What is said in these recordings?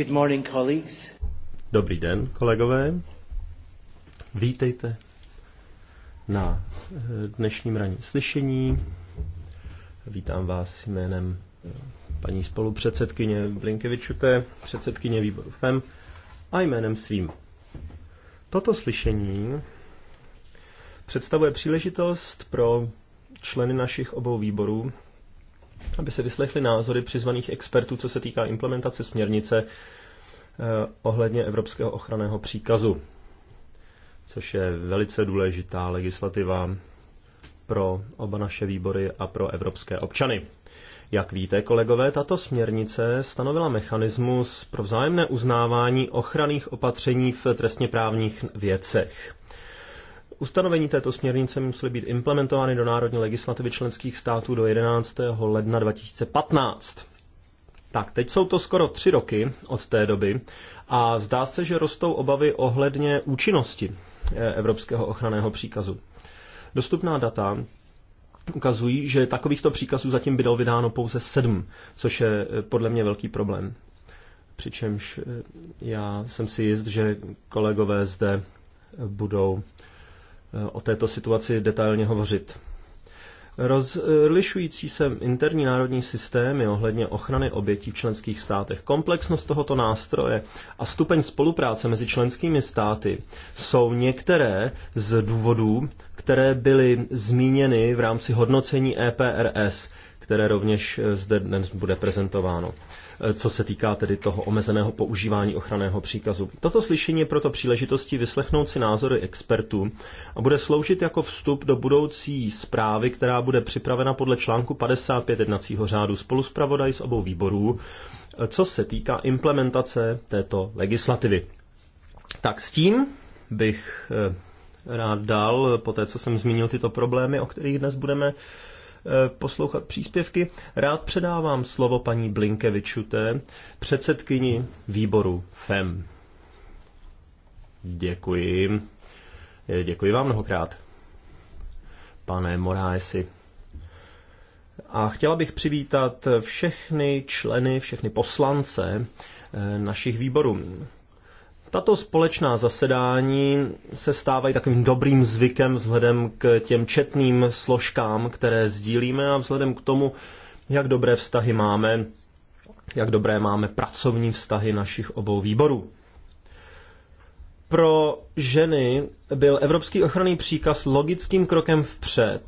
Good morning, colleagues. Dobrý den, kolegové. Vítejte na eh, dnešním ranní slyšení. Vítám vás jménem eh, paní spolupředsedkyně Blinkevičute, předsedkyně výboru FEM a jménem svým. Toto slyšení představuje příležitost pro členy našich obou výborů aby se vyslechly názory přizvaných expertů, co se týká implementace směrnice eh, ohledně Evropského ochranného příkazu, což je velice důležitá legislativa pro oba naše výbory a pro evropské občany. Jak víte, kolegové, tato směrnice stanovila mechanismus pro vzájemné uznávání ochranných opatření v trestně právních věcech. Ustanovení této směrnice musely být implementovány do národní legislativy členských států do 11. ledna 2015. Tak, teď jsou to skoro tři roky od té doby a zdá se, že rostou obavy ohledně účinnosti eh, Evropského ochranného příkazu. Dostupná data ukazují, že takovýchto příkazů zatím bylo vydáno pouze sedm, což je eh, podle mě velký problém. Přičemž eh, já jsem si jist, že kolegové zde budou Eh, o této situaci detailně hovořit. Rozlišující se interní národní systémy ohledně ochrany obětí v členských státech, komplexnost tohoto nástroje a stupeň spolupráce mezi členskými státy jsou některé z důvodů, které byly zmíněny v rámci hodnocení EPRS, které rovněž eh, zde dnes bude prezentováno. Eh, co se týká tedy toho omezeného používání ochranného příkazu. Toto slyšení je proto příležitostí vyslechnout si názory expertů a bude sloužit jako vstup do budoucí zprávy, která bude připravena podle článku 55 jednacího řádu spoluspravodaj z obou výborů, eh, co se týká implementace této legislativy. Tak s tím bych eh, rád dal, po té, co jsem zmínil tyto problémy, o kterých dnes budeme Eh, poslouchat příspěvky. Rád předávám slovo paní Blinkevičuté, předsedkyni výboru FEM. Děkuji. Eh, děkuji vám mnohokrát, pane Moráesi. A chtěla bych přivítat všechny členy, všechny poslance eh, našich výborů. Tato společná zasedání se stávají takovým dobrým zvykem vzhledem k těm četným složkám, které sdílíme a vzhledem k tomu, jak dobré vztahy máme, jak dobré máme pracovní vztahy našich obou výborů. Pro ženy byl Evropský ochranný příkaz logickým krokem vpřed,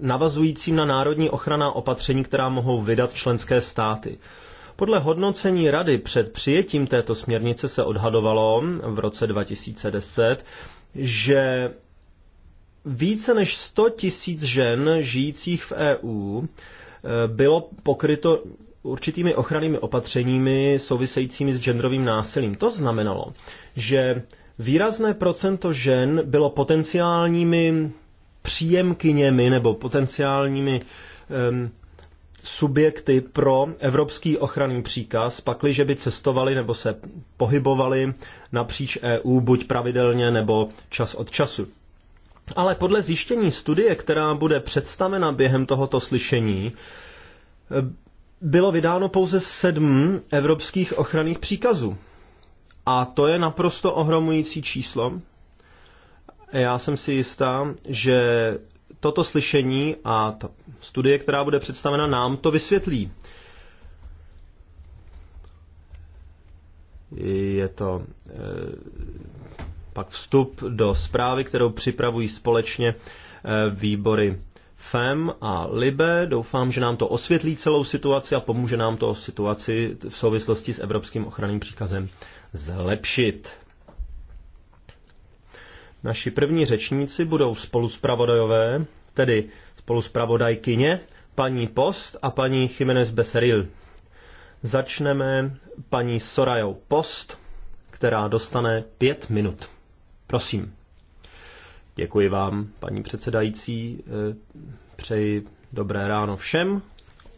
navazujícím na národní ochranná opatření, která mohou vydat členské státy. Podle hodnocení rady před přijetím této směrnice se odhadovalo v roce 2010, že více než 100 tisíc žen žijících v EU eh, bylo pokryto určitými ochrannými opatřeními souvisejícími s genderovým násilím. To znamenalo, že výrazné procento žen bylo potenciálními příjemkyněmi nebo potenciálními um, subjekty pro evropský ochranný příkaz, pakliže by cestovali nebo se pohybovali napříč EU buď pravidelně nebo čas od času. Ale podle zjištění studie, která bude představena během tohoto slyšení, bylo vydáno pouze sedm evropských ochranných příkazů. A to je naprosto ohromující číslo. Já jsem si jistá, že toto slyšení a ta studie, která bude představena nám, to vysvětlí. Je to eh, pak vstup do zprávy, kterou připravují společně eh, výbory FEM a LIBE. Doufám, že nám to osvětlí celou situaci a pomůže nám to situaci v souvislosti s Evropským ochranným příkazem zlepšit. Naši první řečníci budou spoluspravodajové tedy spoluspravodajkyně, paní Post a paní Jiménez Beseril. Začneme paní Sorajou Post, která dostane pět minut. Prosím. Děkuji vám, paní předsedající. Eh, přeji dobré ráno všem,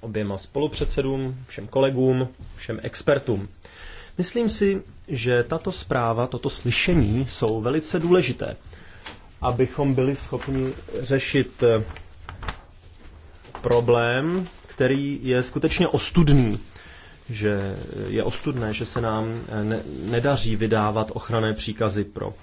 oběma spolupředsedům, všem kolegům, všem expertům. Myslím si, že tato zpráva, toto slyšení jsou velice důležité abychom byli schopni řešit eh, problém, který je skutečně ostudný, že je ostudné, že se nám eh, ne, nedaří vydávat ochranné příkazy pro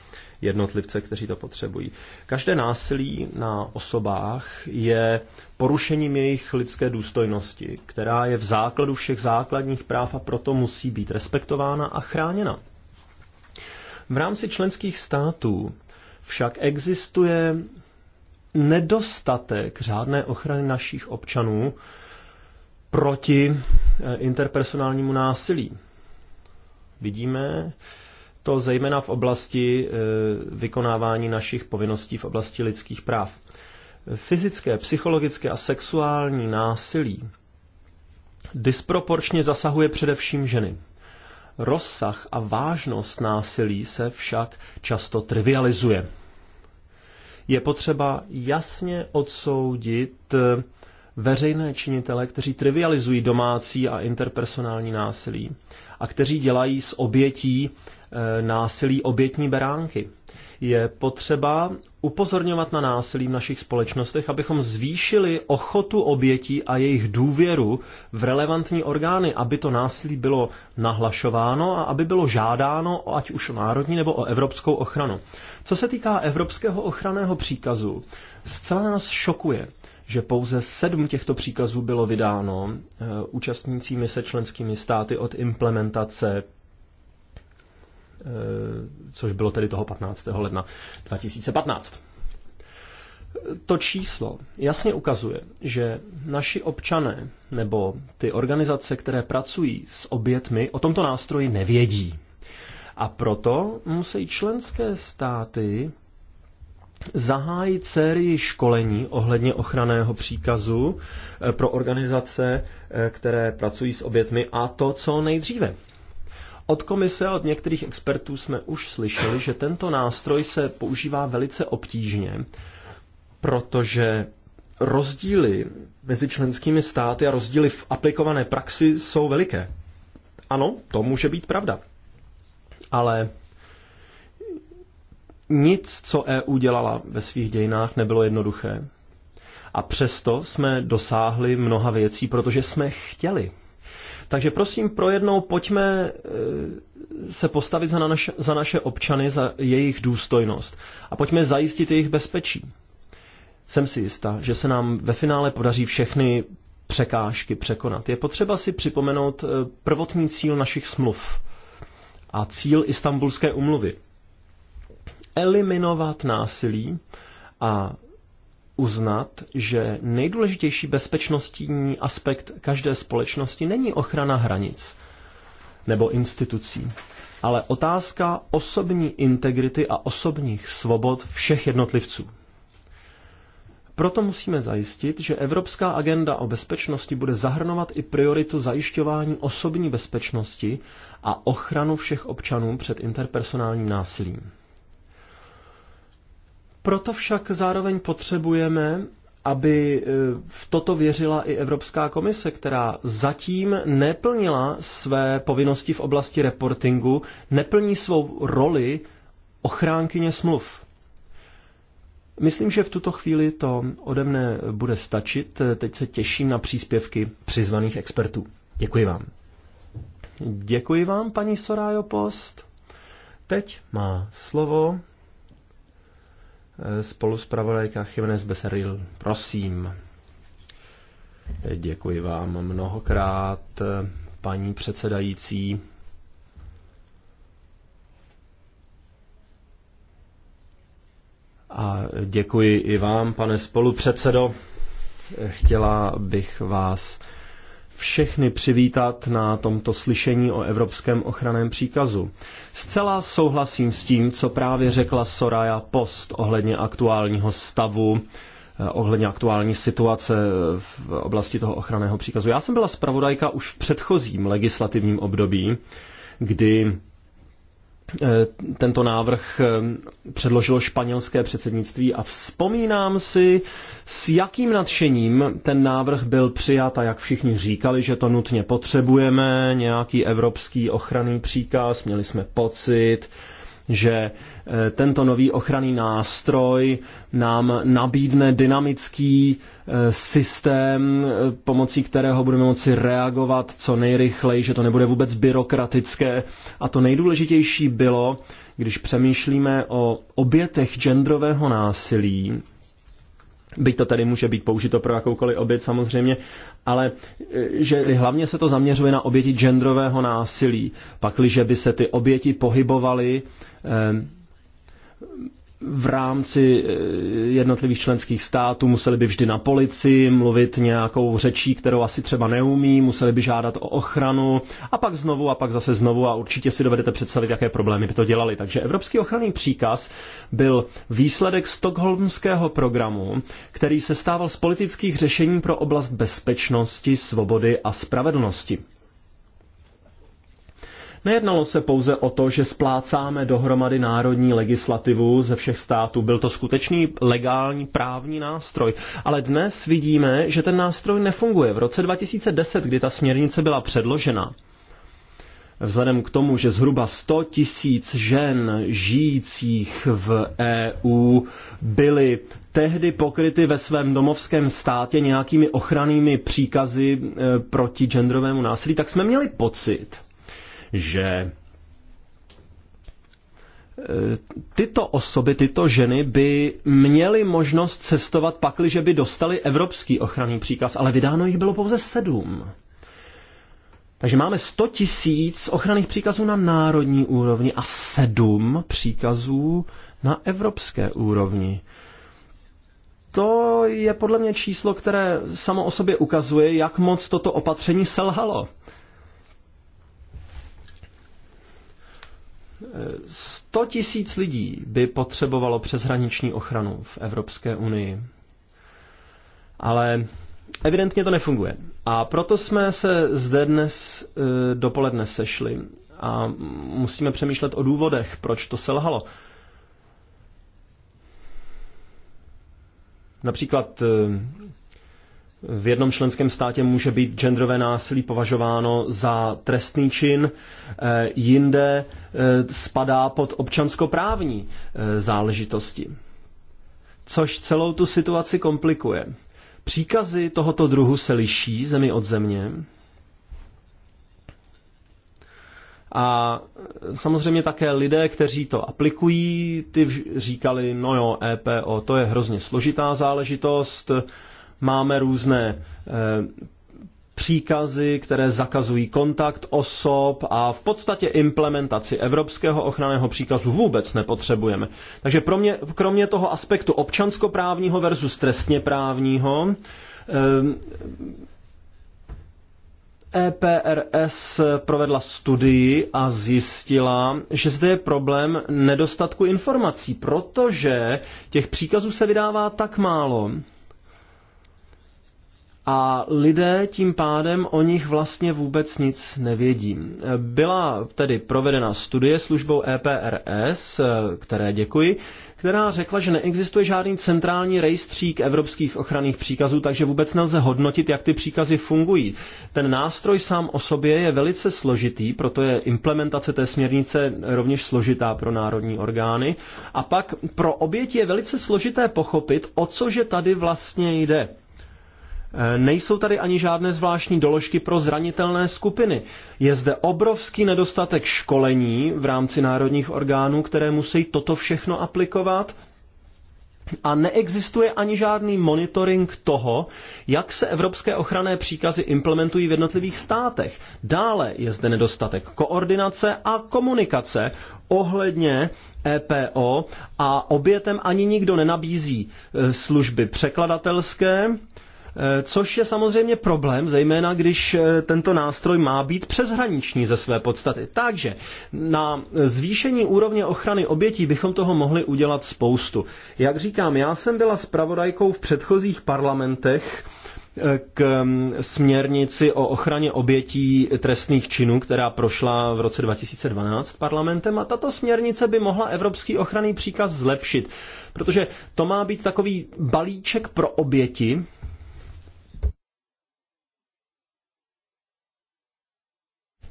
jednotlivce, kteří to potřebují. Každé násilí na osobách je porušením jejich lidské důstojnosti, která je v základu všech základních práv a proto musí být respektována a chráněna. V rámci členských států však existuje nedostatek řádné ochrany našich občanů proti eh, interpersonálnímu násilí. Vidíme to zejména v oblasti eh, vykonávání našich povinností v oblasti lidských práv. Fyzické, psychologické a sexuální násilí disproporčně zasahuje především ženy. Rozsah a vážnost násilí se však často trivializuje. Je potřeba jasně odsoudit eh, veřejné činitele, kteří trivializují domácí a interpersonální násilí a kteří dělají z obětí eh, násilí obětní beránky je potřeba upozorňovat na násilí v našich společnostech, abychom zvýšili ochotu obětí a jejich důvěru v relevantní orgány, aby to násilí bylo nahlašováno a aby bylo žádáno ať už o národní nebo o evropskou ochranu. Co se týká evropského ochranného příkazu, zcela nás šokuje, že pouze sedm těchto příkazů bylo vydáno e, účastnícími se členskými státy od implementace Eh, což bylo tedy toho 15. ledna 2015. To číslo jasně ukazuje, že naši občané nebo ty organizace, které pracují s obětmi, o tomto nástroji nevědí. A proto musí členské státy zahájit sérii školení ohledně ochranného příkazu eh, pro organizace, eh, které pracují s obětmi a to co nejdříve. Od komise a od některých expertů jsme už slyšeli, že tento nástroj se používá velice obtížně, protože rozdíly mezi členskými státy a rozdíly v aplikované praxi jsou veliké. Ano, to může být pravda. Ale nic, co EU dělala ve svých dějinách, nebylo jednoduché. A přesto jsme dosáhli mnoha věcí, protože jsme chtěli. Takže prosím, pro jednou pojďme e, se postavit za naše, za naše občany, za jejich důstojnost a pojďme zajistit jejich bezpečí. Jsem si jistá, že se nám ve finále podaří všechny překážky překonat. Je potřeba si připomenout e, prvotní cíl našich smluv a cíl Istanbulské umluvy. Eliminovat násilí a uznat, že nejdůležitější bezpečnostní aspekt každé společnosti není ochrana hranic nebo institucí, ale otázka osobní integrity a osobních svobod všech jednotlivců. Proto musíme zajistit, že Evropská agenda o bezpečnosti bude zahrnovat i prioritu zajišťování osobní bezpečnosti a ochranu všech občanů před interpersonálním násilím. Proto však zároveň potřebujeme, aby e, v toto věřila i Evropská komise, která zatím neplnila své povinnosti v oblasti reportingu, neplní svou roli ochránkyně smluv. Myslím, že v tuto chvíli to ode mne bude stačit. Teď se těším na příspěvky přizvaných expertů. Děkuji vám. Děkuji vám, paní Sorájo Post. Teď má slovo spolu s pravodajka Jiménez Beseril. Prosím. Děkuji vám mnohokrát, paní předsedající. A děkuji i vám, pane spolupředsedo. Chtěla bych vás všechny přivítat na tomto slyšení o Evropském ochraném příkazu. Zcela souhlasím s tím, co právě řekla Soraya Post ohledně aktuálního stavu eh, ohledně aktuální situace v oblasti toho ochranného příkazu. Já jsem byla zpravodajka už v předchozím legislativním období, kdy Eh, tento návrh eh, předložilo španělské předsednictví a vzpomínám si, s jakým nadšením ten návrh byl přijat a jak všichni říkali, že to nutně potřebujeme, nějaký evropský ochranný příkaz, měli jsme pocit, že Eh, tento nový ochranný nástroj nám nabídne dynamický eh, systém, eh, pomocí kterého budeme moci reagovat co nejrychleji, že to nebude vůbec byrokratické. A to nejdůležitější bylo, když přemýšlíme o obětech genderového násilí, byť to tedy může být použito pro jakoukoliv oběť samozřejmě, ale že hlavně se to zaměřuje na oběti genderového násilí. Pakliže by se ty oběti pohybovaly eh, v rámci eh, jednotlivých členských států museli by vždy na policii mluvit nějakou řečí, kterou asi třeba neumí, museli by žádat o ochranu a pak znovu a pak zase znovu a určitě si dovedete představit, jaké problémy by to dělali. Takže Evropský ochranný příkaz byl výsledek stokholmského programu, který se stával z politických řešení pro oblast bezpečnosti, svobody a spravedlnosti. Nejednalo se pouze o to, že splácáme dohromady národní legislativu ze všech států. Byl to skutečný legální právní nástroj. Ale dnes vidíme, že ten nástroj nefunguje. V roce 2010, kdy ta směrnice byla předložena, Vzhledem k tomu, že zhruba 100 tisíc žen žijících v EU byly tehdy pokryty ve svém domovském státě nějakými ochrannými příkazy eh, proti genderovému násilí, tak jsme měli pocit, že e, tyto osoby, tyto ženy by měly možnost cestovat pakli, že by dostali evropský ochranný příkaz, ale vydáno jich bylo pouze sedm. Takže máme 100 tisíc ochranných příkazů na národní úrovni a sedm příkazů na evropské úrovni. To je podle mě číslo, které samo o sobě ukazuje, jak moc toto opatření selhalo. 100 tisíc lidí by potřebovalo přeshraniční ochranu v Evropské unii. Ale evidentně to nefunguje. A proto jsme se zde dnes e, dopoledne sešli a musíme přemýšlet o důvodech, proč to selhalo. Například e, v jednom členském státě může být genderové násilí považováno za trestný čin, e, jinde e, spadá pod občanskoprávní e, záležitosti. Což celou tu situaci komplikuje. Příkazy tohoto druhu se liší zemi od země. A samozřejmě také lidé, kteří to aplikují, ty říkali, no jo, EPO, to je hrozně složitá záležitost, Máme různé eh, příkazy, které zakazují kontakt osob a v podstatě implementaci evropského ochranného příkazu vůbec nepotřebujeme. Takže pro mě, kromě toho aspektu občanskoprávního versus trestněprávního, EPRS eh, e provedla studii a zjistila, že zde je problém nedostatku informací, protože těch příkazů se vydává tak málo, a lidé tím pádem o nich vlastně vůbec nic nevědí. Byla tedy provedena studie službou EPRS, které děkuji, která řekla, že neexistuje žádný centrální rejstřík evropských ochranných příkazů, takže vůbec nelze hodnotit, jak ty příkazy fungují. Ten nástroj sám o sobě je velice složitý, proto je implementace té směrnice rovněž složitá pro národní orgány. A pak pro oběti je velice složité pochopit, o cože tady vlastně jde Nejsou tady ani žádné zvláštní doložky pro zranitelné skupiny. Je zde obrovský nedostatek školení v rámci národních orgánů, které musí toto všechno aplikovat. A neexistuje ani žádný monitoring toho, jak se evropské ochranné příkazy implementují v jednotlivých státech. Dále je zde nedostatek koordinace a komunikace ohledně EPO a obětem ani nikdo nenabízí e, služby překladatelské, Eh, což je samozřejmě problém, zejména když eh, tento nástroj má být přeshraniční ze své podstaty. Takže na zvýšení úrovně ochrany obětí bychom toho mohli udělat spoustu. Jak říkám, já jsem byla spravodajkou v předchozích parlamentech eh, k mm, směrnici o ochraně obětí trestných činů, která prošla v roce 2012 parlamentem a tato směrnice by mohla evropský ochranný příkaz zlepšit, protože to má být takový balíček pro oběti,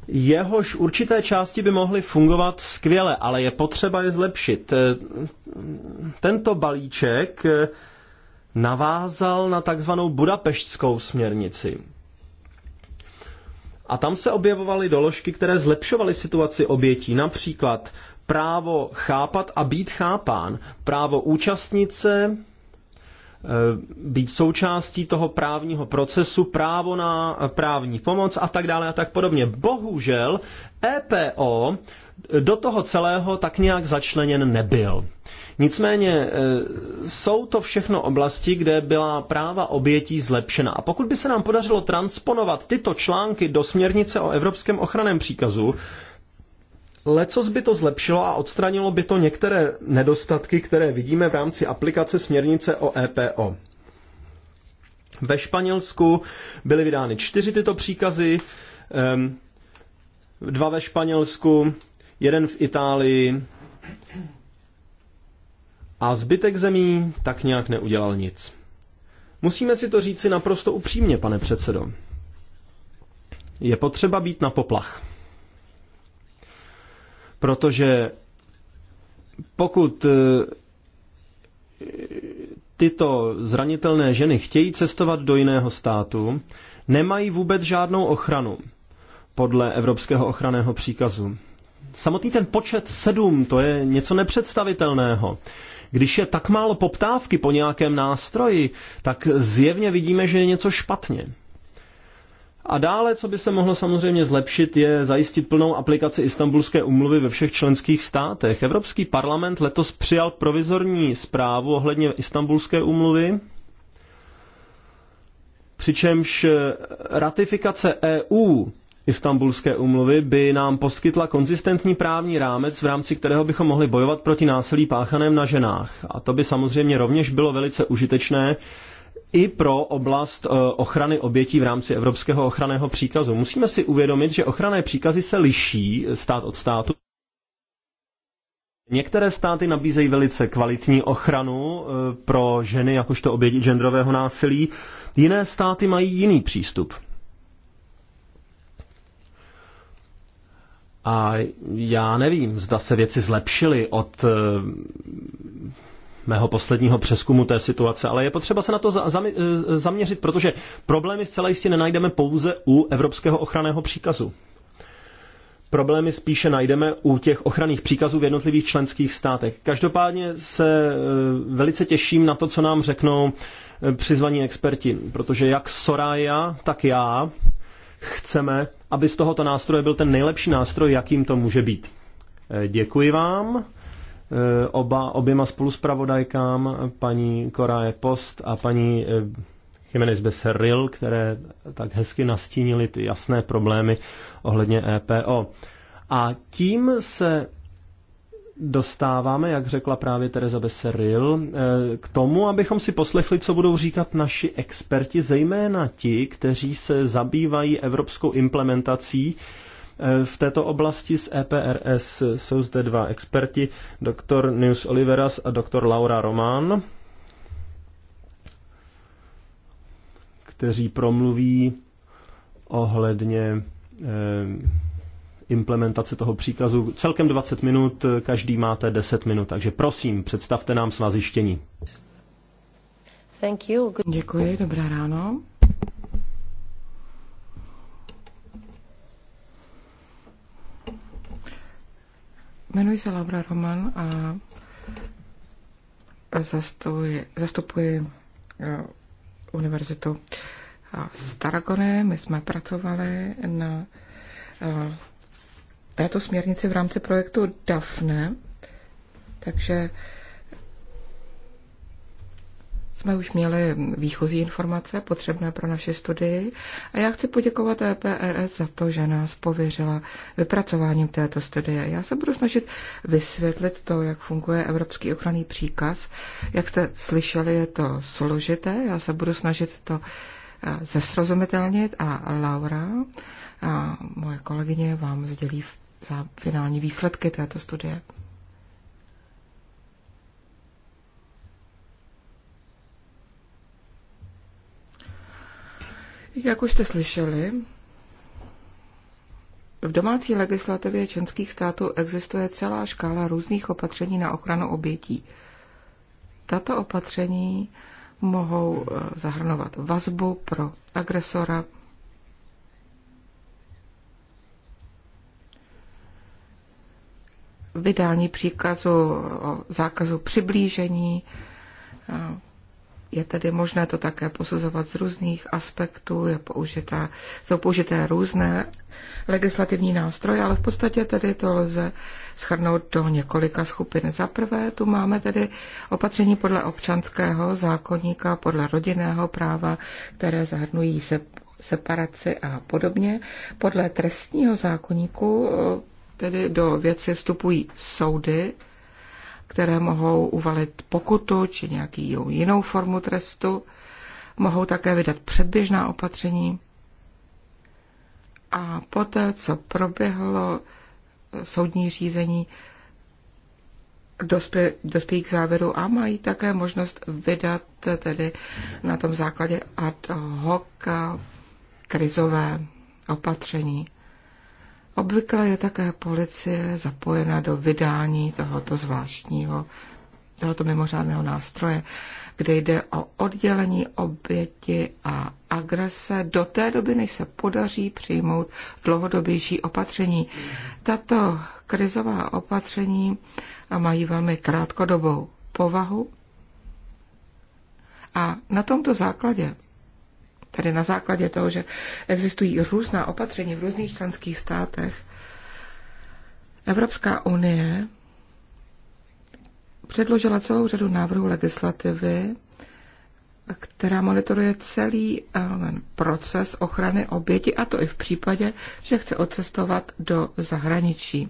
jehož určité části by mohly fungovat skvěle, ale je potřeba je zlepšit. Eh, tento balíček eh, navázal na takzvanou budapeštskou směrnici. A tam se objevovaly doložky, které zlepšovaly situaci obětí, například právo chápat a být chápán, právo účastnit se Eh, být součástí toho právního procesu, právo na právní pomoc a tak dále a tak podobně. Bohužel EPO do toho celého tak nějak začleněn nebyl. Nicméně eh, jsou to všechno oblasti, kde byla práva obětí zlepšena. A pokud by se nám podařilo transponovat tyto články do směrnice o Evropském ochranném příkazu, Lecos by to zlepšilo a odstranilo by to některé nedostatky, které vidíme v rámci aplikace směrnice o EPO. Ve Španělsku byly vydány čtyři tyto příkazy, ehm, dva ve Španělsku, jeden v Itálii a zbytek zemí tak nějak neudělal nic. Musíme si to říci naprosto upřímně, pane předsedo. Je potřeba být na poplach. Protože pokud eh, tyto zranitelné ženy chtějí cestovat do jiného státu, nemají vůbec žádnou ochranu podle Evropského ochranného příkazu. Samotný ten počet sedm, to je něco nepředstavitelného. Když je tak málo poptávky po nějakém nástroji, tak zjevně vidíme, že je něco špatně. A dále, co by se mohlo samozřejmě zlepšit, je zajistit plnou aplikaci Istanbulské umluvy ve všech členských státech. Evropský parlament letos přijal provizorní zprávu ohledně Istanbulské umluvy, přičemž ratifikace EU Istanbulské umluvy by nám poskytla konzistentní právní rámec, v rámci kterého bychom mohli bojovat proti násilí páchaném na ženách. A to by samozřejmě rovněž bylo velice užitečné i pro oblast eh, ochrany obětí v rámci Evropského ochranného příkazu. Musíme si uvědomit, že ochranné příkazy se liší stát od státu. Některé státy nabízejí velice kvalitní ochranu eh, pro ženy jakožto oběti genderového násilí, jiné státy mají jiný přístup. A já nevím, zda se věci zlepšily od eh, mého posledního přeskumu té situace, ale je potřeba se na to eh, zaměřit, protože problémy zcela jistě nenajdeme pouze u Evropského ochranného příkazu. Problémy spíše najdeme u těch ochranných příkazů v jednotlivých členských státech. Každopádně se eh, velice těším na to, co nám řeknou eh, přizvaní experti, protože jak Soraya, tak já chceme, aby z tohoto nástroje byl ten nejlepší nástroj, jakým to může být. Děkuji vám. Eh, oba, oběma spoluspravodajkám, paní Koraje Post a paní eh, Jiménez Beseril, které tak hezky nastínili ty jasné problémy ohledně EPO. A tím se dostáváme, jak řekla právě Tereza Beseril, eh, k tomu, abychom si poslechli, co budou říkat naši experti, zejména ti, kteří se zabývají evropskou implementací Eh, v této oblasti z EPRS. Jsou zde dva experti, doktor News Oliveras a doktor Laura Román, kteří promluví ohledně eh, implementace toho příkazu. Celkem 20 minut, každý máte 10 minut, takže prosím, představte nám svá zjištění. Děkuji, dobré ráno. Jmenuji se Laura Roman a zastupuji, zastupuji eh, univerzitu z eh, My jsme pracovali na eh, této směrnici v rámci projektu DAFNE, takže jsme už měli výchozí informace potřebné pro naše studii a já chci poděkovat EPRS za to, že nás pověřila vypracováním této studie. Já se budu snažit vysvětlit to, jak funguje Evropský ochranný příkaz. Jak jste slyšeli, je to složité. Já se budu snažit to eh, zesrozumitelnit a Laura a eh, moje kolegyně vám sdělí finální výsledky této studie. Jak už jste slyšeli, v domácí legislativě členských států existuje celá škála různých opatření na ochranu obětí. Tato opatření mohou eh, zahrnovat vazbu pro agresora, vydání příkazu o zákazu přiblížení, eh, je tedy možné to také posuzovat z různých aspektů, je použité, jsou použité různé legislativní nástroje, ale v podstatě tedy to lze schrnout do několika skupin. Za prvé tu máme tedy opatření podle občanského zákonníka, podle rodinného práva, které zahrnují se separaci a podobně. Podle trestního zákoníku eh, tedy do věci vstupují soudy, které mohou uvalit pokutu či nějaký jinou formu trestu, mohou také vydat předběžná opatření. A poté, co proběhlo soudní řízení, dospě, dospějí k závěru a mají také možnost vydat tedy na tom základě ad hoc krizové opatření. Obvykle je také policie zapojena do vydání tohoto zvláštního, tohoto mimořádného nástroje, kde jde o oddělení oběti a agrese do té doby, než se podaří přijmout dlouhodobější opatření. Tato krizová opatření mají velmi krátkodobou povahu a na tomto základě tedy na základě toho, že existují různá opatření v různých členských státech, Evropská unie předložila celou řadu návrhů legislativy, která monitoruje celý eh, proces ochrany oběti, a to i v případě, že chce odcestovat do zahraničí.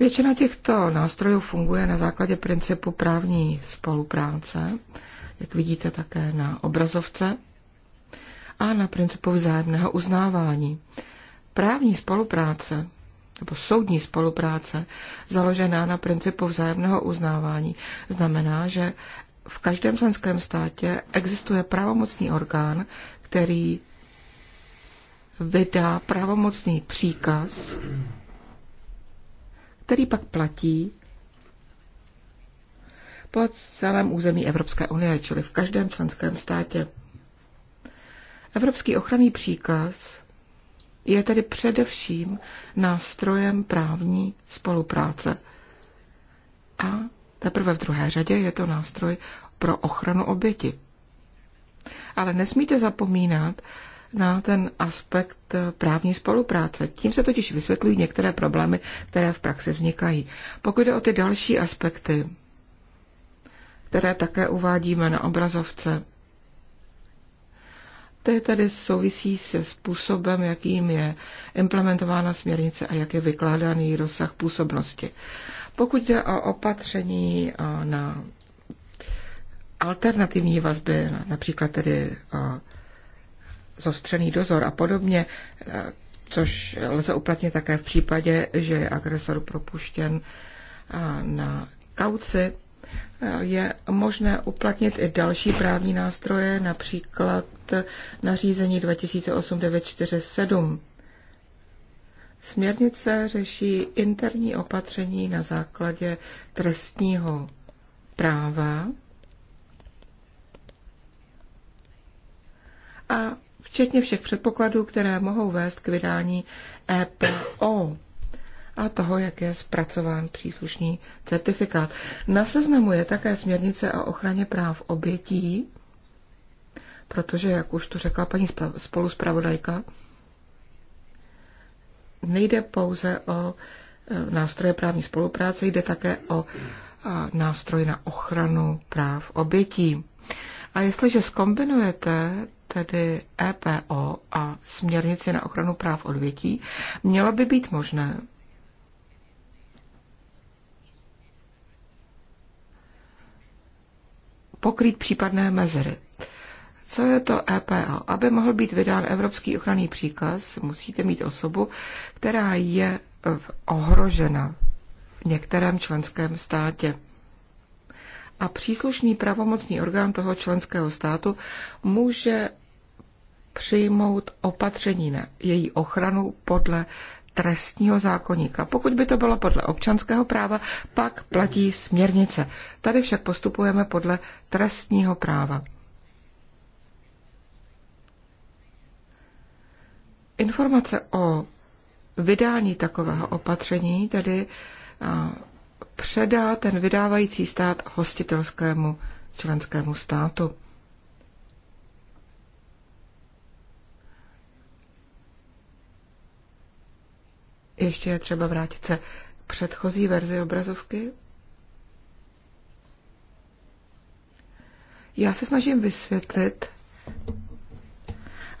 Většina těchto nástrojů funguje na základě principu právní spolupráce, jak vidíte také na obrazovce a na principu vzájemného uznávání. Právní spolupráce nebo soudní spolupráce založená na principu vzájemného uznávání znamená, že v každém členském státě existuje pravomocný orgán, který vydá pravomocný příkaz, který pak platí po celém území Evropské unie, čili v každém členském státě. Evropský ochranný příkaz je tedy především nástrojem právní spolupráce. A teprve v druhé řadě je to nástroj pro ochranu oběti. Ale nesmíte zapomínat na ten aspekt právní spolupráce. Tím se totiž vysvětlují některé problémy, které v praxi vznikají. Pokud jde o ty další aspekty, které také uvádíme na obrazovce, je tedy souvisí se způsobem, jakým je implementována směrnice a jak je vykládaný rozsah působnosti. Pokud jde o opatření eh, na alternativní vazby, například tedy eh, zostřený dozor a podobně, eh, což lze uplatnit také v případě, že je agresor propuštěn na kauci, je možné uplatnit i další právní nástroje, například nařízení 2008-947. Směrnice řeší interní opatření na základě trestního práva a včetně všech předpokladů, které mohou vést k vydání EPO a toho, jak je zpracován příslušný certifikát. Na seznamu je také směrnice o ochraně práv obětí, protože, jak už to řekla paní spoluspravodajka, nejde pouze o e, nástroje právní spolupráce, jde také o nástroj na ochranu práv obětí. A jestliže skombinujete tedy EPO a směrnici na ochranu práv odvětí, mělo by být možné pokrýt případné mezery. Co je to EPO? Aby mohl být vydán evropský ochranný příkaz, musíte mít osobu, která je ohrožena v některém členském státě. A příslušný pravomocný orgán toho členského státu může přijmout opatření na její ochranu podle trestního zákoníka. Pokud by to bylo podle občanského práva, pak platí směrnice. Tady však postupujeme podle trestního práva. Informace o vydání takového opatření tedy předá ten vydávající stát hostitelskému členskému státu. Ještě je třeba vrátit se k předchozí verzi obrazovky. Já se snažím vysvětlit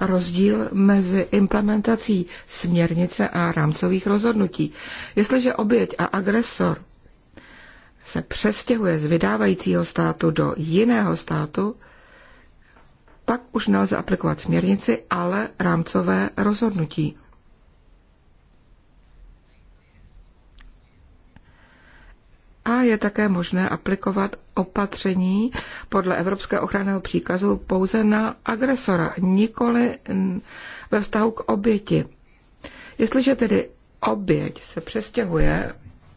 rozdíl mezi implementací směrnice a rámcových rozhodnutí. Jestliže oběť a agresor se přestěhuje z vydávajícího státu do jiného státu, pak už nelze aplikovat směrnici, ale rámcové rozhodnutí. a je také možné aplikovat opatření podle Evropského ochranného příkazu pouze na agresora, nikoli ve vztahu k oběti. Jestliže tedy oběť se přestěhuje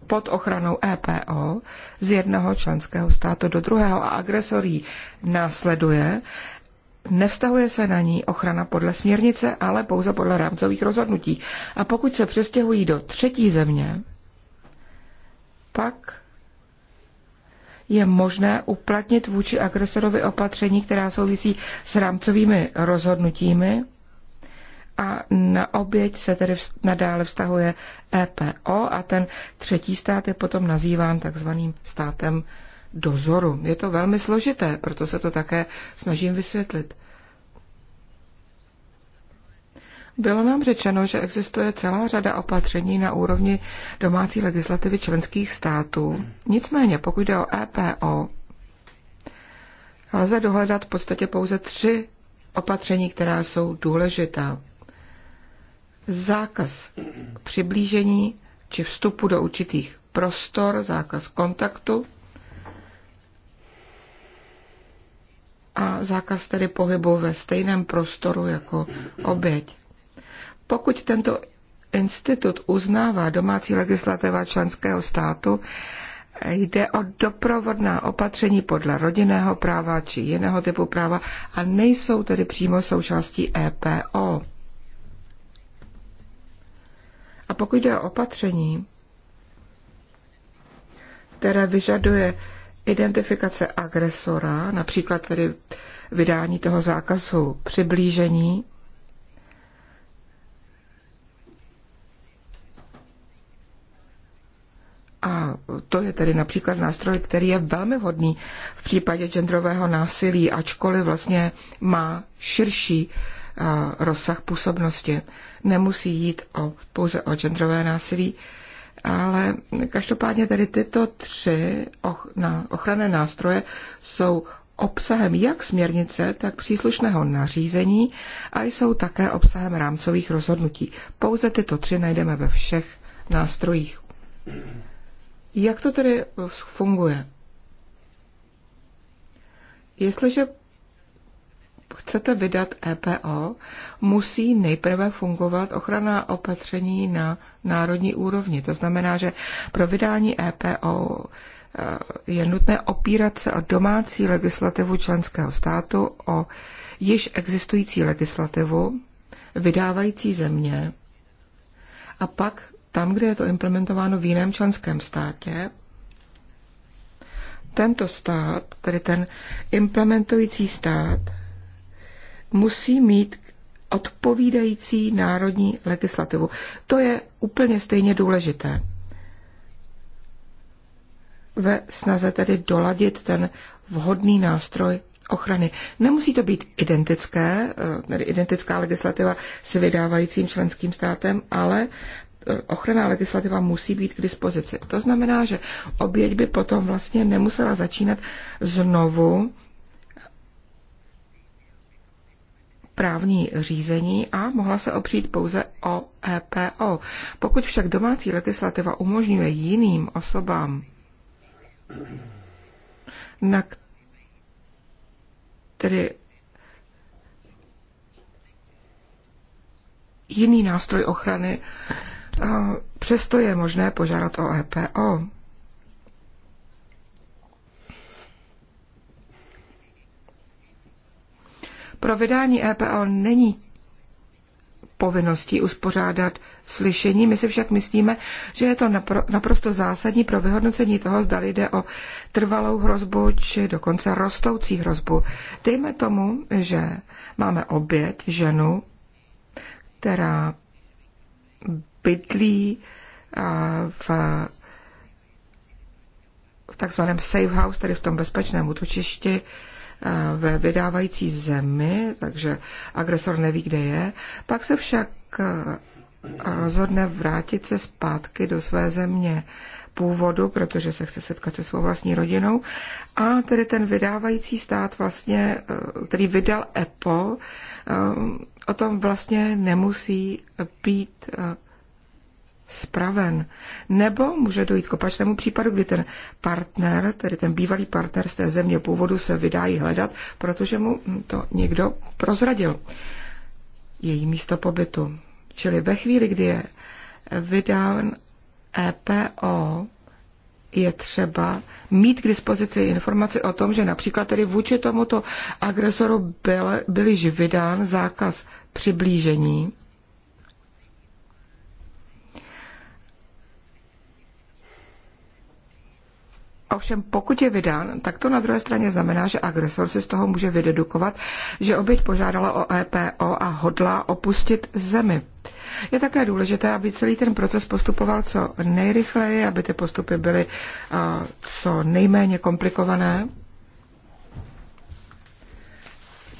pod ochranou EPO z jednoho členského státu do druhého a agresor ji následuje, Nevztahuje se na ní ochrana podle směrnice, ale pouze podle rámcových rozhodnutí. A pokud se přestěhují do třetí země, pak je možné uplatnit vůči agresorovi opatření, která souvisí s rámcovými rozhodnutími a na oběť se tedy nadále vztahuje EPO a ten třetí stát je potom nazýván takzvaným státem dozoru. Je to velmi složité, proto se to také snažím vysvětlit. Bylo nám řečeno, že existuje celá řada opatření na úrovni domácí legislativy členských států. Nicméně, pokud jde o EPO, lze dohledat v podstatě pouze tři opatření, která jsou důležitá. Zákaz přiblížení či vstupu do určitých prostor, zákaz kontaktu a zákaz tedy pohybu ve stejném prostoru jako oběť. Pokud tento institut uznává domácí legislativa členského státu, jde o doprovodná opatření podle rodinného práva či jiného typu práva a nejsou tedy přímo součástí EPO. A pokud jde o opatření, které vyžaduje identifikace agresora, například tedy vydání toho zákazu přiblížení, to je tedy například nástroj, který je velmi vhodný v případě genderového násilí, ačkoliv vlastně má širší rozsah působnosti. Nemusí jít o, pouze o genderové násilí, ale každopádně tedy tyto tři ochranné nástroje jsou obsahem jak směrnice, tak příslušného nařízení a jsou také obsahem rámcových rozhodnutí. Pouze tyto tři najdeme ve všech nástrojích. Jak to tedy eh, funguje? Jestliže chcete vydat EPO, musí nejprve fungovat ochrana opatření na národní úrovni. To znamená, že pro vydání EPO eh, je nutné opírat se o domácí legislativu členského státu, o již existující legislativu vydávající země a pak tam, kde je to implementováno v jiném členském státě, tento stát, tedy ten implementující stát, musí mít odpovídající národní legislativu. To je úplně stejně důležité. Ve snaze tedy doladit ten vhodný nástroj ochrany. Nemusí to být identické, eh, tedy identická legislativa s vydávajícím členským státem, ale ochranná legislativa musí být k dispozici. To znamená, že oběť by potom vlastně nemusela začínat znovu právní řízení a mohla se opřít pouze o EPO. Pokud však domácí legislativa umožňuje jiným osobám, na tedy jiný nástroj ochrany, Přesto je možné požádat o EPO. Pro vydání EPO není povinností uspořádat slyšení. My si však myslíme, že je to naprosto zásadní pro vyhodnocení toho, zda jde o trvalou hrozbu či dokonce rostoucí hrozbu. Dejme tomu, že máme oběť, ženu, která bydlí v, takzvaném safe house, tedy v tom bezpečném útočišti ve vydávající zemi, takže agresor neví, kde je. Pak se však rozhodne vrátit se zpátky do své země původu, protože se chce setkat se svou vlastní rodinou. A tedy ten vydávající stát vlastně, který vydal EPO, o tom vlastně nemusí být spraven. Nebo může dojít k opačnému případu, kdy ten partner, tedy ten bývalý partner z té země původu se vydá jí hledat, protože mu to někdo prozradil. Její místo pobytu. Čili ve chvíli, kdy je vydán EPO, je třeba mít k dispozici informaci o tom, že například tedy vůči tomuto agresoru byl, byl již vydán zákaz přiblížení Ovšem pokud je vydán, tak to na druhé straně znamená, že agresor si z toho může vydedukovat, že oběť požádala o EPO a hodlá opustit zemi. Je také důležité, aby celý ten proces postupoval co nejrychleji, aby ty postupy byly co nejméně komplikované.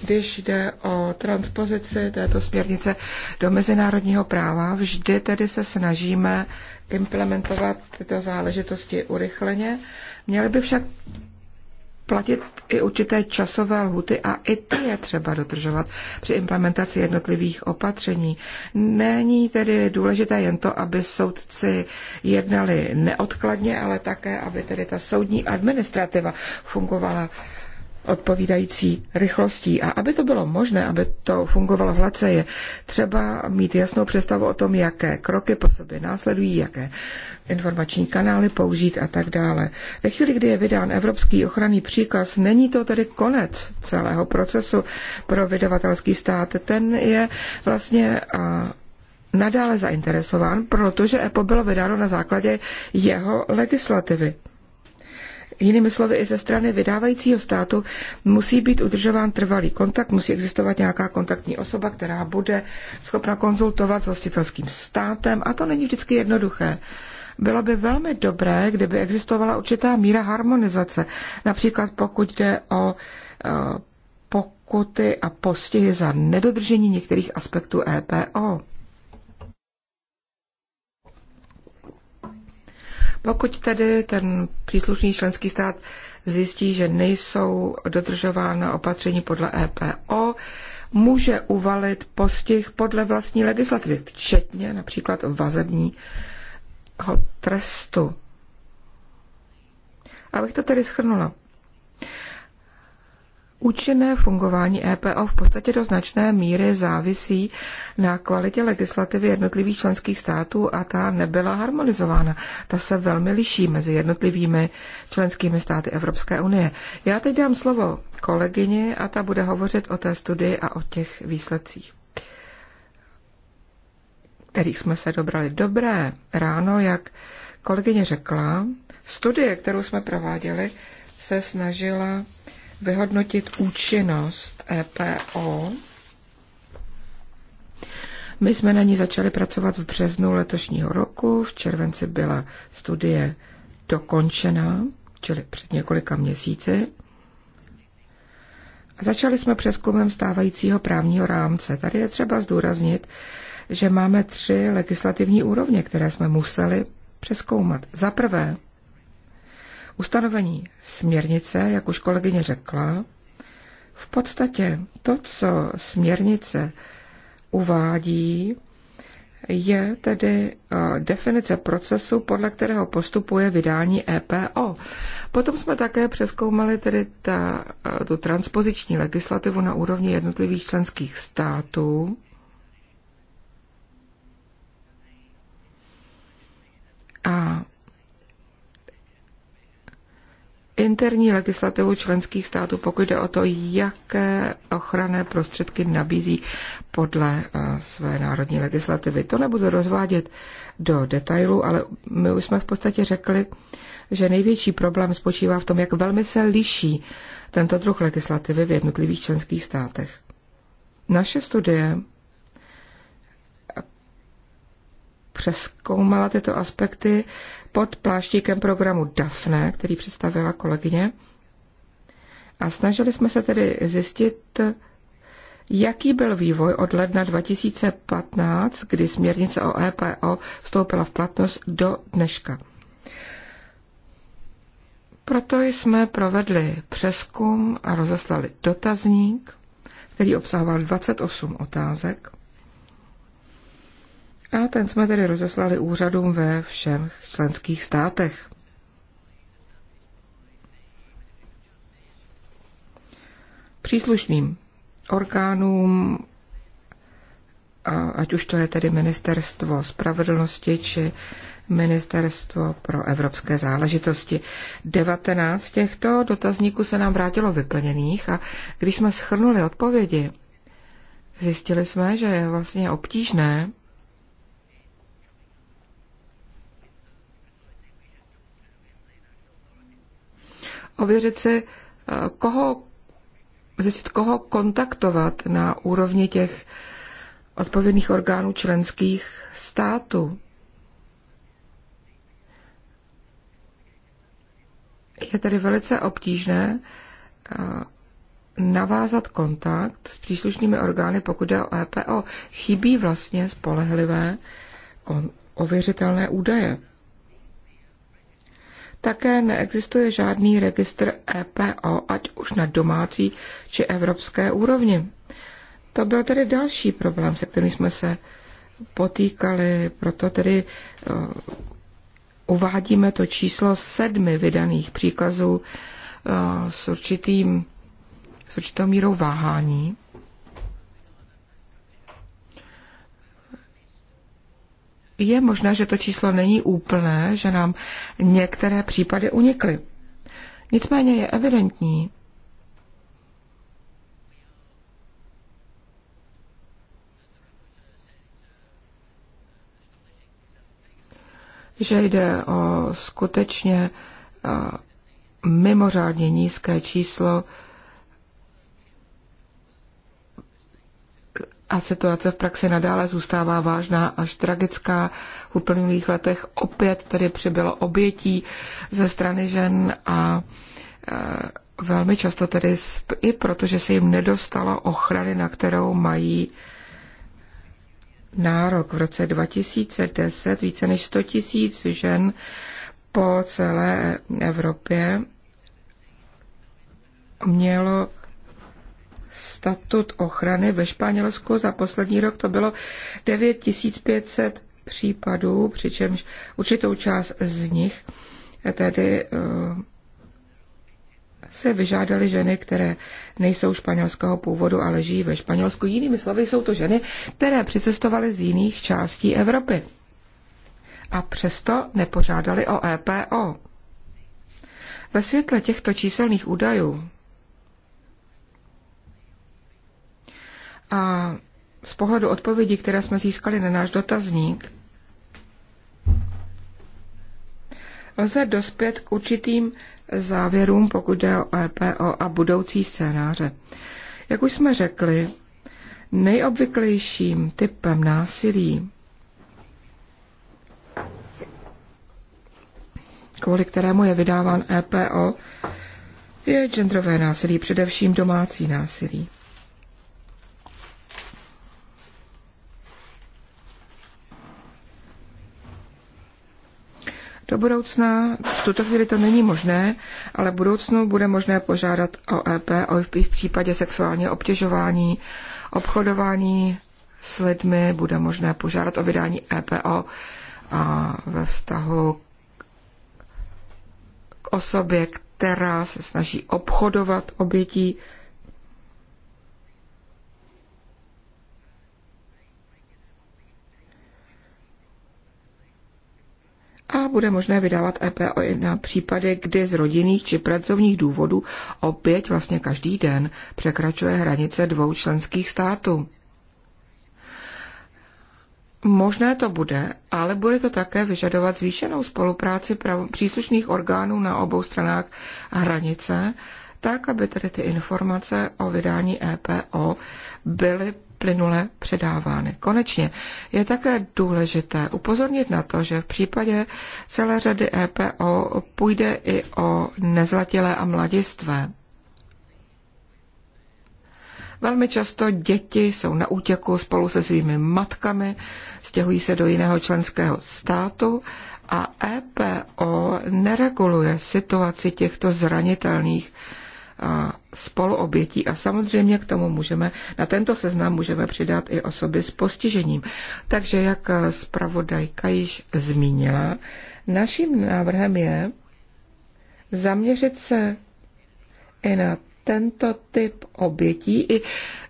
Když jde o transpozici této směrnice do mezinárodního práva, vždy tedy se snažíme implementovat tyto záležitosti urychleně Měly by však platit i určité časové lhuty a i ty je třeba dodržovat při implementaci jednotlivých opatření. Není tedy důležité jen to, aby soudci jednali neodkladně, ale také, aby tedy ta soudní administrativa fungovala odpovídající rychlostí. A aby to bylo možné, aby to fungovalo hladce, je třeba mít jasnou představu o tom, jaké kroky po sobě následují, jaké informační kanály použít a tak dále. Ve chvíli, kdy je vydán evropský ochranný příkaz, není to tedy konec celého procesu pro vydavatelský stát. Ten je vlastně nadále zainteresován, protože EPO bylo vydáno na základě jeho legislativy jinými slovy i ze strany vydávajícího státu, musí být udržován trvalý kontakt, musí existovat nějaká kontaktní osoba, která bude schopna konzultovat s hostitelským státem a to není vždycky jednoduché. Bylo by velmi dobré, kdyby existovala určitá míra harmonizace, například pokud jde o e, pokuty a postihy za nedodržení některých aspektů EPO. Pokud tedy ten příslušný členský stát zjistí, že nejsou dodržována opatření podle EPO, může uvalit postih podle vlastní legislativy, včetně například vazebního trestu. Abych to tedy schrnula. Účinné fungování EPO v podstatě do značné míry závisí na kvalitě legislativy jednotlivých členských států a ta nebyla harmonizována. Ta se velmi liší mezi jednotlivými členskými státy Evropské unie. Já teď dám slovo kolegyni a ta bude hovořit o té studii a o těch výsledcích kterých jsme se dobrali. Dobré ráno, jak kolegyně řekla, studie, kterou jsme prováděli, se snažila vyhodnotit účinnost EPO. My jsme na ní začali pracovat v březnu letošního roku, v červenci byla studie dokončena, čili před několika měsíci. Začali jsme přeskumem stávajícího právního rámce. Tady je třeba zdůraznit, že máme tři legislativní úrovně, které jsme museli přeskoumat. Za prvé, Ustanovení směrnice, jak už kolegyně řekla, v podstatě to, co směrnice uvádí, je tedy eh, definice procesu, podle kterého postupuje vydání EPO. Potom jsme také přeskoumali tedy ta, eh, tu transpoziční legislativu na úrovni jednotlivých členských států. A interní legislativu členských států, pokud jde o to, jaké ochranné prostředky nabízí podle eh, své národní legislativy. To nebudu rozvádět do detailu, ale my už jsme v podstatě řekli, že největší problém spočívá v tom, jak velmi se liší tento druh legislativy v jednotlivých členských státech. Naše studie přeskoumala tyto aspekty pod pláštíkem programu DAFNE, který představila kolegyně. A snažili jsme se tedy zjistit, jaký byl vývoj od ledna 2015, kdy směrnice o EPO vstoupila v platnost do dneška. Proto jsme provedli přeskum a rozeslali dotazník, který obsahoval 28 otázek. A ten jsme tedy rozeslali úřadům ve všech členských státech. Příslušným orgánům, ať už to je tedy Ministerstvo spravedlnosti či Ministerstvo pro evropské záležitosti. 19 těchto dotazníků se nám vrátilo vyplněných a když jsme schrnuli odpovědi, zjistili jsme, že je vlastně obtížné ověřit si, eh, koho, zjistit, koho kontaktovat na úrovni těch odpovědných orgánů členských států. Je tedy velice obtížné eh, navázat kontakt s příslušnými orgány, pokud jde o EPO. Chybí vlastně spolehlivé ověřitelné údaje. Také neexistuje žádný registr EPO, ať už na domácí či evropské úrovni. To byl tedy další problém, se kterým jsme se potýkali, proto tedy eh, uvádíme to číslo sedmi vydaných příkazů eh, s, určitým, s určitou mírou váhání. je možné, že to číslo není úplné, že nám některé případy unikly. Nicméně je evidentní, že jde o skutečně eh, mimořádně nízké číslo a situace v praxi nadále zůstává vážná až tragická. V uplynulých letech opět tedy přibylo obětí ze strany žen a e, velmi často tedy i protože se jim nedostalo ochrany, na kterou mají nárok. V roce 2010 více než 100 tisíc žen po celé Evropě mělo statut ochrany. Ve Španělsku za poslední rok to bylo 9500 případů, přičemž určitou část z nich eh, tedy eh, se vyžádaly ženy, které nejsou španělského původu, ale žijí ve Španělsku. Jinými slovy jsou to ženy, které přicestovaly z jiných částí Evropy. A přesto nepožádali o EPO. Ve světle těchto číselných údajů A z pohledu odpovědí, které jsme získali na náš dotazník, lze dospět k určitým závěrům, pokud jde o EPO a budoucí scénáře. Jak už jsme řekli, nejobvyklejším typem násilí, kvůli kterému je vydáván EPO, je genderové násilí, především domácí násilí. do budoucna. V tuto chvíli to není možné, ale v budoucnu bude možné požádat o EP, o v případě sexuálního obtěžování, obchodování s lidmi, bude možné požádat o vydání EPO a ve vztahu k osobě, která se snaží obchodovat obětí a bude možné vydávat EPO i na případy, kdy z rodinných či pracovních důvodů opět vlastně každý den překračuje hranice dvou členských států. Možné to bude, ale bude to také vyžadovat zvýšenou spolupráci příslušných orgánů na obou stranách hranice, tak aby tedy ty informace o vydání EPO byly plynule předávány. Konečně je také důležité upozornit na to, že v případě celé řady EPO půjde i o nezlatilé a mladistvé. Velmi často děti jsou na útěku spolu se svými matkami, stěhují se do jiného členského státu a EPO nereguluje situaci těchto zranitelných spoluobětí a samozřejmě k tomu můžeme, na tento seznam můžeme přidat i osoby s postižením. Takže jak zpravodajka již zmínila, naším návrhem je zaměřit se i na tento typ obětí, i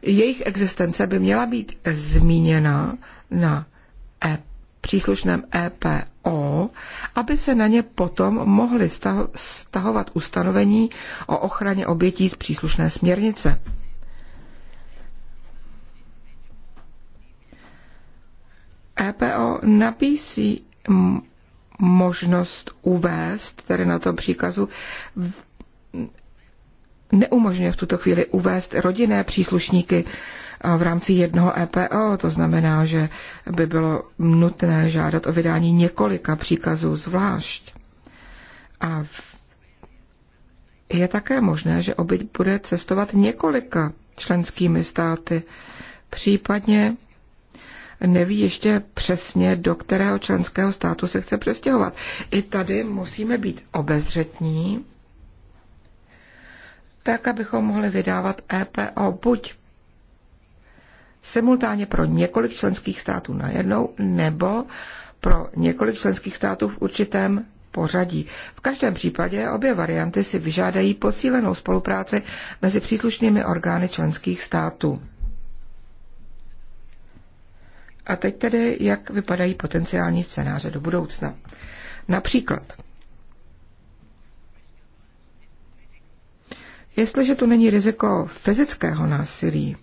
jejich existence by měla být zmíněna na e, příslušném EP o, aby se na ně potom mohly stahovat ustanovení o ochraně obětí z příslušné směrnice. EPO nabízí možnost uvést, tedy na tom příkazu, neumožňuje v tuto chvíli uvést rodinné příslušníky v rámci jednoho EPO. To znamená, že by bylo nutné žádat o vydání několika příkazů zvlášť. A je také možné, že obyť bude cestovat několika členskými státy, případně neví ještě přesně, do kterého členského státu se chce přestěhovat. I tady musíme být obezřetní, tak abychom mohli vydávat EPO buď simultánně pro několik členských států najednou nebo pro několik členských států v určitém pořadí. V každém případě obě varianty si vyžádají posílenou spolupráci mezi příslušnými orgány členských států. A teď tedy, jak vypadají potenciální scénáře do budoucna. Například, jestliže tu není riziko fyzického násilí,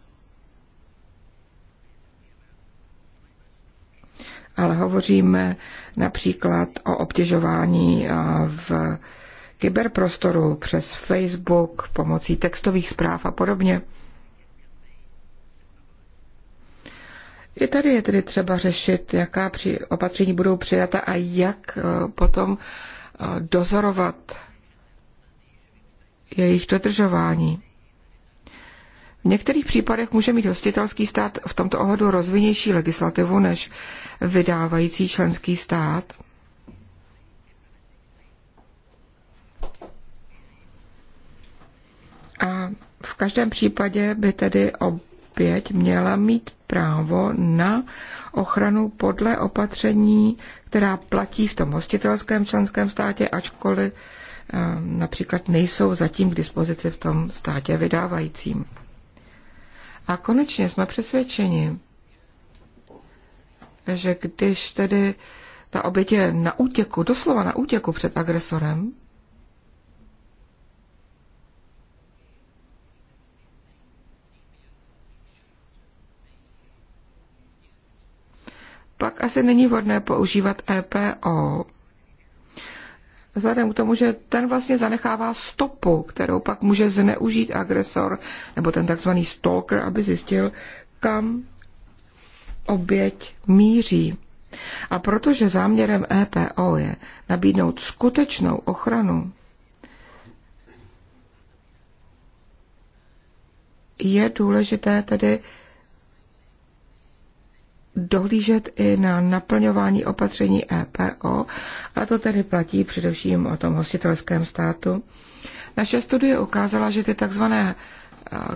ale hovoříme například o obtěžování eh, v kyberprostoru přes Facebook, pomocí textových zpráv a podobně. I tady je tedy třeba řešit, jaká opatření budou přijata a jak eh, potom eh, dozorovat jejich dodržování. V některých případech může mít hostitelský stát v tomto ohledu rozvinější legislativu než vydávající členský stát. A v každém případě by tedy oběť měla mít právo na ochranu podle opatření, která platí v tom hostitelském členském státě, ačkoliv eh, například nejsou zatím k dispozici v tom státě vydávajícím. A konečně jsme přesvědčeni, že když tedy ta oběť je na útěku, doslova na útěku před agresorem, pak asi není vhodné používat EPO, Vzhledem k tomu, že ten vlastně zanechává stopu, kterou pak může zneužít agresor nebo ten takzvaný stalker, aby zjistil, kam oběť míří. A protože záměrem EPO je nabídnout skutečnou ochranu, je důležité tedy dohlížet i na naplňování opatření EPO, a to tedy platí především o tom hostitelském státu. Naše studie ukázala, že ty tzv. Eh,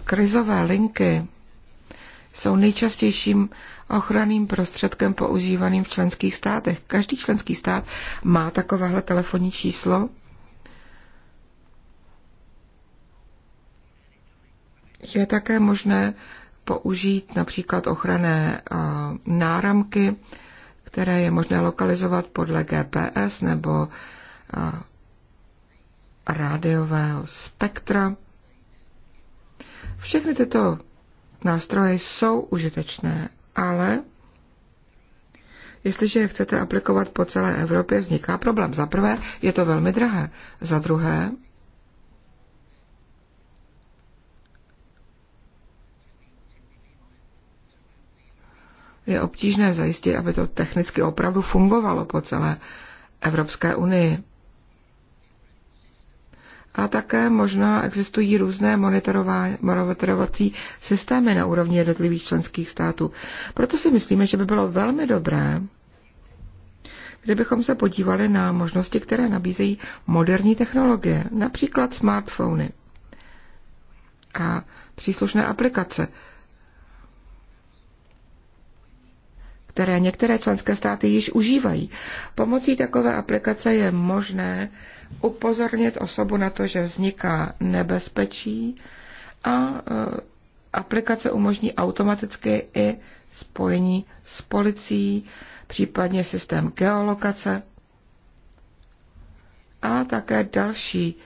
krizové linky jsou nejčastějším ochranným prostředkem používaným v členských státech. Každý členský stát má takovéhle telefonní číslo. Je také možné použít například ochranné náramky, které je možné lokalizovat podle GPS nebo rádiového spektra. Všechny tyto nástroje jsou užitečné, ale jestliže je chcete aplikovat po celé Evropě, vzniká problém. Za prvé, je to velmi drahé. Za druhé, je obtížné zajistit, aby to technicky opravdu fungovalo po celé Evropské unii. A také možná existují různé monitorovací systémy na úrovni jednotlivých členských států. Proto si myslíme, že by bylo velmi dobré, kdybychom se podívali na možnosti, které nabízejí moderní technologie, například smartfony a příslušné aplikace, které některé členské státy již užívají. Pomocí takové aplikace je možné upozornit osobu na to, že vzniká nebezpečí a eh, aplikace umožní automaticky i spojení s policií, případně systém geolokace a také další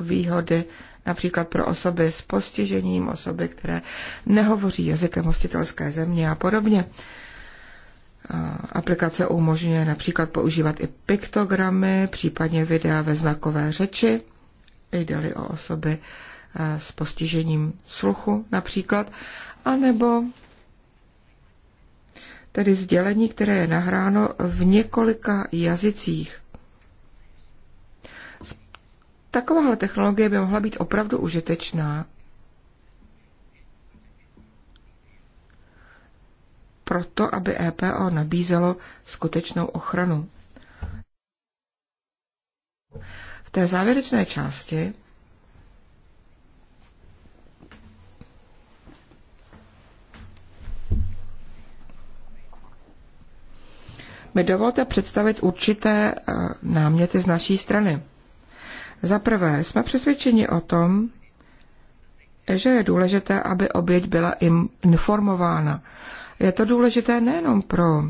výhody, například pro osoby s postižením, osoby, které nehovoří jazykem hostitelské země a podobně. Aplikace umožňuje například používat i piktogramy, případně videa ve znakové řeči, jde-li o osoby e, s postižením sluchu například, anebo tedy sdělení, které je nahráno v několika jazycích. Takováhle technologie by mohla být opravdu užitečná proto, aby EPO nabízelo skutečnou ochranu. V té závěrečné části mi dovolte představit určité eh, náměty z naší strany. Za prvé, jsme přesvědčeni o tom, že je důležité, aby oběť byla informována je to důležité nejenom pro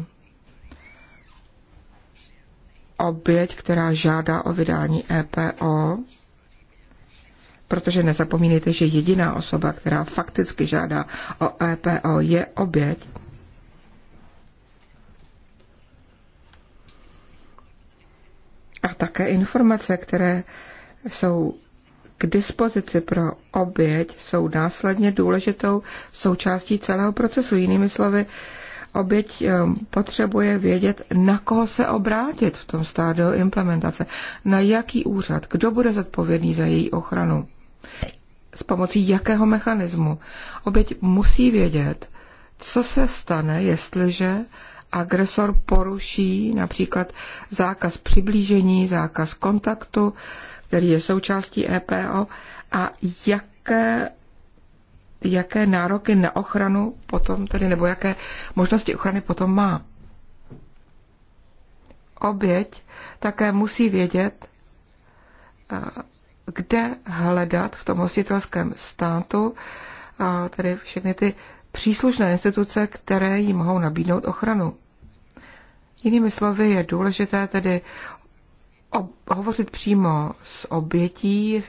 oběť, která žádá o vydání EPO, protože nezapomínejte, že jediná osoba, která fakticky žádá o EPO, je oběť. A také informace, které jsou dispozici pro oběť jsou následně důležitou součástí celého procesu. Jinými slovy, oběť ehm, potřebuje vědět, na koho se obrátit v tom stádiu implementace, na jaký úřad, kdo bude zodpovědný za její ochranu, s pomocí jakého mechanismu. Oběť musí vědět, co se stane, jestliže agresor poruší například zákaz přiblížení, zákaz kontaktu, který je součástí EPO a jaké, jaké nároky na ochranu potom tedy, nebo jaké možnosti ochrany potom má. Oběť také musí vědět, eh, kde hledat v tom hostitelském státu, eh, tedy všechny ty příslušné instituce, které jí mohou nabídnout ochranu. Jinými slovy je důležité tedy hovořit přímo s obětí.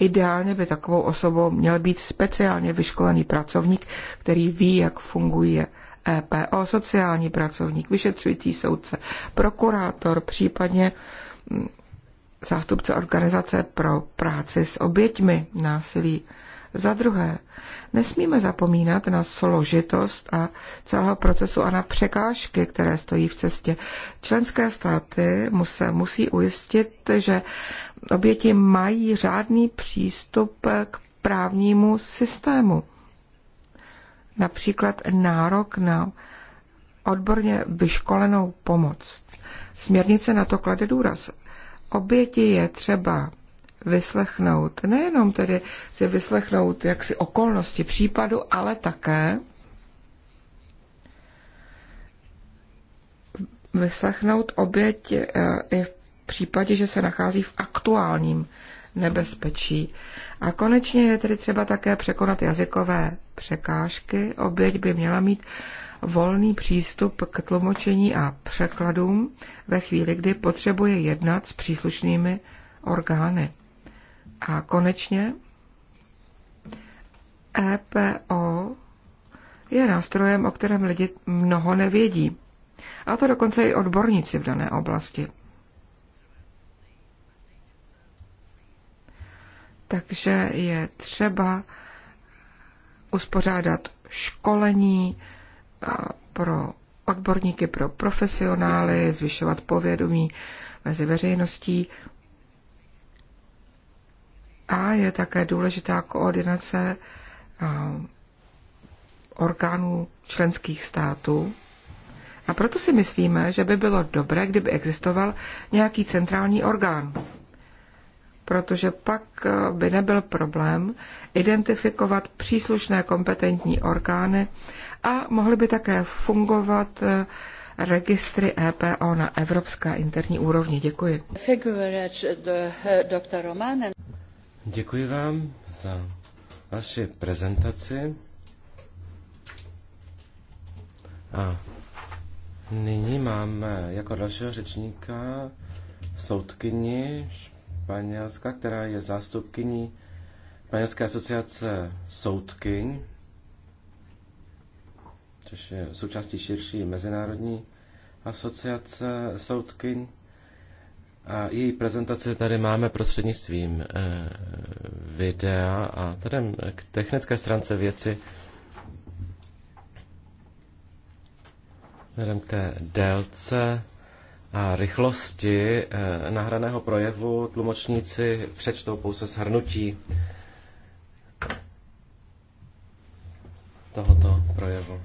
Ideálně by takovou osobou měl být speciálně vyškolený pracovník, který ví, jak funguje EPO, sociální pracovník, vyšetřující soudce, prokurátor, případně mm, zástupce organizace pro práci s oběťmi násilí. Za druhé, nesmíme zapomínat na složitost a celého procesu a na překážky, které stojí v cestě. Členské státy se musí ujistit, že oběti mají řádný přístup k právnímu systému. Například nárok na odborně vyškolenou pomoc. Směrnice na to klade důraz. Oběti je třeba vyslechnout. Nejenom tedy si vyslechnout jaksi okolnosti případu, ale také vyslechnout oběť eh, i v případě, že se nachází v aktuálním nebezpečí. A konečně je tedy třeba také překonat jazykové překážky. Oběť by měla mít volný přístup k tlumočení a překladům ve chvíli, kdy potřebuje jednat s příslušnými orgány. A konečně EPO je nástrojem, o kterém lidi mnoho nevědí. A to dokonce i odborníci v dané oblasti. Takže je třeba uspořádat školení pro odborníky, pro profesionály, zvyšovat povědomí mezi veřejností. A je také důležitá koordinace orgánů členských států. A proto si myslíme, že by bylo dobré, kdyby existoval nějaký centrální orgán. Protože pak e, by nebyl problém identifikovat příslušné kompetentní orgány a mohly by také fungovat e, registry EPO na evropské interní úrovni. Děkuji. Děkuji vám za vaši prezentaci. A nyní máme jako dalšího řečníka soudkyni Španělska, která je zástupkyní Španělské asociace soudkyň, což je součástí širší mezinárodní asociace soudkyň. A její prezentaci tady máme prostřednictvím eh, videa a tady k technické stránce věci vzhledem k té délce a rychlosti eh, nahraného projevu tlumočníci přečtou pouze shrnutí tohoto projevu.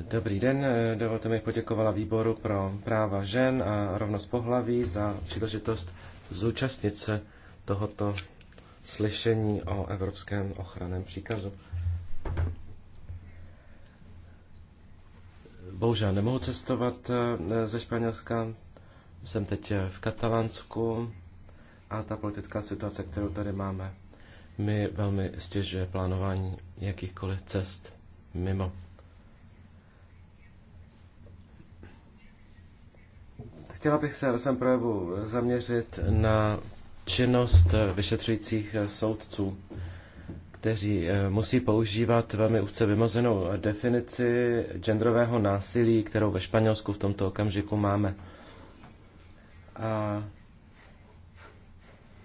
Dobrý den, eh, dovolte mi poděkovala výboru pro práva žen a rovnost pohlaví za příležitost zúčastnit se tohoto slyšení o evropském ochranném příkazu. Bohužel nemohu cestovat eh, ze Španělska, jsem teď eh, v Katalánsku a ta politická situace, kterou tady máme, mi velmi stěžuje plánování jakýchkoliv cest mimo Chtěla bych se ve svém projevu zaměřit na činnost vyšetřujících soudců, kteří eh, musí používat velmi úzce vymozenou definici genderového násilí, kterou ve Španělsku v tomto okamžiku máme. A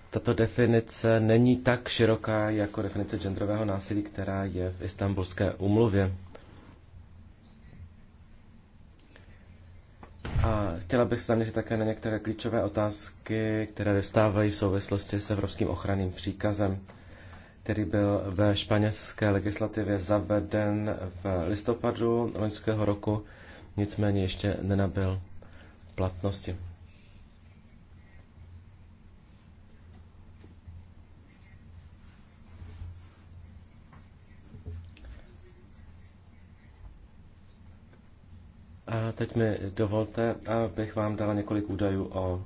tato definice není tak široká jako definice genderového násilí, která je v istambulské umluvě. A chtěla bych se zaměřit také na některé klíčové otázky, které vystávají v souvislosti s evropským ochranným příkazem, který byl ve španělské legislativě zaveden v listopadu loňského roku, nicméně ještě nenabyl platnosti. A teď mi dovolte, abych vám dala několik údajů o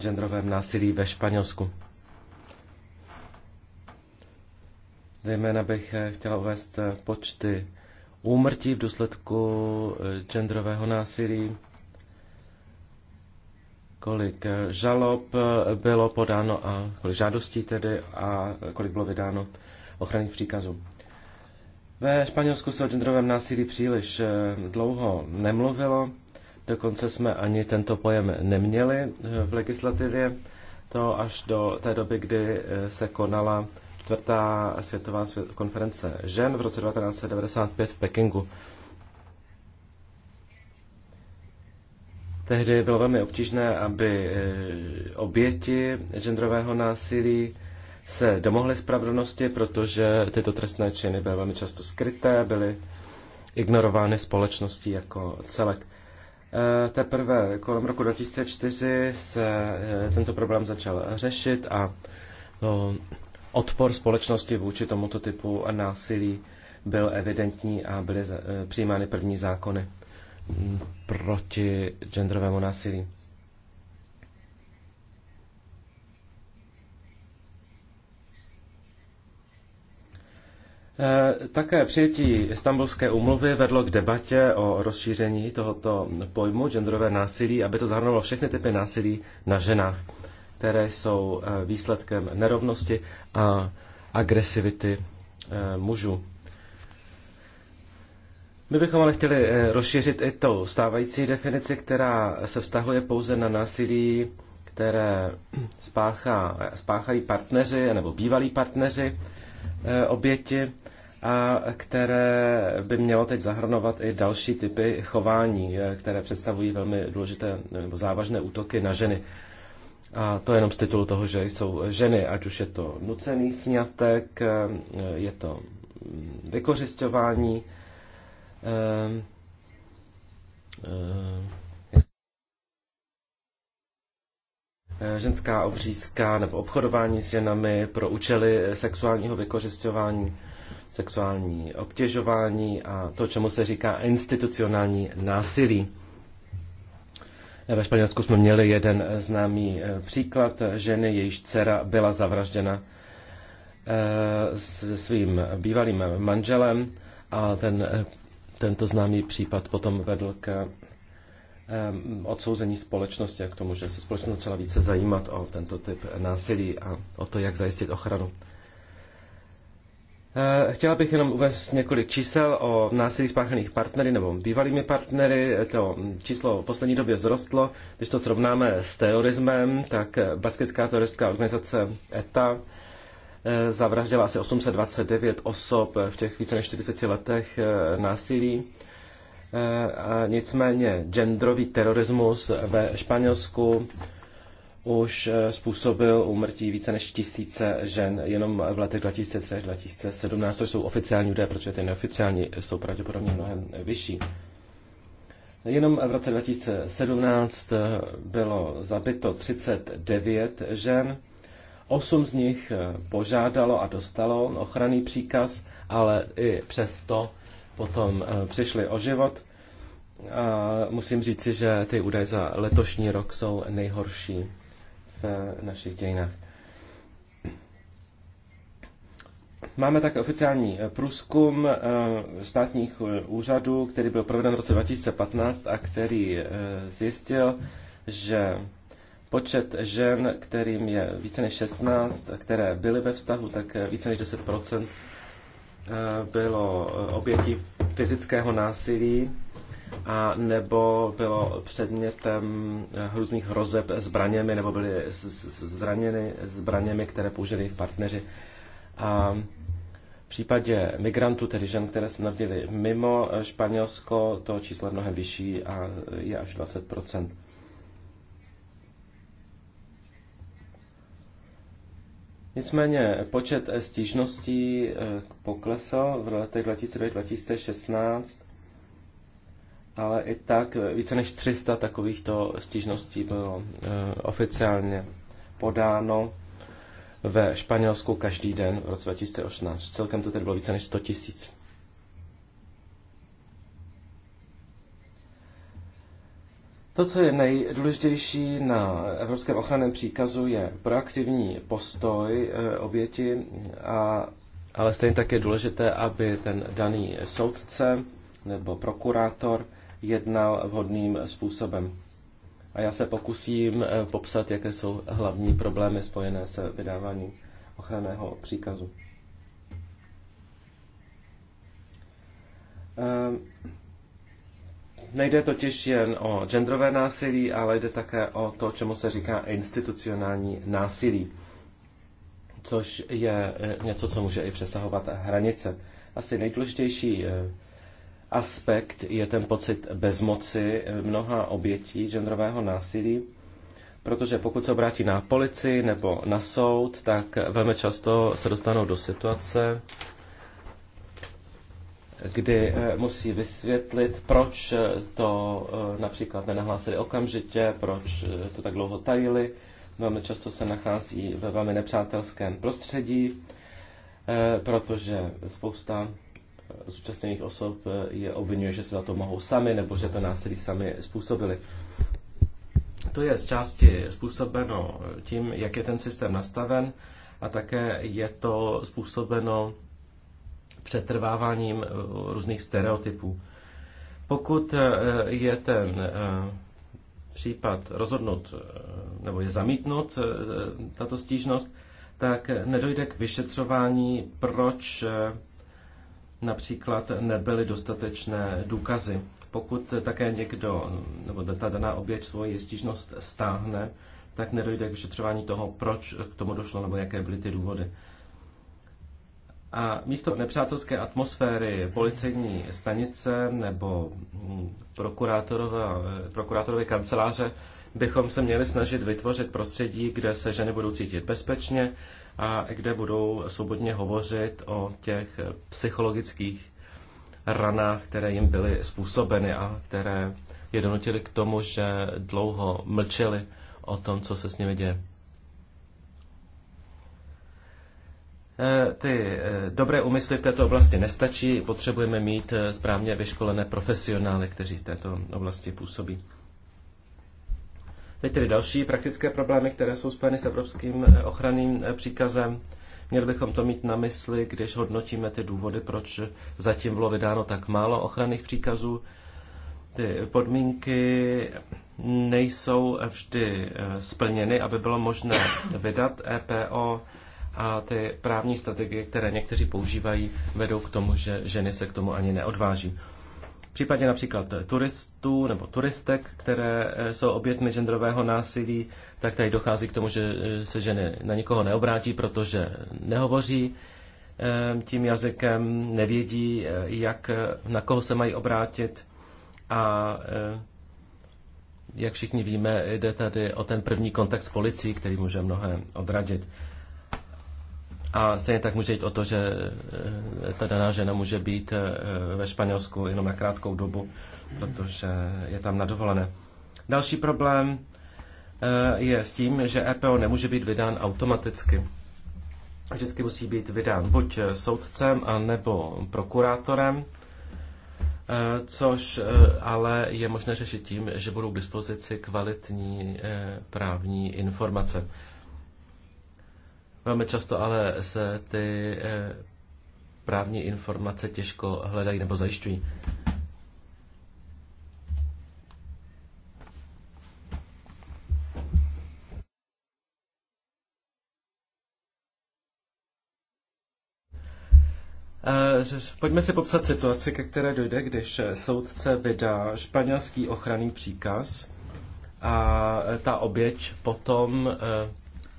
genderovém násilí ve Španělsku. Zejména bych eh, chtěla uvést eh, počty úmrtí v důsledku eh, genderového násilí, kolik žalob bylo podáno a kolik žádostí tedy a kolik bylo vydáno ochranných příkazů. Ve Španělsku se o genderovém násilí příliš eh, dlouho nemluvilo, dokonce jsme ani tento pojem neměli eh, v legislativě. To až do té doby, kdy eh, se konala čtvrtá světová konference žen v roce 1995 v Pekingu. Tehdy bylo velmi obtížné, aby oběti genderového násilí se domohli spravedlnosti, protože tyto trestné činy byly velmi často skryté, byly ignorovány společností jako celek. E, teprve kolem roku 2004 se e, tento problém začal řešit a no, odpor společnosti vůči tomuto typu násilí byl evidentní a byly e, přijímány první zákony proti genderovému násilí. Eh, také přijetí Istanbulské umluvy vedlo k debatě o rozšíření tohoto pojmu genderové násilí, aby to zahrnovalo všechny typy násilí na ženách, které jsou eh, výsledkem nerovnosti a agresivity eh, mužů. My bychom ale chtěli rozšířit i tou stávající definici, která se vztahuje pouze na násilí, které spáchá, spáchají partneři nebo bývalí partneři Eh, oběti a které by mělo teď zahrnovat i další typy chování, eh, které představují velmi důležité nebo závažné útoky na ženy. A to jenom z titulu toho, že jsou ženy, ať už je to nucený snětek, eh, je to mm, vykořišťování, Eh, ženská obřízka nebo obchodování s ženami pro účely eh, sexuálního vykořišťování, sexuální obtěžování a to, čemu se říká institucionální násilí. Eh, ve Španělsku jsme měli jeden známý příklad ženy, jejíž dcera byla zavražděna se svým bývalým manželem a ten, tento známý případ potom vedl k Ehm, odsouzení společnosti a k tomu, že se společnost začala více zajímat o tento typ násilí a o to, jak zajistit ochranu. Ehm, chtěla bych jenom uvést několik čísel o násilí spáchaných partnery nebo bývalými partnery. To číslo v poslední době vzrostlo. Když to srovnáme s terorismem, tak basketská teroristická organizace ETA ehm, zavraždila asi 829 osob v těch více než 40 letech násilí. Eh, nicméně genderový terorismus ve Španělsku už eh, způsobil úmrtí více než tisíce žen jenom v letech 2003-2017. To jsou oficiální údaje, protože ty neoficiální jsou pravděpodobně mnohem vyšší. Jenom v roce 2017 eh, bylo zabito 39 žen, osm z nich požádalo a dostalo ochranný příkaz, ale i přesto potom eh, přišly o život. A musím říci, že ty údaje za letošní rok jsou nejhorší v eh, našich dějinách. Máme také oficiální eh, průzkum státních úřadů, který byl proveden v roce 2015 a který zjistil, že počet žen, kterým je více než 16, které byly ve vztahu, tak více než 10 Eh, bylo eh, obětí fyzického násilí a nebo bylo předmětem eh, hrůzných hrozeb zbraněmi, nebo byly zraněny zbraněmi, které použili jejich partneři. A v případě migrantů, tedy žen, které se narodily mimo Španělsko, to číslo je mnohem vyšší a je až 20 Nicméně počet stížností eh, poklesl v letech 2009-2016, ale i tak eh, více než 300 takovýchto stížností bylo eh, oficiálně podáno ve Španělsku každý den v roce 2018. Celkem to tedy bylo více než 100 tisíc. To, co je nejdůležitější na Evropském ochranném příkazu, je proaktivní postoj eh, oběti, a, ale stejně tak je důležité, aby ten daný soudce nebo prokurátor jednal vhodným způsobem. A já se pokusím eh, popsat, jaké jsou hlavní problémy spojené se vydáváním ochranného příkazu. Ehm. Nejde totiž jen o genderové násilí, ale jde také o to, čemu se říká institucionální násilí, což je eh, něco, co může i přesahovat hranice. Asi nejdůležitější eh, aspekt je ten pocit bezmoci eh, mnoha obětí genderového násilí, protože pokud se obrátí na policii nebo na soud, tak velmi často se dostanou do situace, kdy eh, musí vysvětlit, proč eh, to eh, například nenahlásili okamžitě, proč to tak dlouho tajili. Velmi často se nachází ve velmi nepřátelském prostředí, protože spousta zúčastněných osob je obvinuje, že se za to mohou sami, nebo že to násilí sami způsobili. To je z části způsobeno tím, jak je ten systém nastaven a také je to způsobeno přetrváváním eh, různých stereotypů. Pokud eh, je ten eh, případ rozhodnut nebo je zamítnut tato stížnost, tak nedojde k vyšetřování, proč například nebyly dostatečné důkazy. Pokud také někdo, nebo ta daná oběť svoji stížnost stáhne, tak nedojde k vyšetřování toho, proč k tomu došlo, nebo jaké byly ty důvody. A místo nepřátelské atmosféry policejní stanice nebo mm, eh, prokurátorové kanceláře bychom se měli snažit vytvořit prostředí, kde se ženy budou cítit bezpečně a kde budou svobodně hovořit o těch psychologických ranách, které jim byly způsobeny a které je donutily k tomu, že dlouho mlčeli o tom, co se s nimi děje. Eh, ty eh, dobré úmysly v této oblasti nestačí, potřebujeme mít eh, správně vyškolené profesionály, kteří v této oblasti působí. Teď tedy další praktické problémy, které jsou spojeny s evropským ochranným příkazem. Měli bychom to mít na mysli, když hodnotíme ty důvody, proč zatím bylo vydáno tak málo ochranných příkazů. Ty podmínky nejsou vždy splněny, aby bylo možné vydat EPO a ty právní strategie, které někteří používají, vedou k tomu, že ženy se k tomu ani neodváží. V případě například turistů nebo turistek, které eh, jsou obětmi genderového násilí, tak tady dochází k tomu, že eh, se ženy na nikoho neobrátí, protože nehovoří eh, tím jazykem, nevědí, jak, na koho se mají obrátit a jak všichni víme, jde tady o ten první kontakt s policií, který může mnohé odradit. A stejně tak může jít o to, že eh, ta daná žena může být eh, ve Španělsku jenom na krátkou dobu, protože je tam nadovolené. Další problém eh, je s tím, že EPO nemůže být vydán automaticky. Vždycky musí být vydán buď soudcem, nebo prokurátorem, což ale je možné řešit tím, že budou k dispozici kvalitní právní informace. Velmi často ale se ty eh, právní informace těžko hledají nebo zajišťují. Eh, pojďme si popsat situaci, ke které dojde, když eh, soudce vydá španělský ochranný příkaz a ta oběť potom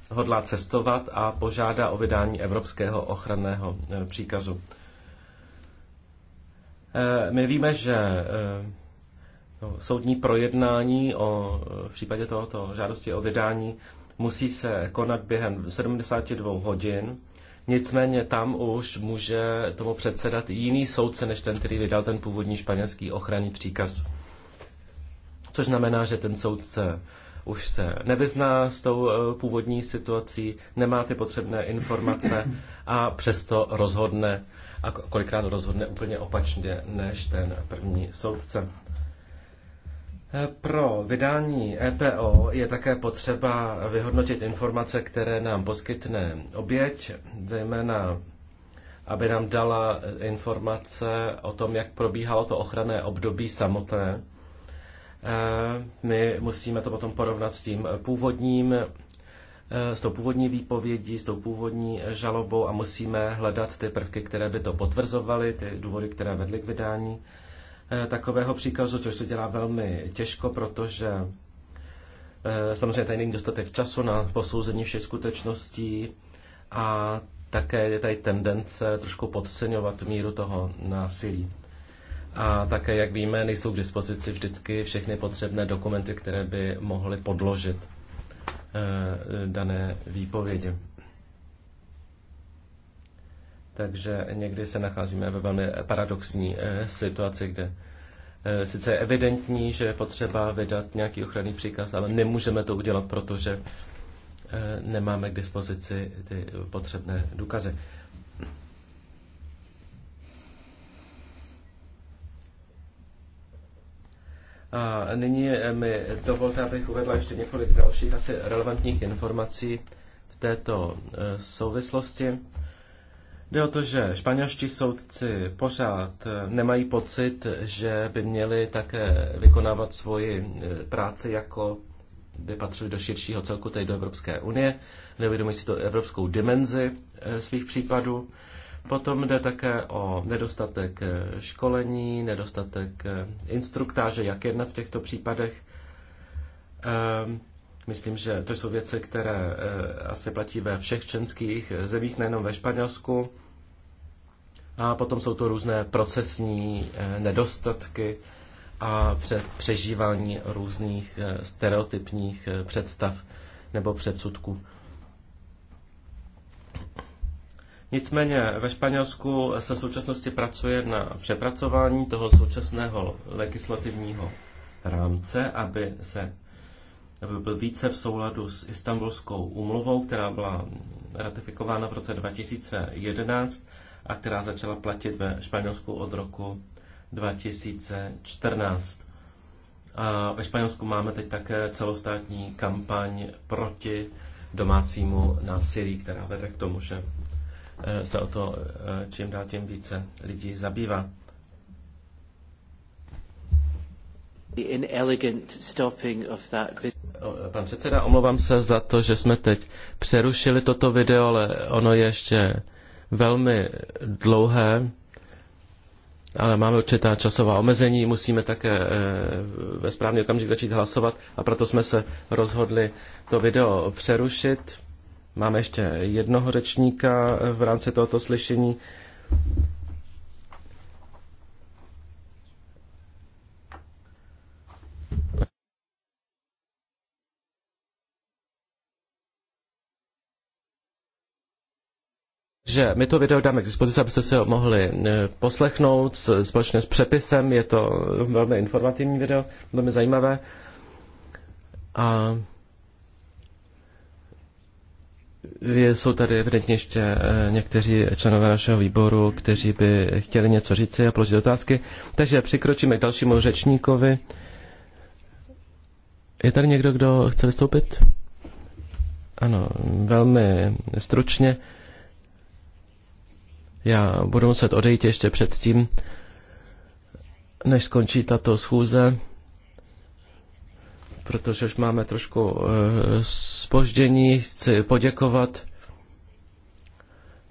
hodlá cestovat a požádá o vydání evropského ochranného eh, příkazu. Eh, my víme, že eh, no, soudní projednání o, v případě tohoto žádosti o vydání musí se konat během 72 hodin. Nicméně tam už může tomu předsedat jiný soudce, než ten, který vydal ten původní španělský ochranný příkaz. Což znamená, že ten soudce už se nevyzná s tou eh, původní situací, nemá ty potřebné informace a přesto rozhodne a kolikrát rozhodne úplně opačně než ten první soudce. Eh, pro vydání EPO je také potřeba vyhodnotit informace, které nám poskytne oběť, zejména aby nám dala eh, informace o tom, jak probíhalo to ochranné období samotné, my musíme to potom porovnat s tím původním, e, s tou původní výpovědí, s tou původní žalobou a musíme hledat ty prvky, které by to potvrzovaly, ty důvody, které vedly k vydání e, takového příkazu, což se dělá velmi těžko, protože e, samozřejmě tady není dostatek času na posouzení všech skutečností a také je tady tendence trošku podceňovat míru toho násilí. A také, jak víme, nejsou k dispozici vždycky všechny potřebné dokumenty, které by mohly podložit eh, dané výpovědi. Takže někdy se nacházíme ve velmi paradoxní eh, situaci, kde eh, sice je evidentní, že je potřeba vydat nějaký ochranný příkaz, ale nemůžeme to udělat, protože nemáme k dispozici ty potřebné důkazy. A nyní eh, mi dovolte, abych uvedla ještě několik dalších asi relevantních informací v této eh, souvislosti. Jde o to, že španělští soudci pořád eh, nemají pocit, že by měli také vykonávat svoji práci jako by patřili do širšího celku, tedy do Evropské unie. Neuvědomují si to evropskou dimenzi svých případů. Potom jde také o nedostatek eh, školení, nedostatek eh, instruktáže, jak jednat v těchto případech. Ehm, myslím, že to jsou věci, které eh, asi platí ve všech členských zemích, nejenom ve Španělsku. A potom jsou to různé procesní nedostatky a přežívání různých stereotypních představ nebo předsudků. Nicméně ve Španělsku se v současnosti pracuje na přepracování toho současného legislativního rámce, aby se aby byl více v souladu s Istanbulskou úmluvou, která byla ratifikována v roce 2011 a která začala platit ve Španělsku od roku 2014. A ve Španělsku máme teď také celostátní kampaň proti domácímu násilí, která vede k tomu, že Eh, se o to eh, čím dál tím více lidí zabývá. Pan předseda, omlouvám se za to, že jsme teď přerušili toto video, ale ono je ještě velmi dlouhé, ale máme určitá časová omezení, musíme také eh, ve správný okamžik začít hlasovat a proto jsme se rozhodli to video přerušit. Máme ještě jednoho řečníka v rámci tohoto slyšení. že my to video dáme k dispozici, abyste si ho mohli eh, poslechnout společně s přepisem. Je to velmi informativní video, velmi zajímavé. A jsou tady evidentně ještě eh, někteří členové našeho výboru, kteří by chtěli něco říci a položit otázky. Takže přikročíme k dalšímu řečníkovi. Je tady někdo, kdo chce vystoupit? Ano, velmi stručně. Já budu muset odejít ještě předtím, než skončí tato schůze protože už máme trošku spoždění. Eh, Chci poděkovat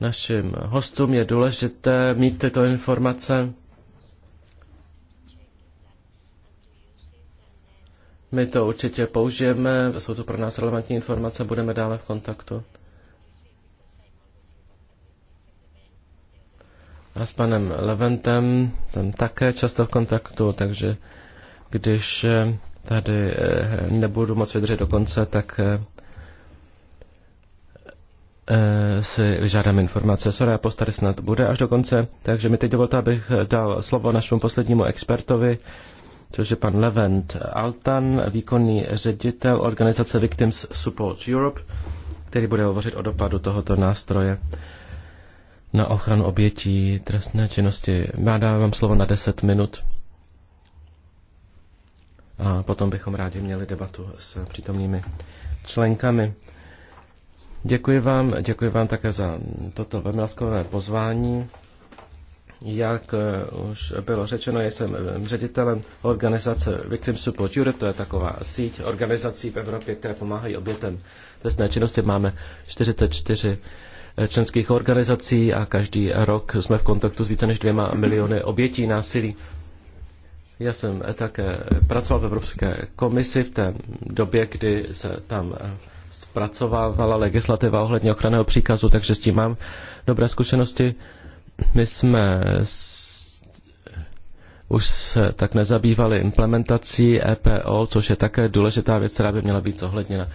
našim hostům. Je důležité mít tyto informace. My to určitě použijeme, jsou to pro nás relevantní informace, budeme dále v kontaktu. A s panem Leventem, tam také často v kontaktu, takže když eh, tady eh, nebudu moc vydržet do konce, tak eh, eh, si vyžádám informace. a postary snad bude až do konce, takže mi teď dovolte, abych dal slovo našemu poslednímu expertovi, což je pan Levent Altan, výkonný ředitel organizace Victims Support Europe, který bude hovořit o dopadu tohoto nástroje na ochranu obětí trestné činnosti. Já dávám slovo na 10 minut a potom bychom rádi měli debatu s přítomnými členkami. Děkuji vám, děkuji vám také za toto webmaskové pozvání. Jak eh, už bylo řečeno, jsem eh, ředitelem organizace Victim Support Europe, to je taková síť organizací v Evropě, které pomáhají obětem trestné činnosti. Máme 44 eh, členských organizací a každý rok jsme v kontaktu s více než dvěma miliony obětí násilí. Já jsem eh, také pracoval v Evropské komisi v té době, kdy se tam eh, zpracovávala legislativa ohledně ochranného příkazu, takže s tím mám dobré zkušenosti. My jsme už se tak nezabývali implementací EPO, což je také důležitá věc, která by měla být zohledněna.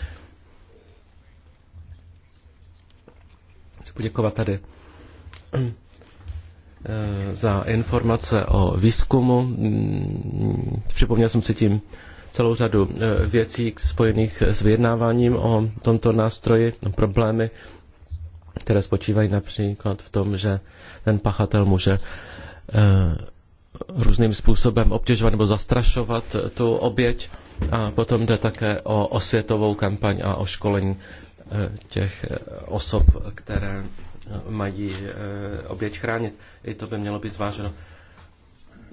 Chci poděkovat tady Eh, za informace o výzkumu. Mm, připomněl jsem si tím celou řadu eh, věcí spojených s vyjednáváním o tomto nástroji, problémy, které spočívají například v tom, že ten pachatel může eh, různým způsobem obtěžovat nebo zastrašovat tu oběť. A potom jde také o osvětovou kampaň a o školení těch osob, které mají eh, oběť chránit. I to by mělo být zváženo.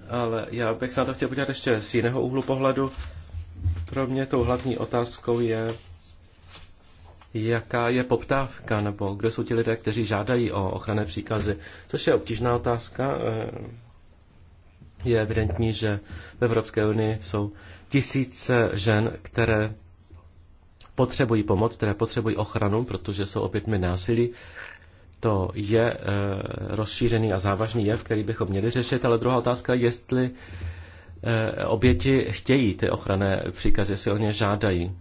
Ale já bych se na to chtěl podívat ještě z jiného úhlu pohledu. Pro mě tou hlavní otázkou je, jaká je poptávka, nebo kdo jsou ti lidé, kteří žádají o ochranné příkazy, což je obtížná otázka. Eh, je evidentní, že v Evropské unii jsou tisíce žen, které potřebují pomoc, které potřebují ochranu, protože jsou obětmi násilí to je e, rozšířený a závažný jev, který bychom měli řešit, ale druhá otázka je, jestli e, oběti chtějí ty ochranné příkazy, jestli o ně žádají.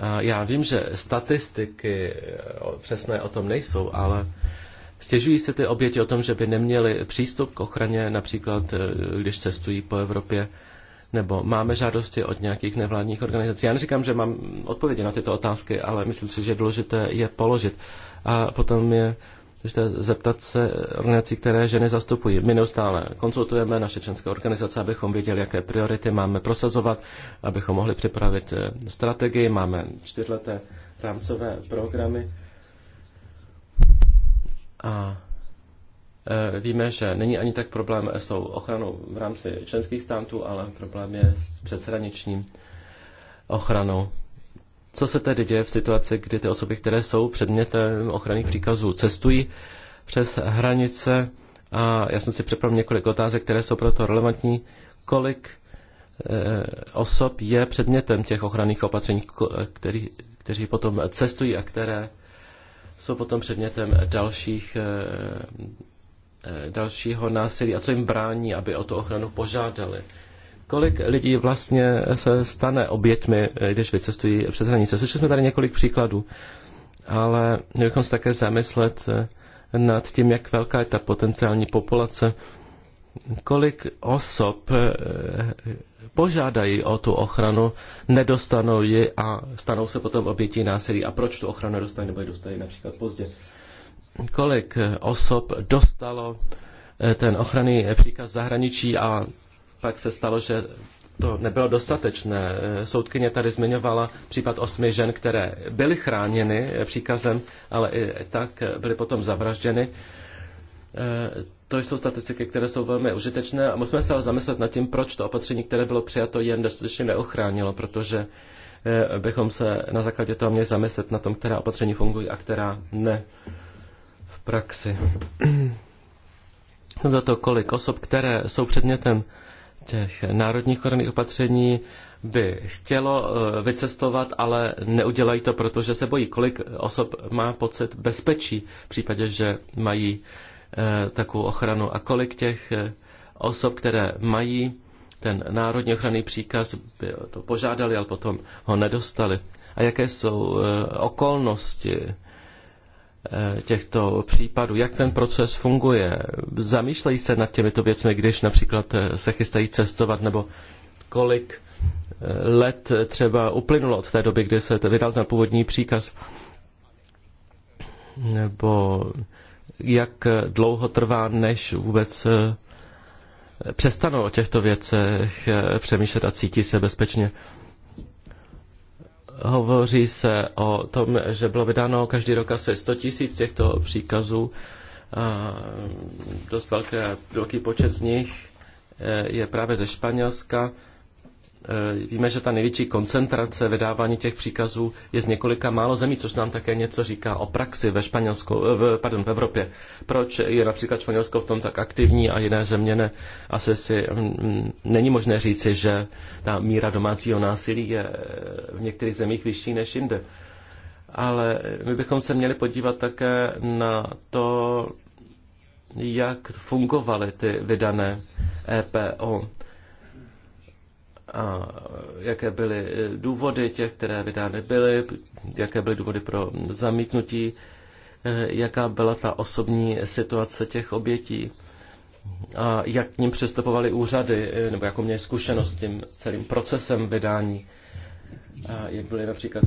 A já vím, že statistiky eh, přesné o tom nejsou, ale stěžují se ty oběti o tom, že by neměli přístup k ochraně, například když cestují po Evropě, nebo máme žádosti od nějakých nevládních organizací. Já neříkám, že mám odpovědi na tyto otázky, ale myslím si, že důležité je položit. A potom je Můžete zeptat se organizací, které ženy zastupují. My neustále konzultujeme naše členské organizace, abychom věděli, jaké priority máme prosazovat, abychom mohli připravit eh, strategii. Máme čtyřleté rámcové programy. A eh, víme, že není ani tak problém s tou ochranou v rámci členských států, ale problém je s přeshraničním ochranou co se tedy děje v situaci, kdy ty osoby, které jsou předmětem ochranných příkazů, cestují přes hranice? A já jsem si připravil několik otázek, které jsou proto relevantní. Kolik eh, osob je předmětem těch ochranných opatření, který, kteří potom cestují a které jsou potom předmětem dalších, eh, eh, dalšího násilí a co jim brání, aby o tu ochranu požádali kolik lidí vlastně se stane obětmi, eh, když vycestují přes hranice. Slyšeli jsme tady několik příkladů, ale měli bychom se také zamyslet eh, nad tím, jak velká je ta potenciální populace, kolik osob eh, požádají o tu ochranu, nedostanou ji a stanou se potom obětí násilí. A proč tu ochranu nedostají, nebo ji dostají například pozdě? Kolik osob dostalo ten ochranný příkaz zahraničí a pak se stalo, že to nebylo dostatečné. Soudkyně tady zmiňovala případ osmi žen, které byly chráněny příkazem, ale i tak byly potom zavražděny. Eh, to jsou statistiky, které jsou velmi užitečné a musíme se ale zamyslet nad tím, proč to opatření, které bylo přijato, jen dostatečně neochránilo, protože eh, bychom se na základě toho měli zamyslet na tom, která opatření fungují a která ne v praxi. No to kolik osob, které jsou předmětem těch národních koronných opatření by chtělo eh, vycestovat, ale neudělají to, protože se bojí, kolik osob má pocit bezpečí v případě, že mají eh, takovou ochranu a kolik těch eh, osob, které mají ten národní ochranný příkaz, by to požádali, ale potom ho nedostali. A jaké jsou okolnosti Eh, těchto případů, jak ten proces funguje. Zamýšlejí se nad těmito věcmi, když například eh, se chystají cestovat, nebo kolik eh, let třeba uplynulo od té doby, kdy se vydal ten původní příkaz, nebo jak dlouho trvá, než vůbec přestanou o těchto věcech přemýšlet a cítí se bezpečně. Hovoří se o tom, že bylo vydáno každý rok asi 100 tisíc těchto příkazů. Mm, dost velké, velký počet z nich eh, je právě ze Španělska. Eh, víme, že ta největší koncentrace vydávání těch příkazů je z několika málo zemí, což nám také něco říká o praxi ve Španělsku, eh, v, pardon, v Evropě. Proč je například Španělsko v tom tak aktivní a jiné země ne? Asi si mm, mm, není možné říci, že ta míra domácího násilí je eh, v některých zemích vyšší než jinde. Ale my bychom se měli podívat také na to, jak fungovaly ty vydané EPO a jaké byly eh, důvody těch, které vydány byly, jaké byly důvody pro zamítnutí, eh, jaká byla ta osobní situace těch obětí a jak k ním přistupovaly úřady, eh, nebo jakou měli zkušenost s tím celým procesem vydání. A jak byli například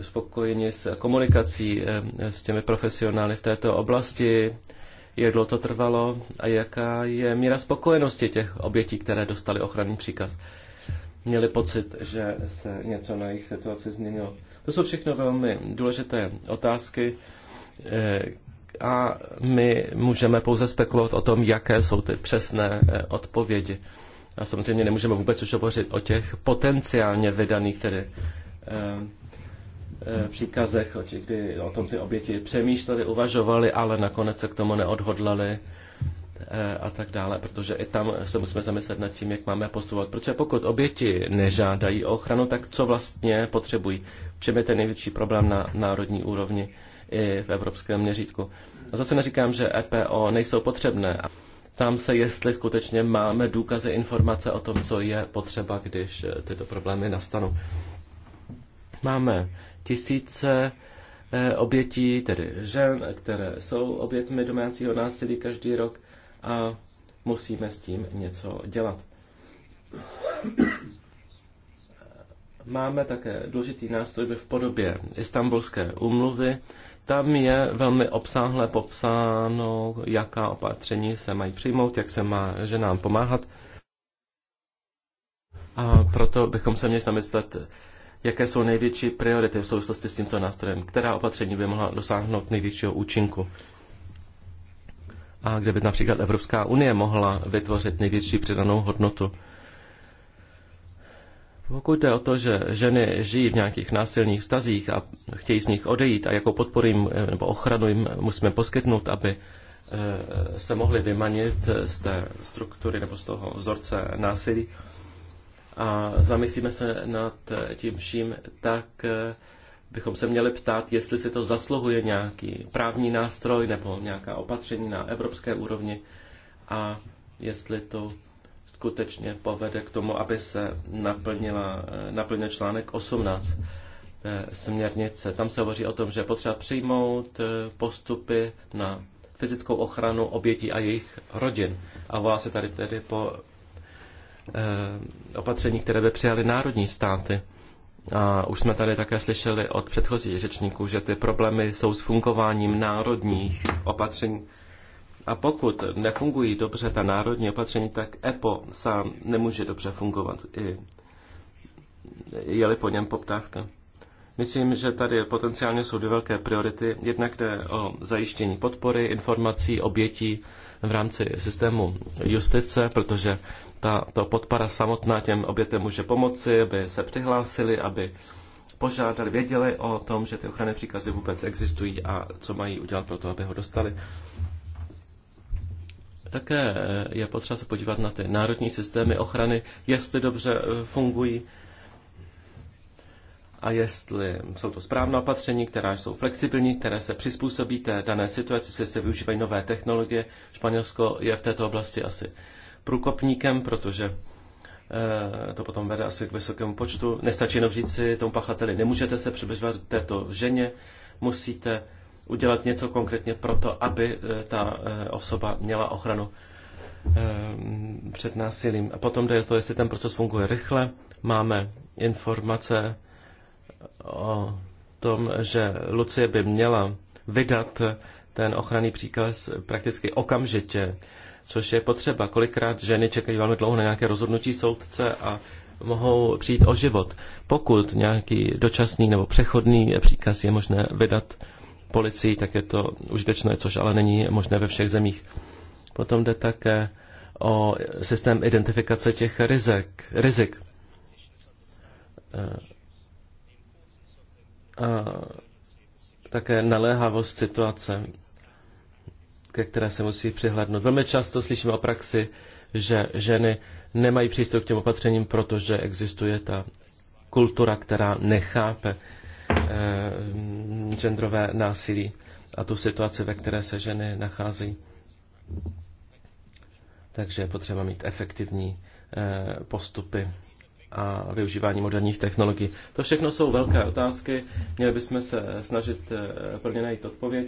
spokojeni s komunikací s těmi profesionály v této oblasti, jak dlouho to trvalo a jaká je míra spokojenosti těch obětí, které dostali ochranný příkaz měli pocit, že se něco na jejich situaci změnilo. To jsou všechno velmi důležité otázky eh, a my můžeme pouze spekulovat o tom, jaké jsou ty přesné eh, odpovědi. A samozřejmě nemůžeme vůbec už hovořit o těch potenciálně vydaných tedy eh, příkazech, kdy o tom ty oběti přemýšleli, uvažovali, ale nakonec se k tomu neodhodlali Eh, a tak dále, protože i tam se musíme zamyslet nad tím, jak máme postupovat. Protože pokud oběti nežádají o ochranu, tak co vlastně potřebují? V čem je ten největší problém na národní úrovni i v evropském měřítku? A zase neříkám, že EPO nejsou potřebné. Tam se, jestli skutečně máme důkazy, informace o tom, co je potřeba, když eh, tyto problémy nastanou. Máme tisíce eh, obětí, tedy žen, které jsou obětmi domácího násilí každý rok a musíme s tím něco dělat. Máme také důležitý nástroj v podobě istambulské umluvy. Tam je velmi obsáhle popsáno, jaká opatření se mají přijmout, jak se má ženám pomáhat. A proto bychom se měli zamyslet, jaké jsou největší priority v souvislosti s tímto nástrojem, která opatření by mohla dosáhnout největšího účinku a kde by například Evropská unie mohla vytvořit největší přidanou hodnotu. Pokud jde o to, že ženy žijí v nějakých násilných vztazích a chtějí z nich odejít a jako podporu jim nebo ochranu jim musíme poskytnout, aby eh, se mohly vymanit z té struktury nebo z toho vzorce násilí a zamyslíme se nad eh, tím vším, tak eh, bychom se měli ptát, jestli si to zasluhuje nějaký právní nástroj nebo nějaká opatření na evropské úrovni a jestli to skutečně povede k tomu, aby se naplnila, eh, naplnil článek 18 eh, směrnice. Tam se hovoří o tom, že potřeba přijmout eh, postupy na fyzickou ochranu obětí a jejich rodin. A volá se tady tedy po opatření, které by přijaly národní státy. A už jsme tady také slyšeli od předchozích řečníků, že ty problémy jsou s fungováním národních opatření. A pokud nefungují dobře ta národní opatření, tak EPO sám nemůže dobře fungovat, i je-li po něm poptávka. Myslím, že tady potenciálně jsou dvě velké priority. Jednak jde o zajištění podpory, informací, obětí v rámci systému justice, protože ta to podpora samotná těm obětem může pomoci, aby se přihlásili, aby požádali, věděli o tom, že ty ochranné příkazy vůbec existují a co mají udělat pro to, aby ho dostali. Také eh, je potřeba se podívat na ty národní systémy ochrany, jestli dobře eh, fungují a jestli jsou to správná opatření, která jsou flexibilní, které se přizpůsobí té dané situaci, jestli se využívají nové technologie. Španělsko je v této oblasti asi průkopníkem, protože eh, to potom vede asi k vysokému počtu. Nestačí jenom říct si tomu pachateli, nemůžete se přibližovat k této ženě, musíte udělat něco konkrétně pro to, aby eh, ta eh, osoba měla ochranu před násilím. A potom jde to, jestli ten proces funguje rychle. Máme informace o tom, že Lucie by měla vydat ten ochranný příkaz prakticky okamžitě, což je potřeba. Kolikrát ženy čekají velmi dlouho na nějaké rozhodnutí soudce a mohou přijít o život. Pokud nějaký dočasný nebo přechodný příkaz je možné vydat policii, tak je to užitečné, což ale není možné ve všech zemích. Potom jde také o systém identifikace těch rizik. rizik a také naléhavost situace, ke které se musí přihlednout. Velmi často slyšíme o praxi, že ženy nemají přístup k těm opatřením, protože existuje ta kultura, která nechápe eh, genderové násilí a tu situaci, ve které se ženy nacházejí. Takže je potřeba mít efektivní eh, postupy a využívání moderních technologií. To všechno jsou velké otázky, měli bychom se snažit eh, pro ně najít odpověď.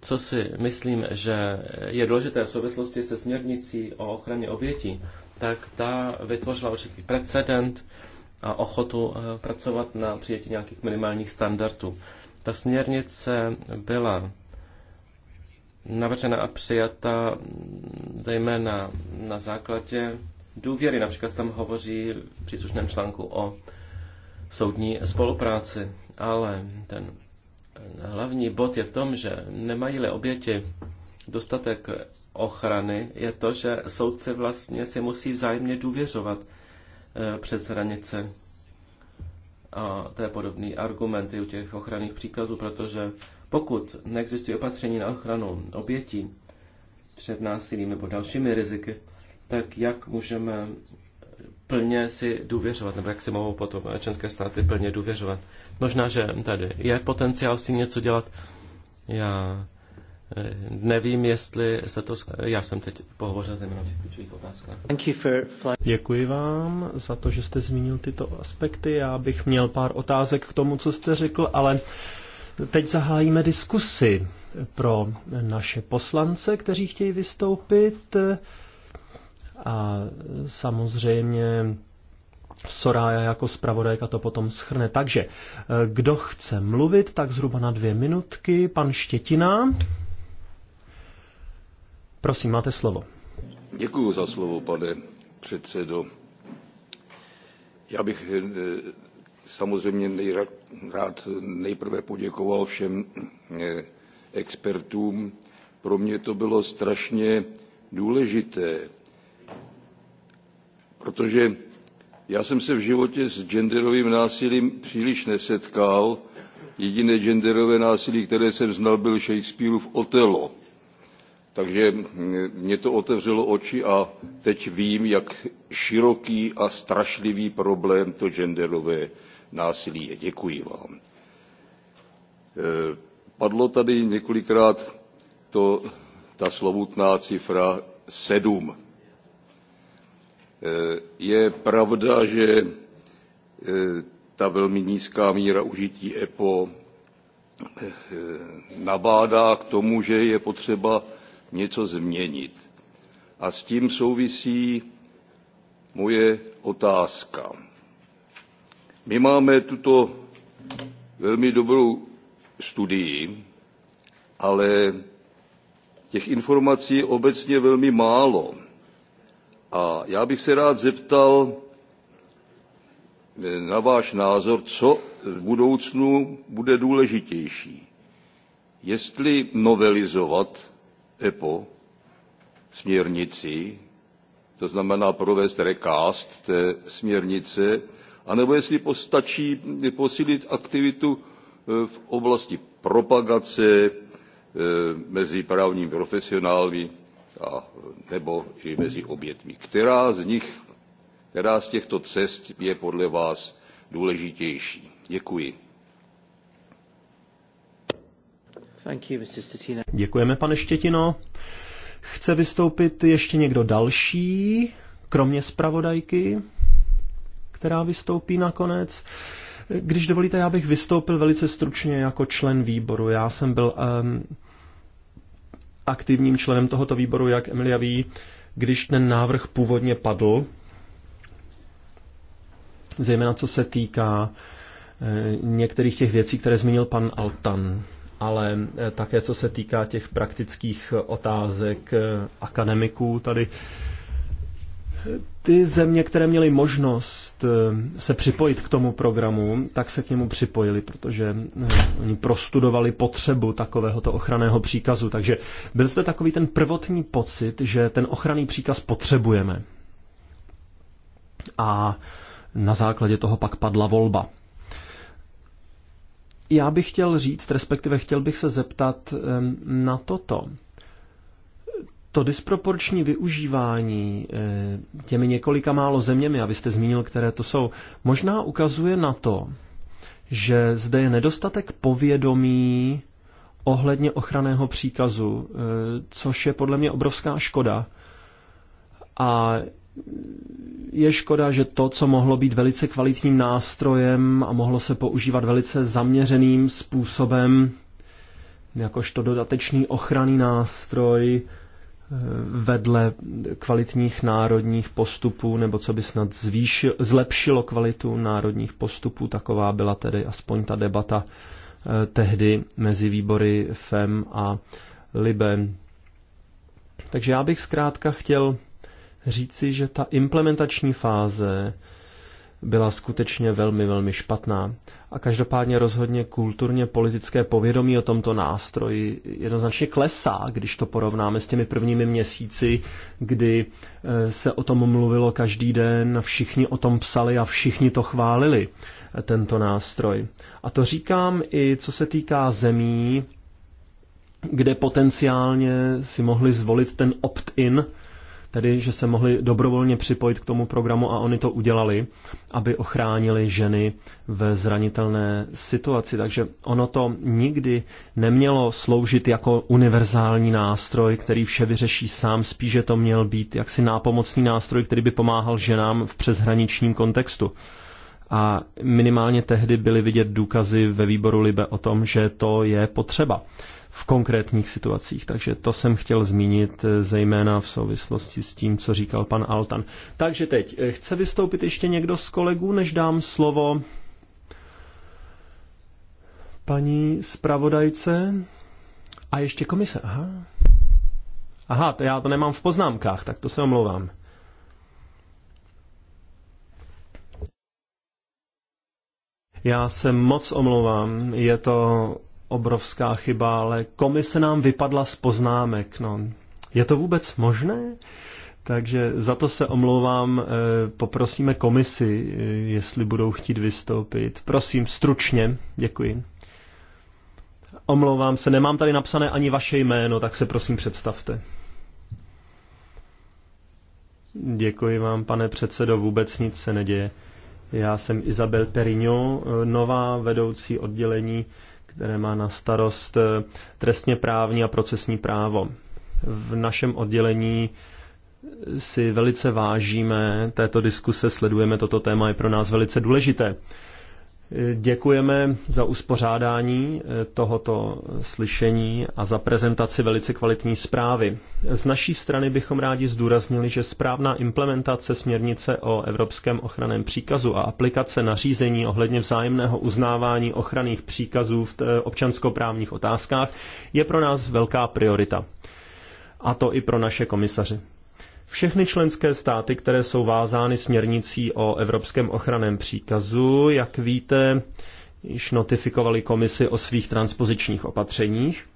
Co si myslím, že je důležité v souvislosti se směrnicí o ochraně obětí, tak ta vytvořila určitý precedent a ochotu eh, pracovat na přijetí nějakých minimálních standardů. Ta směrnice byla navržena a přijata mm, zejména na základě důvěry. Například tam hovoří v příslušném článku o soudní spolupráci, ale ten hlavní bod je v tom, že nemají-li oběti dostatek ochrany, je to, že soudci vlastně si musí vzájemně důvěřovat eh, přes hranice. A to je podobný argument i u těch ochranných příkazů, protože pokud neexistují opatření na ochranu obětí před násilím nebo dalšími riziky, tak jak můžeme plně si důvěřovat, nebo jak si mohou potom členské státy plně důvěřovat. Možná, že tady je potenciál s tím něco dělat. Já eh, nevím, jestli se to... Já jsem teď pohovořil zejména o těch klíčových otázkách. Děkuji vám za to, že jste zmínil tyto aspekty. Já bych měl pár otázek k tomu, co jste řekl, ale teď zahájíme diskusi pro naše poslance, kteří chtějí vystoupit. A samozřejmě Soraya jako zpravodajka to potom schrne. Takže, eh, kdo chce mluvit, tak zhruba na dvě minutky. Pan Štětina. Prosím, máte slovo. Děkuji za slovo, pane předsedo. Já bych eh, samozřejmě nejrad, rád nejprve poděkoval všem eh, expertům. Pro mě to bylo strašně důležité protože já jsem se v životě s genderovým násilím příliš nesetkal. Jediné genderové násilí, které jsem znal, byl Shakespeareův Otelo. Takže mě to otevřelo oči a teď vím, jak široký a strašlivý problém to genderové násilí je. Děkuji vám. Eh, padlo tady několikrát to, ta slovutná cifra sedm Eh, je pravda, že eh, ta velmi nízká míra užití EPO eh, nabádá k tomu, že je potřeba něco změnit. A s tím souvisí moje otázka. My máme tuto velmi dobrou studii, ale těch informací je obecně velmi málo. A já bych se rád zeptal eh, na váš názor, co v budoucnu bude důležitější. Jestli novelizovat EPO směrnici, to znamená provést recast té směrnice, anebo jestli postačí posílit aktivitu eh, v oblasti propagace eh, mezi právními profesionály a, nebo i mezi obětmi. Která z nich, která z těchto cest je podle vás důležitější? Děkuji. Děkujeme, pane Štětino. Chce vystoupit ještě někdo další, kromě zpravodajky, která vystoupí nakonec? Když dovolíte, já bych vystoupil velice stručně jako člen výboru. Já jsem byl um, aktivním členem tohoto výboru, jak Emilia ví, když ten návrh původně padl, zejména co se týká eh, některých těch věcí, které zmínil pan Altan, ale eh, také co se týká těch praktických otázek eh, akademiků tady ty země, které měly možnost eh, se připojit k tomu programu, tak se k němu připojili, protože eh, oni prostudovali potřebu takovéhoto ochranného příkazu. Takže byl zde takový ten prvotní pocit, že ten ochranný příkaz potřebujeme. A na základě toho pak padla volba. Já bych chtěl říct, respektive chtěl bych se zeptat eh, na toto to disproporční využívání eh, těmi několika málo zeměmi, abyste zmínil, které to jsou, možná ukazuje na to, že zde je nedostatek povědomí ohledně ochranného příkazu, eh, což je podle mě obrovská škoda. A je škoda, že to, co mohlo být velice kvalitním nástrojem a mohlo se používat velice zaměřeným způsobem, jakožto dodatečný ochranný nástroj, vedle kvalitních národních postupů, nebo co by snad zvýšil, zlepšilo kvalitu národních postupů. Taková byla tedy aspoň ta debata eh, tehdy mezi výbory FEM a LIBEM. Takže já bych zkrátka chtěl říci, že ta implementační fáze byla skutečně velmi, velmi špatná. A každopádně rozhodně kulturně politické povědomí o tomto nástroji jednoznačně klesá, když to porovnáme s těmi prvními měsíci, kdy eh, se o tom mluvilo každý den, všichni o tom psali a všichni to chválili, eh, tento nástroj. A to říkám i co se týká zemí, kde potenciálně si mohli zvolit ten opt-in, tedy že se mohli dobrovolně připojit k tomu programu a oni to udělali, aby ochránili ženy ve zranitelné situaci. Takže ono to nikdy nemělo sloužit jako univerzální nástroj, který vše vyřeší sám, spíše to měl být jaksi nápomocný nástroj, který by pomáhal ženám v přeshraničním kontextu. A minimálně tehdy byly vidět důkazy ve výboru Libe o tom, že to je potřeba v konkrétních situacích. Takže to jsem chtěl zmínit eh, zejména v souvislosti s tím, co říkal pan Altan. Takže teď, eh, chce vystoupit ještě někdo z kolegů, než dám slovo paní zpravodajce? A ještě komise, aha. Aha, to já to nemám v poznámkách, tak to se omlouvám. Já se moc omlouvám, je to obrovská chyba, ale komise nám vypadla z poznámek. No, je to vůbec možné? Takže za to se omlouvám, eh, poprosíme komisi, eh, jestli budou chtít vystoupit. Prosím, stručně, děkuji. Omlouvám se, nemám tady napsané ani vaše jméno, tak se prosím představte. Děkuji vám, pane předsedo, vůbec nic se neděje. Já jsem Isabel Perignon, nová vedoucí oddělení které má na starost eh, trestně právní a procesní právo. V našem oddělení si velice vážíme této diskuse, sledujeme toto téma, je pro nás velice důležité. Děkujeme za uspořádání eh, tohoto slyšení a za prezentaci velice kvalitní zprávy. Z naší strany bychom rádi zdůraznili, že správná implementace směrnice o Evropském ochraném příkazu a aplikace nařízení ohledně vzájemného uznávání ochranných příkazů v eh, občanskoprávních otázkách je pro nás velká priorita. A to i pro naše komisaře. Všechny členské státy, které jsou vázány směrnicí o Evropském ochraném příkazu, jak víte, již notifikovali komisi o svých transpozičních opatřeních.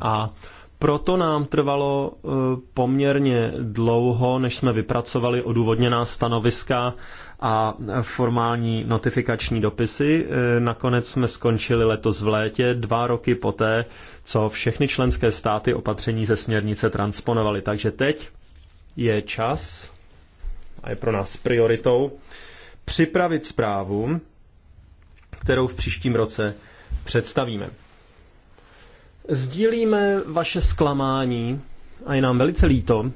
A proto nám trvalo e, poměrně dlouho, než jsme vypracovali odůvodněná stanoviska a formální notifikační dopisy. E, nakonec jsme skončili letos v létě, dva roky poté, co všechny členské státy opatření ze směrnice transponovaly. Takže teď je čas, a je pro nás prioritou, připravit zprávu, kterou v příštím roce představíme. Sdílíme vaše zklamání a je nám velice líto,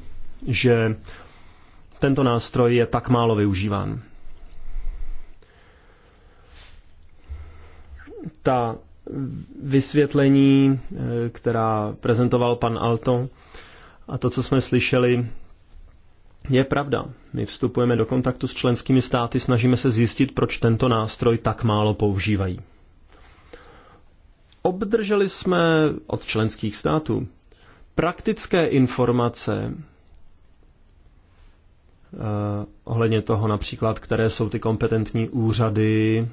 že tento nástroj je tak málo využíván. Ta vysvětlení, eh, která prezentoval pan Alto, a to, co jsme slyšeli je pravda, my vstupujeme do kontaktu s členskými státy, snažíme se zjistit, proč tento nástroj tak málo používají. Obdrželi jsme od členských států praktické informace eh, ohledně toho například, které jsou ty kompetentní úřady,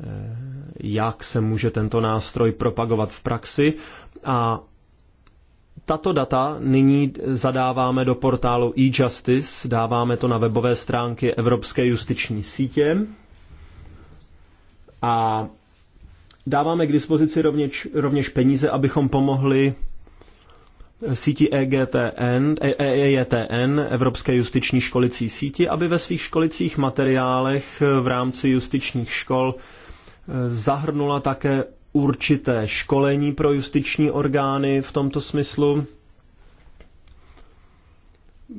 eh, jak se může tento nástroj propagovat v praxi a tato data nyní zadáváme do portálu e-justice, dáváme to na webové stránky Evropské justiční sítě a dáváme k dispozici rovněž, rovněž peníze, abychom pomohli síti EGTN, EJTN, e Evropské justiční školicí síti, aby ve svých školicích materiálech v rámci justičních škol zahrnula také určité školení pro justiční orgány v tomto smyslu,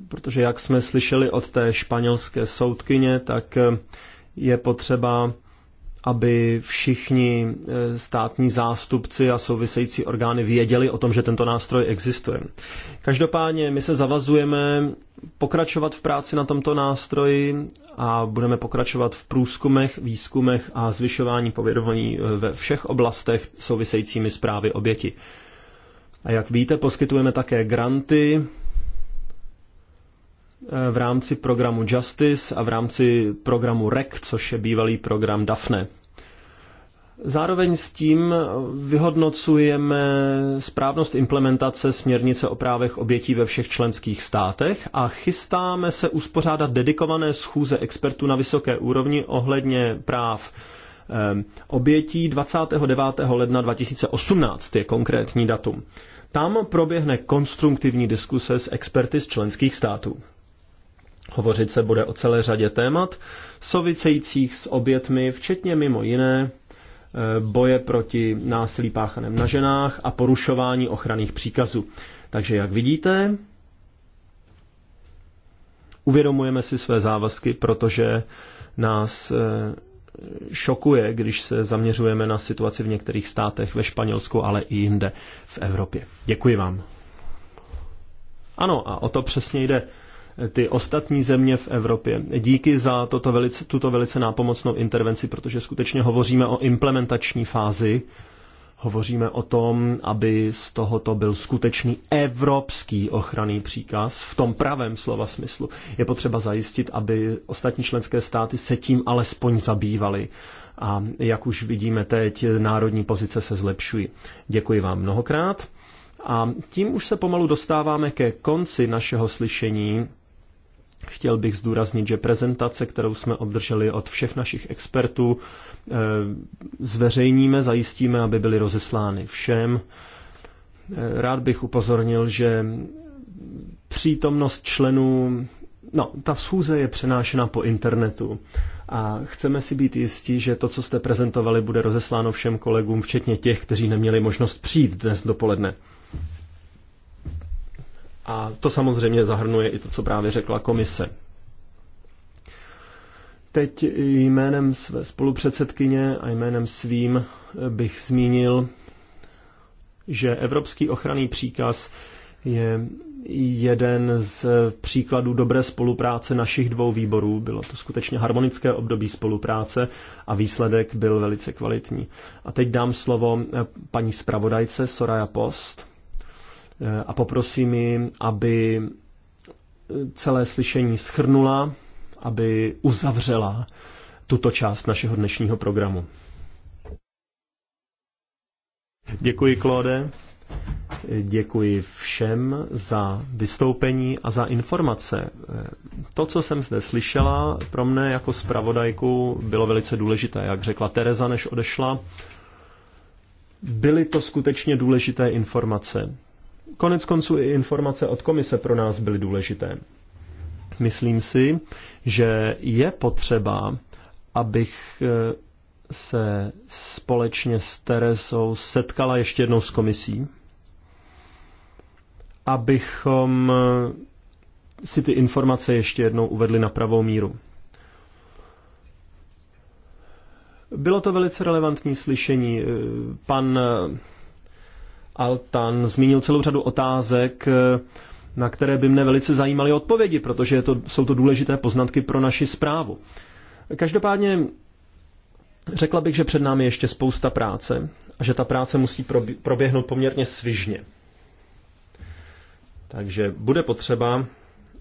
protože jak jsme slyšeli od té španělské soudkyně, tak je potřeba aby všichni eh, státní zástupci a související orgány věděli o tom, že tento nástroj existuje. Každopádně my se zavazujeme pokračovat v práci na tomto nástroji a budeme pokračovat v průzkumech, výzkumech a zvyšování povědomí eh, ve všech oblastech souvisejícími zprávy oběti. A jak víte, poskytujeme také granty v rámci programu Justice a v rámci programu REC, což je bývalý program DAFNE. Zároveň s tím vyhodnocujeme správnost implementace směrnice o právech obětí ve všech členských státech a chystáme se uspořádat dedikované schůze expertů na vysoké úrovni ohledně práv eh, obětí 29. ledna 2018 je konkrétní datum. Tam proběhne konstruktivní diskuse s experty z členských států. Hovořit se bude o celé řadě témat, souvisejících s obětmi, včetně mimo jiné eh, boje proti násilí páchaném na ženách a porušování ochranných příkazů. Takže jak vidíte, uvědomujeme si své závazky, protože nás eh, šokuje, když se zaměřujeme na situaci v některých státech, ve Španělsku, ale i jinde v Evropě. Děkuji vám. Ano, a o to přesně jde ty ostatní země v Evropě. Díky za toto velice, tuto velice nápomocnou intervenci, protože skutečně hovoříme o implementační fázi, hovoříme o tom, aby z tohoto byl skutečný evropský ochranný příkaz v tom pravém slova smyslu. Je potřeba zajistit, aby ostatní členské státy se tím alespoň zabývaly. A jak už vidíme teď, národní pozice se zlepšují. Děkuji vám mnohokrát. A tím už se pomalu dostáváme ke konci našeho slyšení Chtěl bych zdůraznit, že prezentace, kterou jsme obdrželi od všech našich expertů, eh, zveřejníme, zajistíme, aby byly rozeslány všem. Eh, rád bych upozornil, že přítomnost členů, no, ta schůze je přenášena po internetu a chceme si být jistí, že to, co jste prezentovali, bude rozesláno všem kolegům, včetně těch, kteří neměli možnost přijít dnes dopoledne. A to samozřejmě zahrnuje i to, co právě řekla komise. Teď jménem své spolupředsedkyně a jménem svým bych zmínil, že Evropský ochranný příkaz je jeden z příkladů dobré spolupráce našich dvou výborů. Bylo to skutečně harmonické období spolupráce a výsledek byl velice kvalitní. A teď dám slovo paní zpravodajce Soraya Post Eh, a poprosím ji, aby eh, celé slyšení schrnula, aby uzavřela tuto část našeho dnešního programu. Děkuji, Klode. Eh, děkuji všem za vystoupení a za informace. To, co jsem zde slyšela, pro mne jako zpravodajku bylo velice důležité. Jak řekla Tereza, než odešla, byly to skutečně důležité informace. Konec konců i informace od komise pro nás byly důležité. Myslím si, že je potřeba, abych eh, se společně s Teresou setkala ještě jednou s komisí, abychom eh, si ty informace ještě jednou uvedli na pravou míru. Bylo to velice relevantní slyšení. Eh, pan Altan zmínil celou řadu otázek, eh, na které by mne velice zajímaly odpovědi, protože to, jsou to důležité poznatky pro naši zprávu. Každopádně řekla bych, že před námi ještě spousta práce a že ta práce musí proběhnout poměrně svižně. Takže bude potřeba,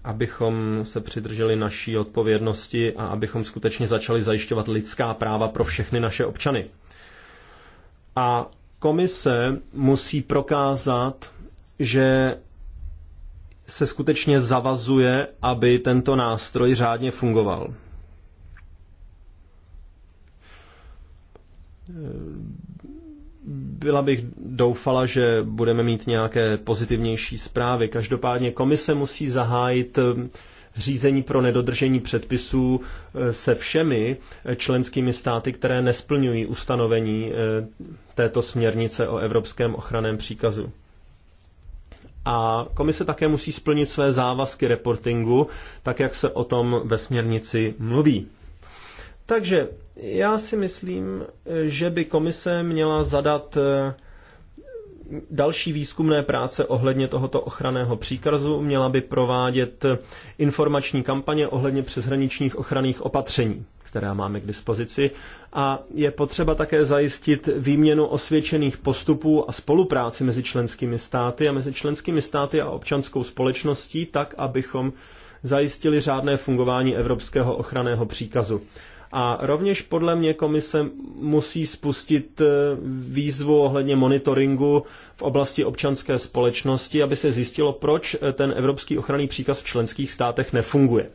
abychom se přidrželi naší odpovědnosti a abychom skutečně začali zajišťovat lidská práva pro všechny naše občany. A Komise musí prokázat, že se skutečně zavazuje, aby tento nástroj řádně fungoval. Byla bych doufala, že budeme mít nějaké pozitivnější zprávy. Každopádně komise musí zahájit řízení pro nedodržení předpisů eh, se všemi eh, členskými státy, které nesplňují ustanovení eh, této směrnice o evropském ochraném příkazu. A komise také musí splnit své závazky reportingu, tak jak se o tom ve směrnici mluví. Takže já si myslím, že by komise měla zadat další výzkumné práce ohledně tohoto ochranného příkazu měla by provádět informační kampaně ohledně přeshraničních ochranných opatření, která máme k dispozici. A je potřeba také zajistit výměnu osvědčených postupů a spolupráci mezi členskými státy a mezi členskými státy a občanskou společností tak, abychom zajistili řádné fungování Evropského ochranného příkazu. A rovněž podle mě komise musí spustit eh, výzvu ohledně monitoringu v oblasti občanské společnosti, aby se zjistilo, proč eh, ten evropský ochranný příkaz v členských státech nefunguje.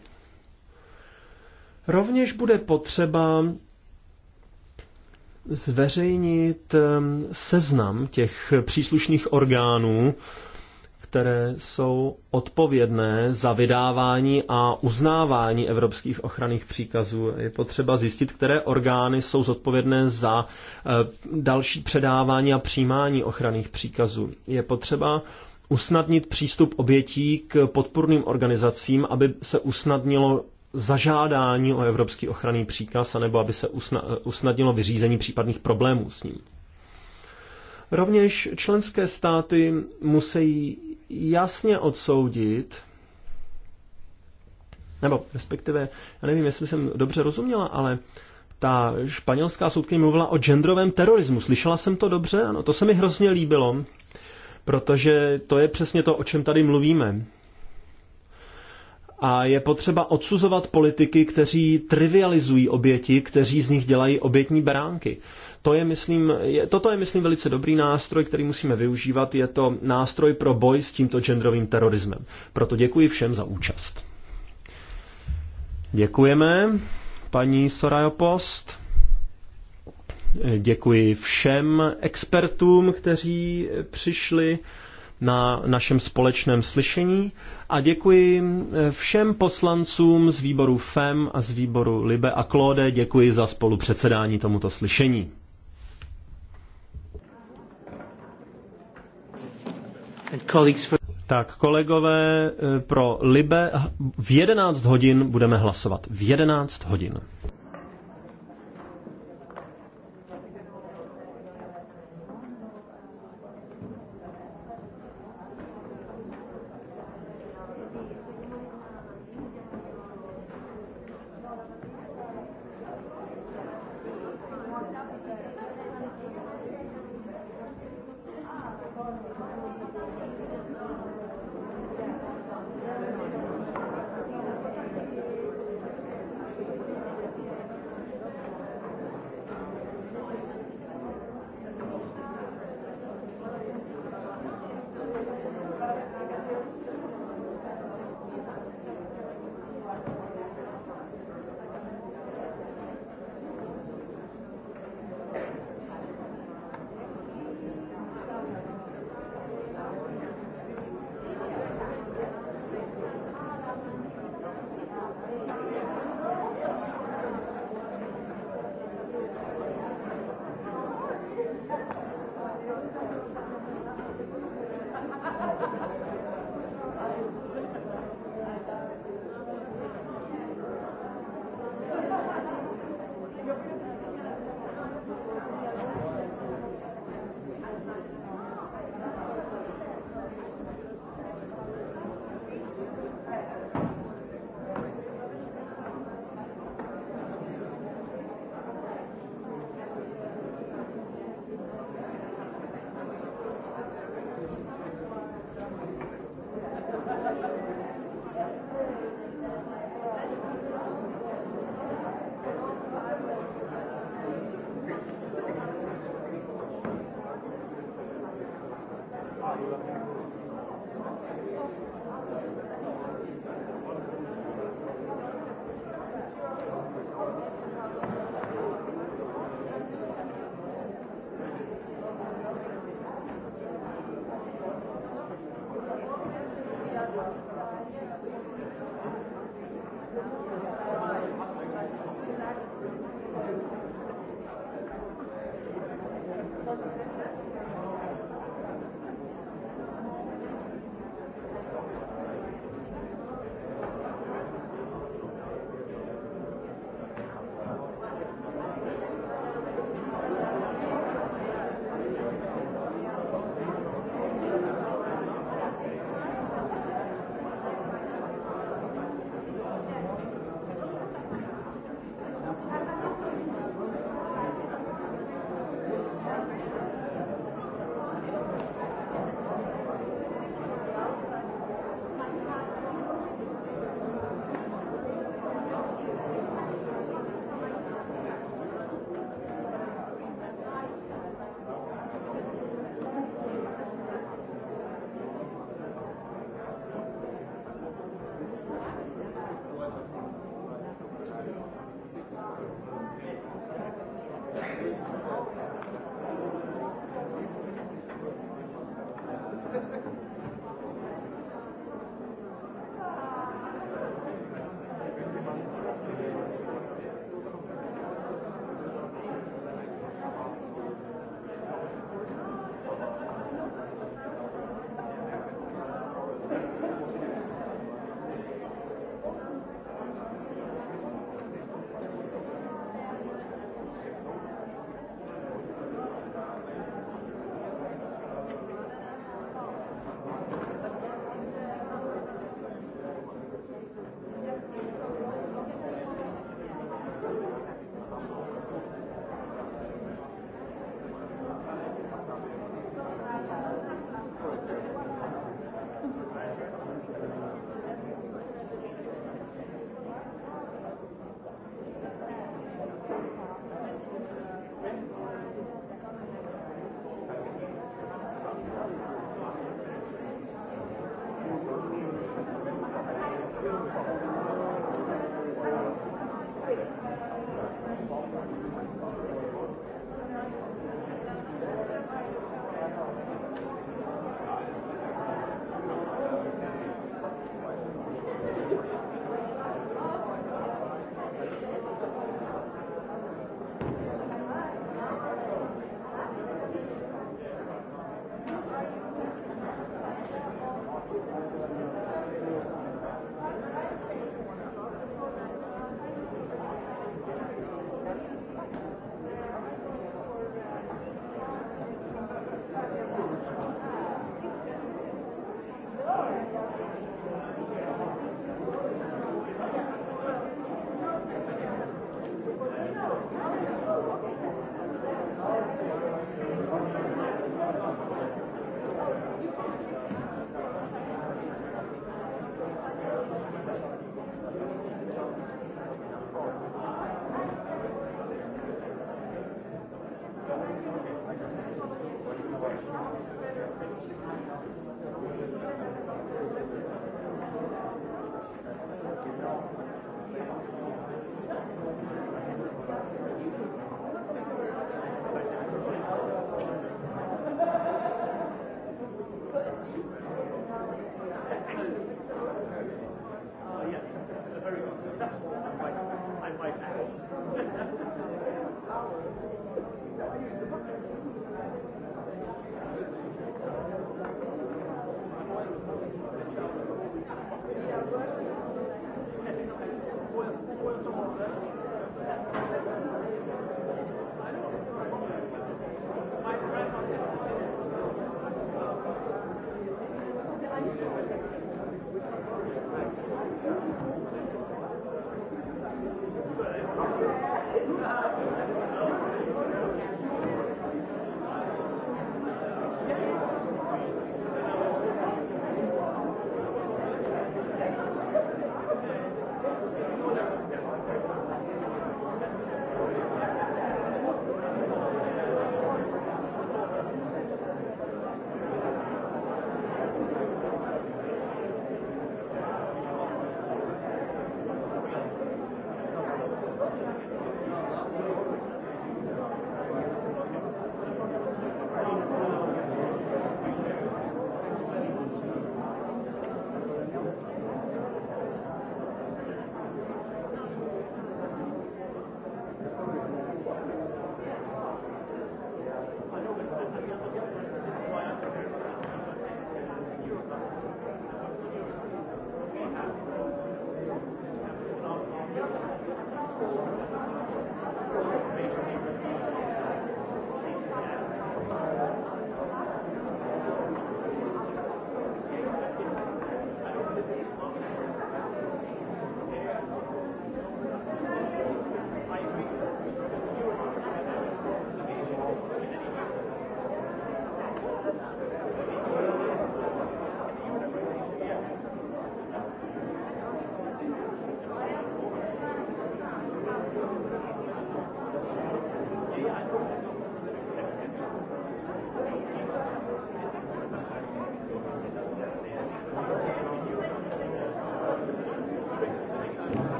Rovněž bude potřeba zveřejnit ehm, seznam těch příslušných orgánů, které jsou odpovědné za vydávání a uznávání evropských ochranných příkazů. Je potřeba zjistit, které orgány jsou zodpovědné za eh, další předávání a přijímání ochranných příkazů. Je potřeba usnadnit přístup obětí k podpůrným organizacím, aby se usnadnilo zažádání o evropský ochranný příkaz, anebo aby se usnadnilo vyřízení případných problémů s ním. Rovněž členské státy musí jasně odsoudit, nebo respektive, já nevím, jestli jsem dobře rozuměla, ale ta španělská soudkyně mluvila o genderovém terorismu. Slyšela jsem to dobře? Ano, to se mi hrozně líbilo, protože to je přesně to, o čem tady mluvíme. A je potřeba odsuzovat politiky, kteří trivializují oběti, kteří z nich dělají obětní beránky. To je, myslím, je, toto je, myslím, velice dobrý nástroj, který musíme využívat. Je to nástroj pro boj s tímto genderovým terorismem. Proto děkuji všem za účast. Děkujeme, paní Sorajopost. Děkuji všem expertům, kteří přišli na našem společném slyšení a děkuji všem poslancům z výboru FEM a z výboru LIBE a Klode, děkuji za spolupředsedání tomuto slyšení. Tak kolegové, eh, pro Libe v 11 hodin budeme hlasovat. V 11 hodin.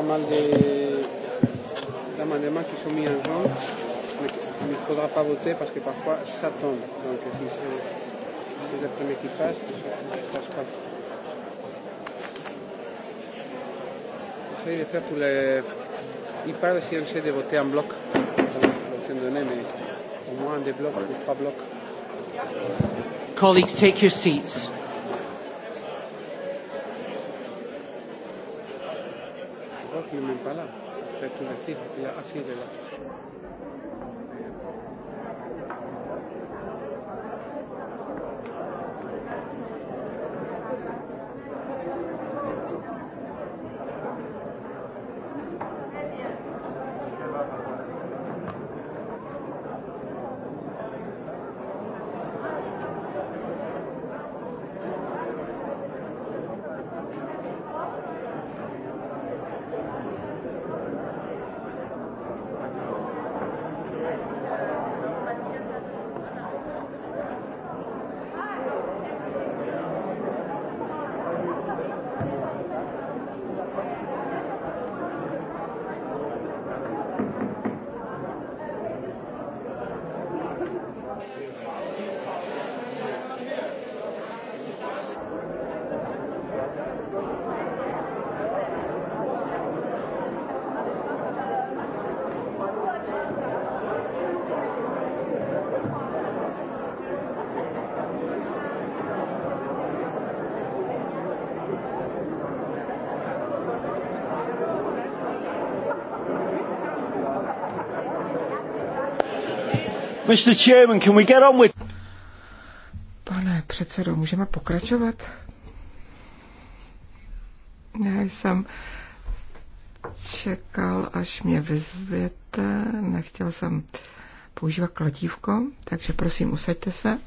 pas mal de d'amendements qui sont mis en jaune, mais il ne faudra pas voter parce que parfois ça tombe. Donc si c'est le premier qui passe, ça ne passe pas. J'essaie de faire pour les... Il parle si on essaie de voter en bloc, donné, mais au moins des blocs, ou trois blocs. Colleagues, take your seats. progresista que ha sido la Mr. Chairman, can we get on with... Pane předsedo, můžeme pokračovat? Já jsem čekal, až mě vyzvěte. Nechtěl jsem používat kladívko, takže prosím, usaďte se.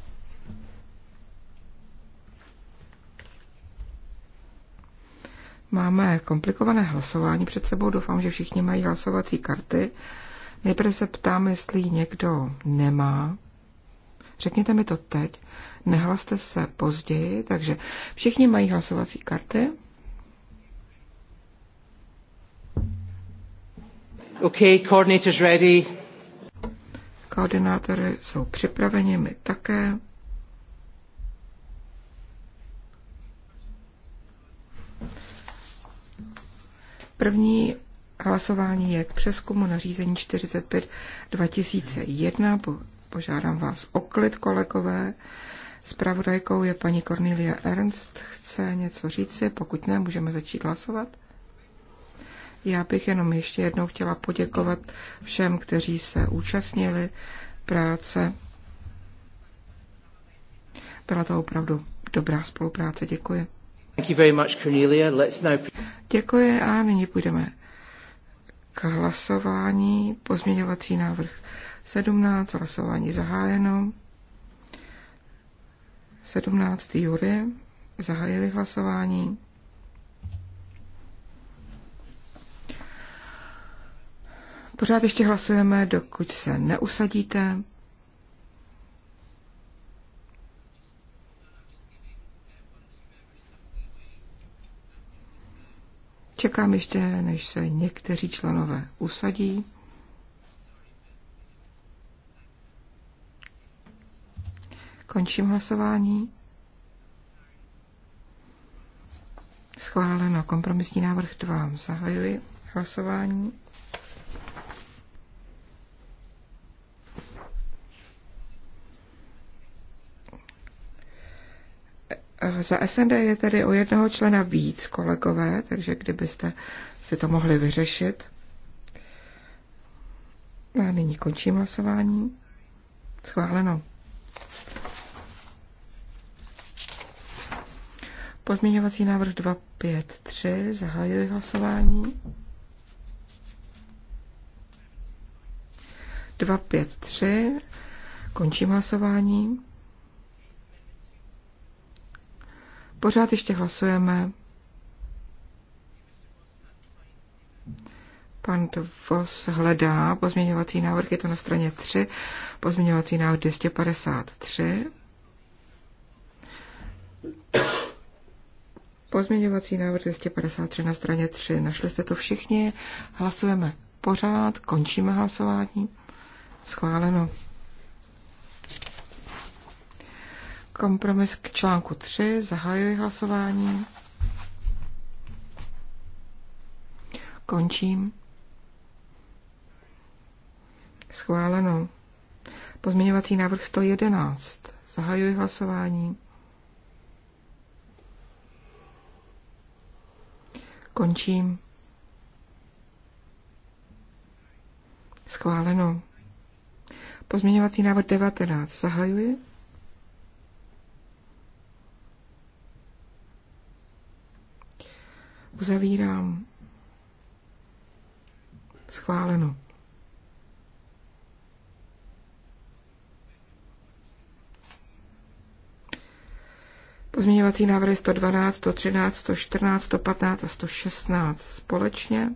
Máme komplikované hlasování před sebou. Doufám, že všichni mají hlasovací karty. Nejprve se ptám, jestli někdo nemá. Řekněte mi to teď. Nehlaste se později, takže všichni mají hlasovací karty. Okay, coordinator's ready. Koordinátory jsou připraveni, my také. První hlasování je k přeskumu nařízení 45 2001. Požádám vás o klid, kolegové. Spravodajkou je paní Cornelia Ernst. Chce něco říci? Pokud ne, můžeme začít hlasovat. Já bych jenom ještě jednou chtěla poděkovat všem, kteří se účastnili práce. Byla to opravdu dobrá spolupráce. Děkuji. Thank you very much, Cornelia. Let's now... Děkuji a nyní půjdeme k hlasování pozměňovací návrh 17, hlasování zahájeno. 17. jury zahájili hlasování. Pořád ještě hlasujeme, dokud se neusadíte. Čekám ještě, než se někteří členové usadí. Končím hlasování. Schváleno kompromisní návrh 2. Zahajuji hlasování. Za SND je tedy o jednoho člena víc, kolegové, takže kdybyste si to mohli vyřešit. A nyní končím hlasování. Schváleno. Pozměňovací návrh 253. Zahajuji hlasování. 253. Končím hlasování. Pořád ještě hlasujeme. Pan Vos hledá pozměňovací návrh, je to na straně 3, pozměňovací návrh 253. Pozměňovací návrh 253 na straně 3. Našli jste to všichni, hlasujeme pořád, končíme hlasování. Schváleno. Kompromis k článku 3. Zahajuji hlasování. Končím. Schváleno. Pozměňovací návrh 111. Zahajuji hlasování. Končím. Schváleno. Pozměňovací návrh 19. Zahajuji. Uzavírám. Schváleno. Pozměňovací návrhy 112, 113, 114, 115 a 116 společně.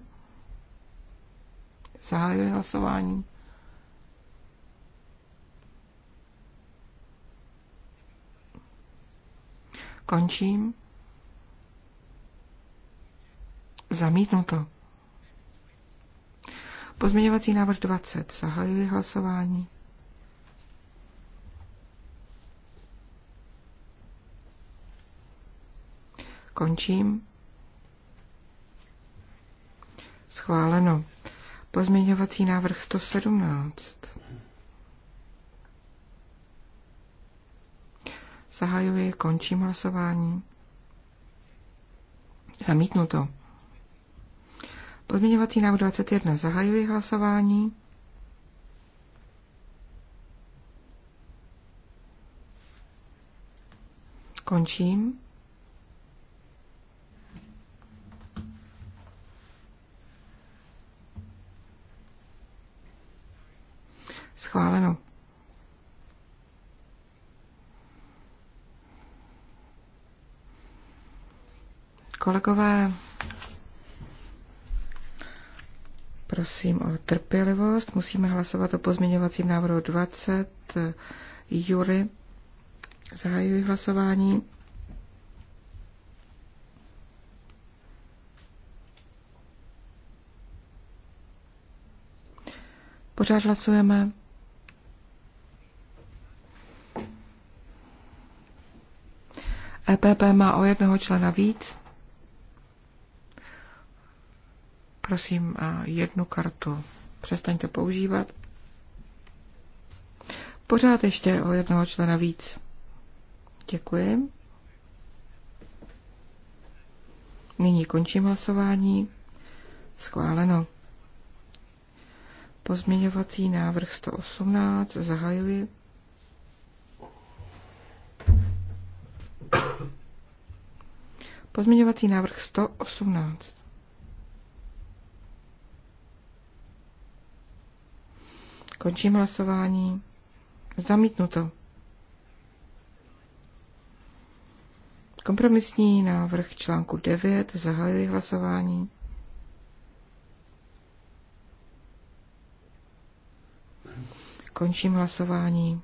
Zahajuji hlasování. Končím. Zamítnuto. Pozměňovací návrh 20. Zahajuji hlasování. Končím. Schváleno. Pozměňovací návrh 117. Zahajuji, končím hlasování. Zamítnuto. Pozměňovací návrh 21. Zahajuji hlasování. Končím. Schváleno. Kolegové, Prosím o trpělivost. Musíme hlasovat o pozměňovacím návrhu 20. Jury. Zahajuji hlasování. Pořád hlasujeme. EPP má o jednoho člena víc. Prosím, jednu kartu přestaňte používat. Pořád ještě o jednoho člena víc. Děkuji. Nyní končím hlasování. Schváleno. Pozměňovací návrh 118 zahajuji. Pozměňovací návrh 118. Končím hlasování. Zamítnuto. Kompromisní návrh článku 9. Zahajuji hlasování. Končím hlasování.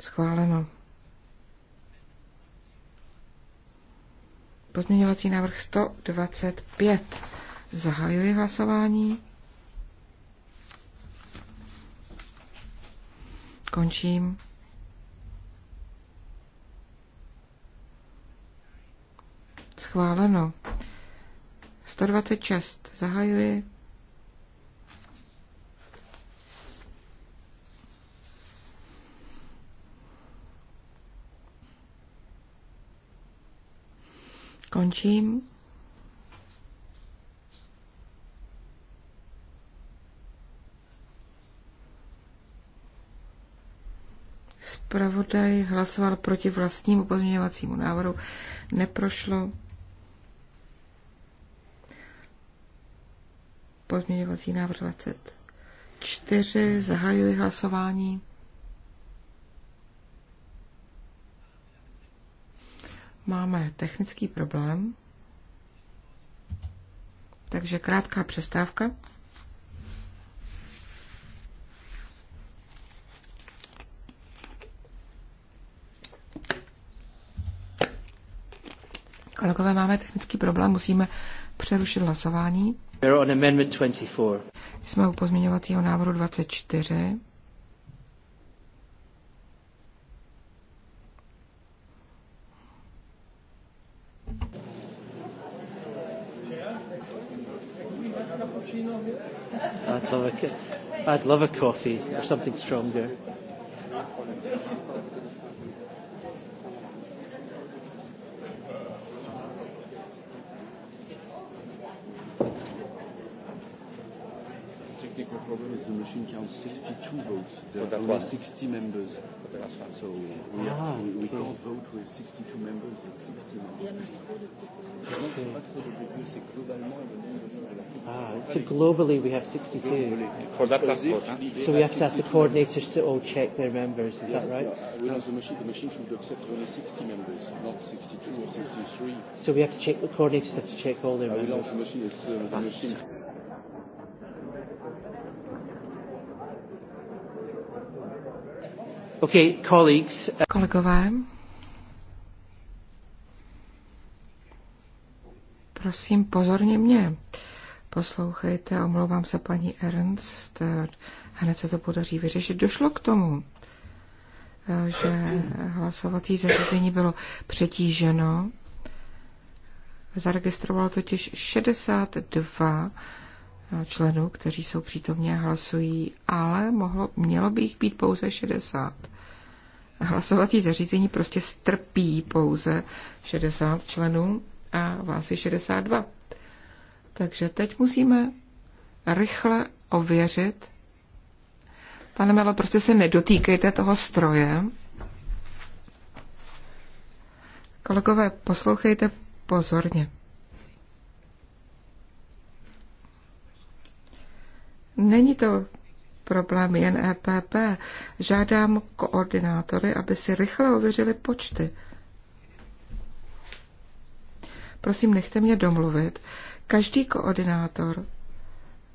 Schváleno. Pozměňovací návrh 125. Zahajuji hlasování. Končím. Schváleno. 126. Zahajuji. Končím. zpravodaj hlasoval proti vlastnímu pozměňovacímu návrhu. Neprošlo. Pozměňovací návrh 24. Zahajuji hlasování. Máme technický problém. Takže krátká přestávka. Kolegové, máme technický problém, musíme přerušit hlasování. Jsme u pozměňovacího návrhu 24. I'd love a, I'd love a coffee or something stronger. problem is the machine counts 62 votes. There so are only 60 members. So we, ah, have, we, we okay. can't vote with 62 members, but 60 members. Ah, so globally we have 62. For that class, huh? So we have to ask the coordinators to all check their members, is yes, that right? No, no, the, machine, the machine should accept only 60 members, not 62 or 63. So we have to check, the coordinators have to check all their members. the machine is, uh, the ah. machine. Okay, colleagues. Uh, Kolegové, prosím, pozorně mě. Poslouchejte, omlouvám se paní Ernst, hned se to podaří vyřešit. Došlo k tomu, že hlasovací zařízení bylo přetíženo. Zaregistrovalo totiž 62 členů, kteří jsou přítomně a hlasují, ale mohlo, mělo by jich být pouze 60 hlasovací zařízení prostě strpí pouze 60 členů a vás je 62. Takže teď musíme rychle ověřit. Pane Melo, prostě se nedotýkejte toho stroje. Kolegové, poslouchejte pozorně. Není to problém jen EPP. Žádám koordinátory, aby si rychle ověřili počty. Prosím, nechte mě domluvit. Každý koordinátor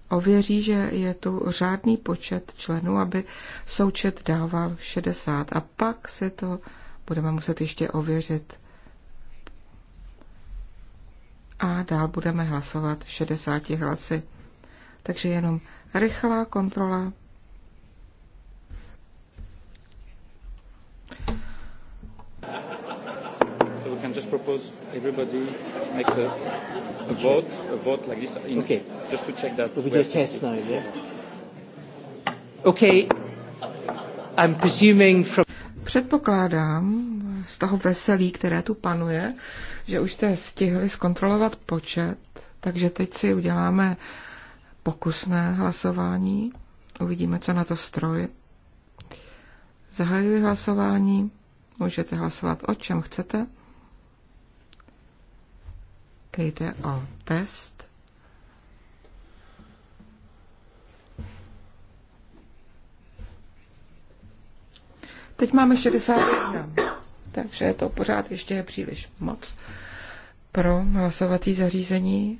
ověří, že je tu řádný počet členů, aby součet dával 60. A pak se to budeme muset ještě ověřit. A dál budeme hlasovat 60 hlasy. Takže jenom rychlá kontrola. So we can just propose everybody make a, a vote, a vote like this, in, okay. just to check that. do a test now, yeah. Okay. I'm presuming from... Předpokládám z toho veselí, které tu panuje, že už jste stihli zkontrolovat počet, takže teď si uděláme uh, pokusné hlasování. Uvidíme, co na to stroj. Zahajuji hlasování. Můžete hlasovat o čem chcete. Jde o test. Teď máme 61, takže to pořád ještě je příliš moc pro hlasovací zařízení.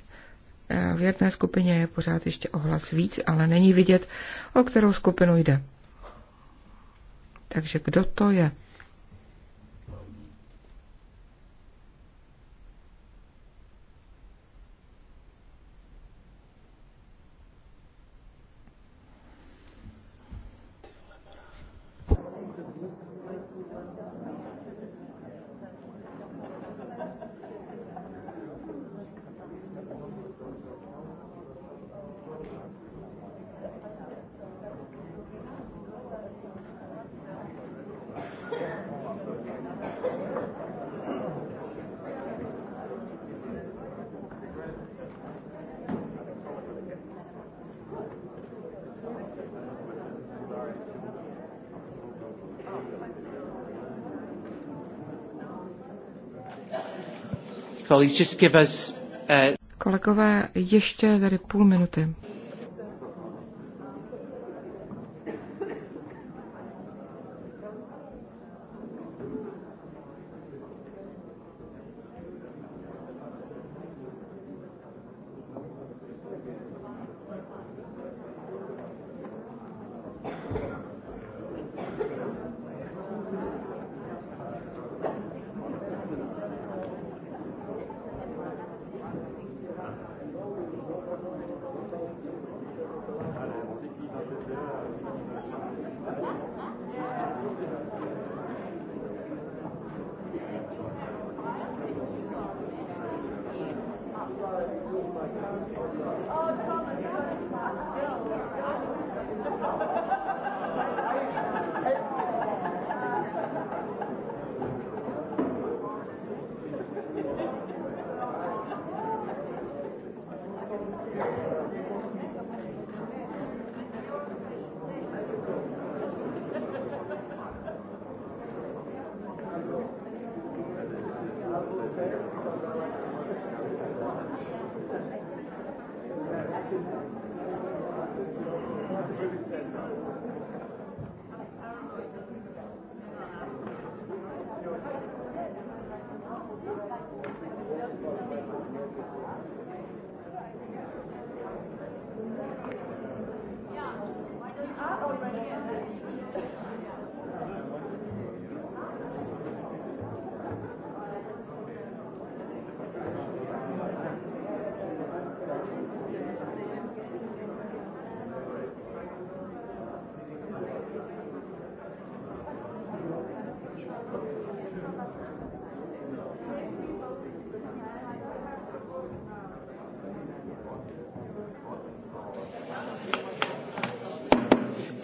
Eh, v jedné skupině je pořád ještě ohlas víc, ale není vidět, o kterou skupinu jde. Takže kdo to je? Uh, Kolegové, ještě tady půl minuty.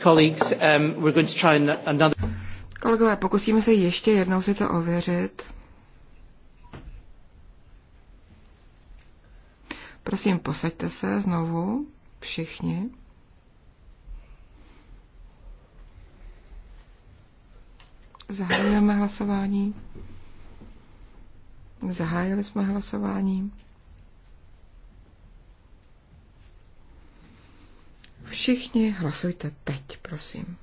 colleagues, um, we're going to try another... Kolegové, pokusíme se ještě jednou si to ověřit. Prosím, posaďte se znovu, všichni. Zahajujeme hlasování. Zahájili jsme hlasování. Všichni hlasujte Prosím.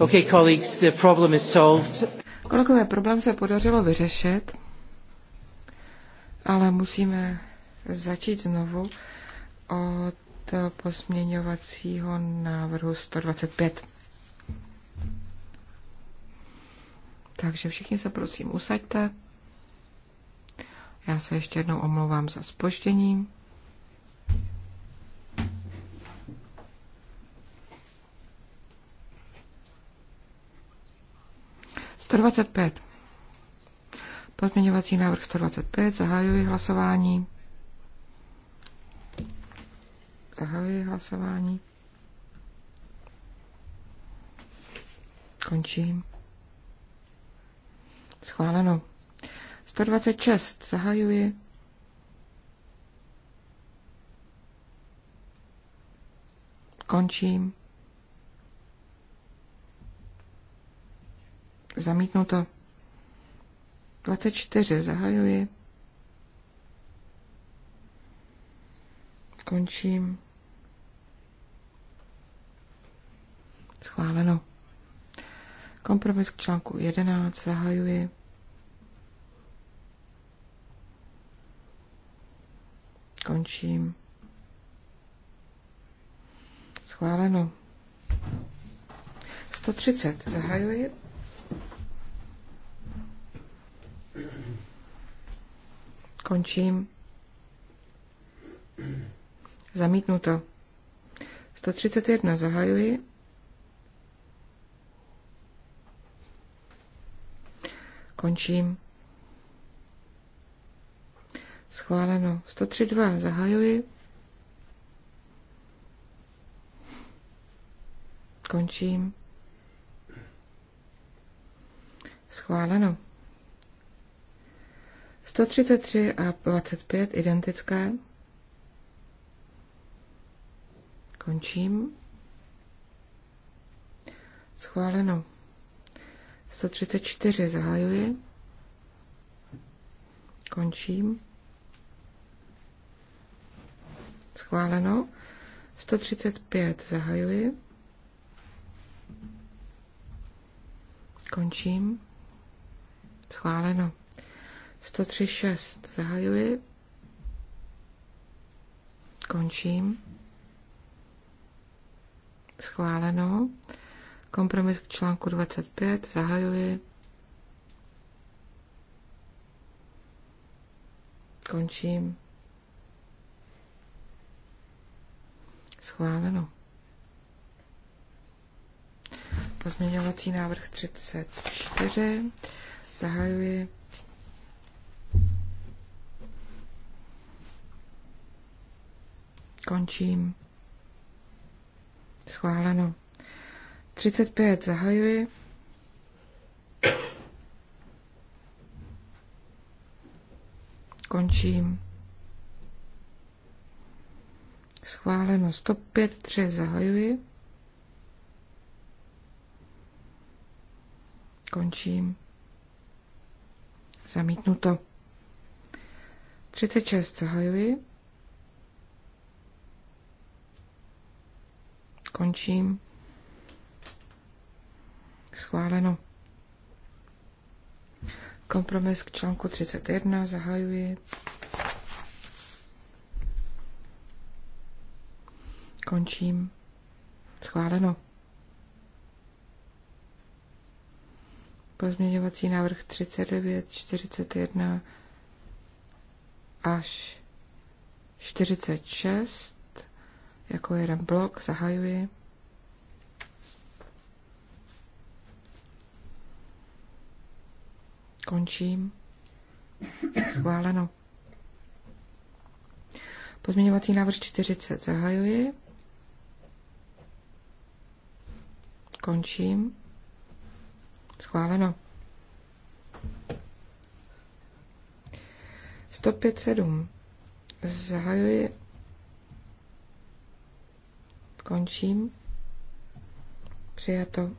Okay, colleagues, the problem is solved. Kolegové, problém se podařilo vyřešit, ale musíme začít znovu od pozměňovacího návrhu 125. Takže všichni se prosím usaďte. Já se ještě jednou omlouvám za spožděním. 125. Pozměňovací návrh 125. Zahajuji hlasování. Zahajuji hlasování. Končím. Schváleno. 126. Zahajuji. Končím. Zamítnuto. 24 zahajuji. Končím. Schváleno. Kompromis k článku 11 zahajuji. Končím. Schváleno. 130 zahajuji. Končím. Zamítnuto. 131 zahajuji. Končím. Schváleno. 132 zahajuji. Končím. Schváleno. 133 a 25 identické. Končím. Schváleno. 134 zahajuji. Končím. Schváleno. 135 zahajuji. Končím. Schváleno. 136 zahajuji. Končím. Schváleno. Kompromis k článku 25 zahajuji. Končím. Schváleno. Pozměňovací návrh 34. Zahajuji. končím. Schváleno. 35 zahajuji. Končím. Schváleno 105, 3 zahajuji. Končím. Zamítnuto. 36 zahajuji. Končím. Schváleno. Kompromis k článku 31 zahajuji. Končím. Schváleno. Pozměňovací návrh 39, 41 až 46 jako jeden blok, zahajuji. Končím. Schváleno. Pozměňovací návrh 40 zahajuji. Končím. Schváleno. 105.7. Zahajuji Končím. Přijato.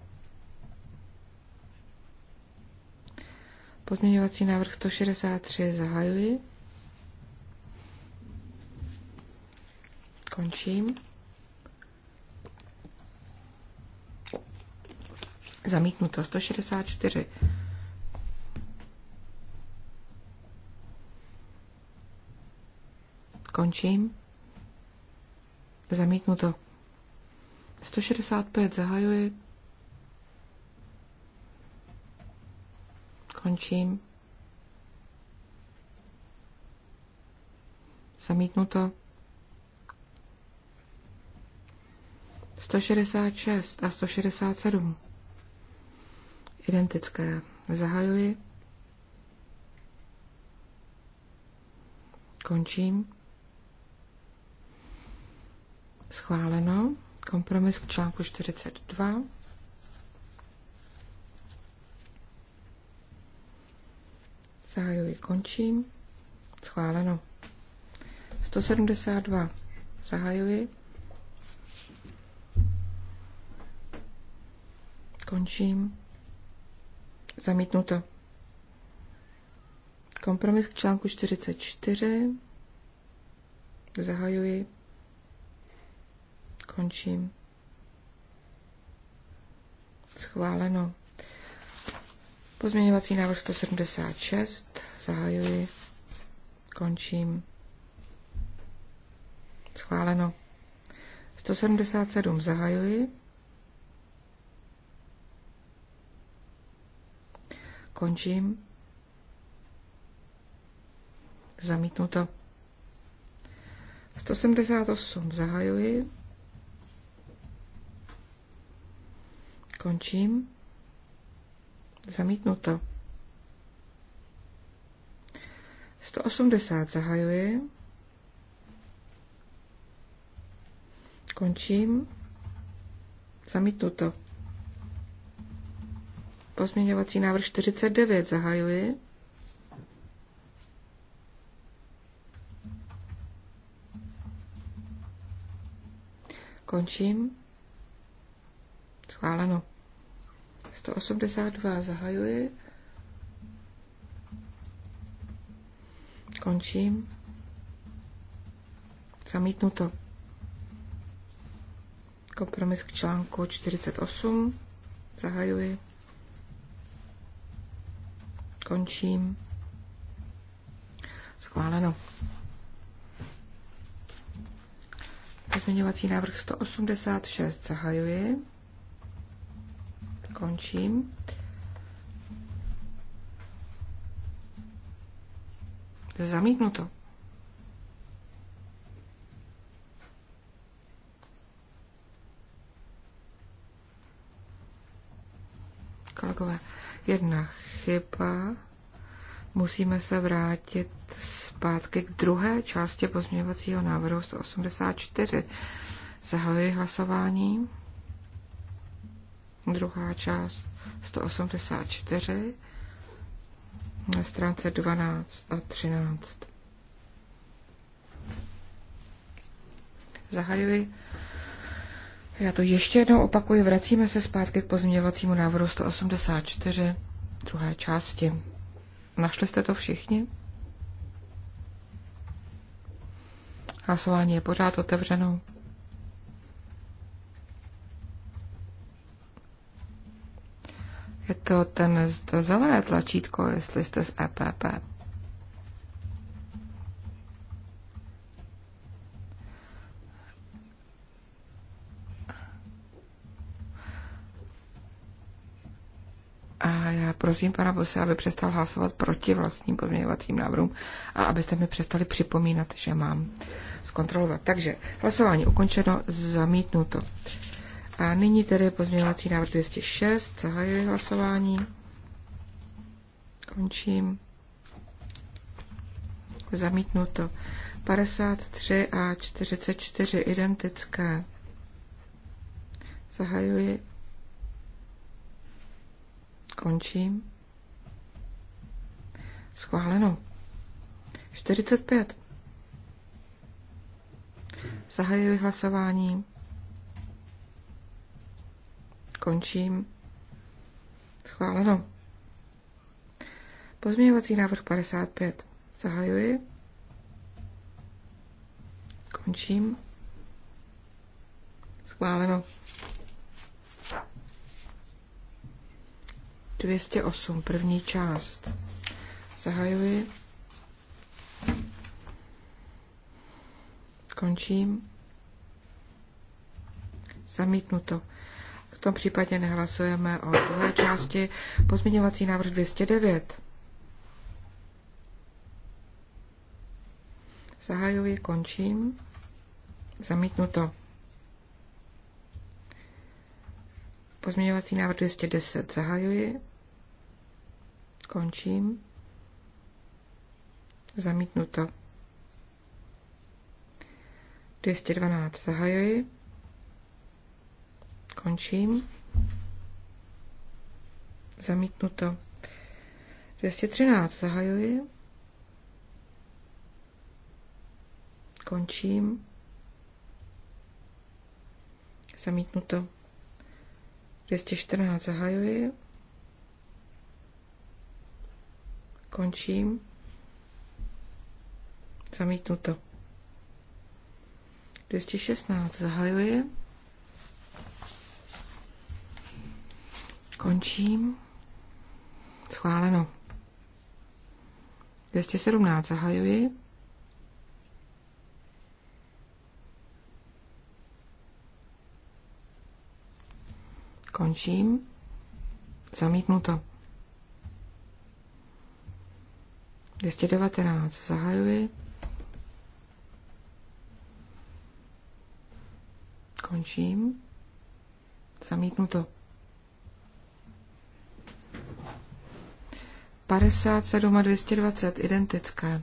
Pozměňovací návrh 163 zahajuji. Končím. Zamítnuto 164. Končím. Zamítnuto 165 zahajuji. Končím. Zamítnuto. 166 a 167. Identické. Zahajuji. Končím. Schváleno kompromis k článku 42. Zahajuji, končím. Schváleno. 172. Zahajuji. Končím. Zamítnuto. Kompromis k článku 44. Zahajuji. Končím. Schváleno. Pozměňovací návrh 176. Zahajuji. Končím. Schváleno. 177 zahajuji. Končím. Zamítnuto. 178 zahajuji. Končím. Zamítnuto. 180 zahajuji. Končím. Zamítnuto. Pozměňovací návrh 49 zahajuji. Končím. Schváleno. 182 zahajuji. Končím. Zamítnuto. Kompromis k článku 48. Zahajuji. Končím. Schváleno. Pozměňovací návrh 186 zahajuji končím. to. Kolegové, jedna chyba. Musíme se vrátit zpátky k druhé části pozměňovacího návrhu 184. Zahajuji hlasování druhá část 184 na stránce 12 a 13. Zahajuji. Já to ještě jednou opakuji. Vracíme se zpátky k pozměňovacímu návrhu 184 druhé části. Našli jste to všichni? Hlasování je pořád otevřeno. Je to ten, to zelené tlačítko, jestli jste z EPP. A já prosím pana Bose, aby přestal hlasovat proti vlastním pozměňovacím návrhům a abyste mi přestali připomínat, že mám zkontrolovat. Takže hlasování ukončeno, zamítnuto. A nyní tedy pozměňovací návrh 206. Zahajuji hlasování. Končím. Zamítnuto. 53 a 44 identické. Zahajuji. Končím. Schváleno. 45. Zahajuji hlasování končím. Schváleno. Pozměňovací návrh 55. Zahajuji. Končím. Schváleno. 208. První část. Zahajuji. Končím. Zamítnuto tom případě nehlasujeme o druhé části. Pozměňovací návrh 209. Zahajuji, končím. Zamítnuto. Pozměňovací návrh 210 zahajuji. Končím. Zamítnuto. 212 zahajuji. Zamítnu Zamítnuto. 213 zahajuji. Končím. Zamítnuto. 214 zahajuji. Končím. Zamítnuto. 216 zahajuje Končím. Schváleno. 217 zahajuji. Končím. Zamítnuto. 219 zahajuji. Končím. Zamítnuto. 57 a 220 identické.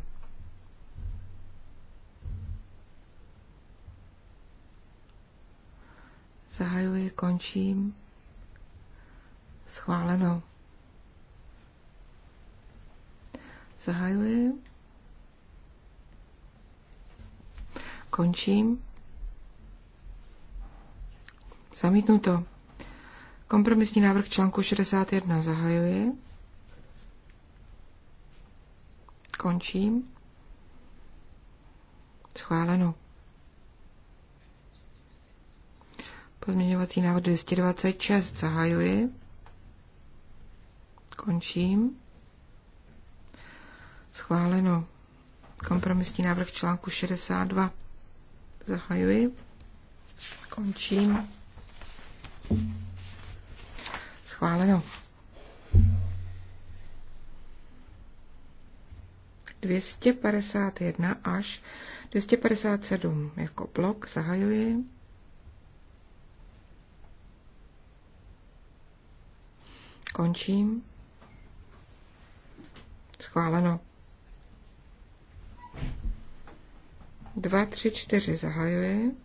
Zahajuji, končím. Schváleno. Zahajuji. Končím. Zamítnuto. Kompromisní návrh článku 61 zahajuji. Končím. Schváleno. Pozměňovací návrh 226 zahajuji. Končím. Schváleno. Kompromisní návrh článku 62. Zahajuji. Končím. Schváleno. 251 až 257 jako blok zahajuji. Končím. Schváleno. 2, 3, 4 zahajuji.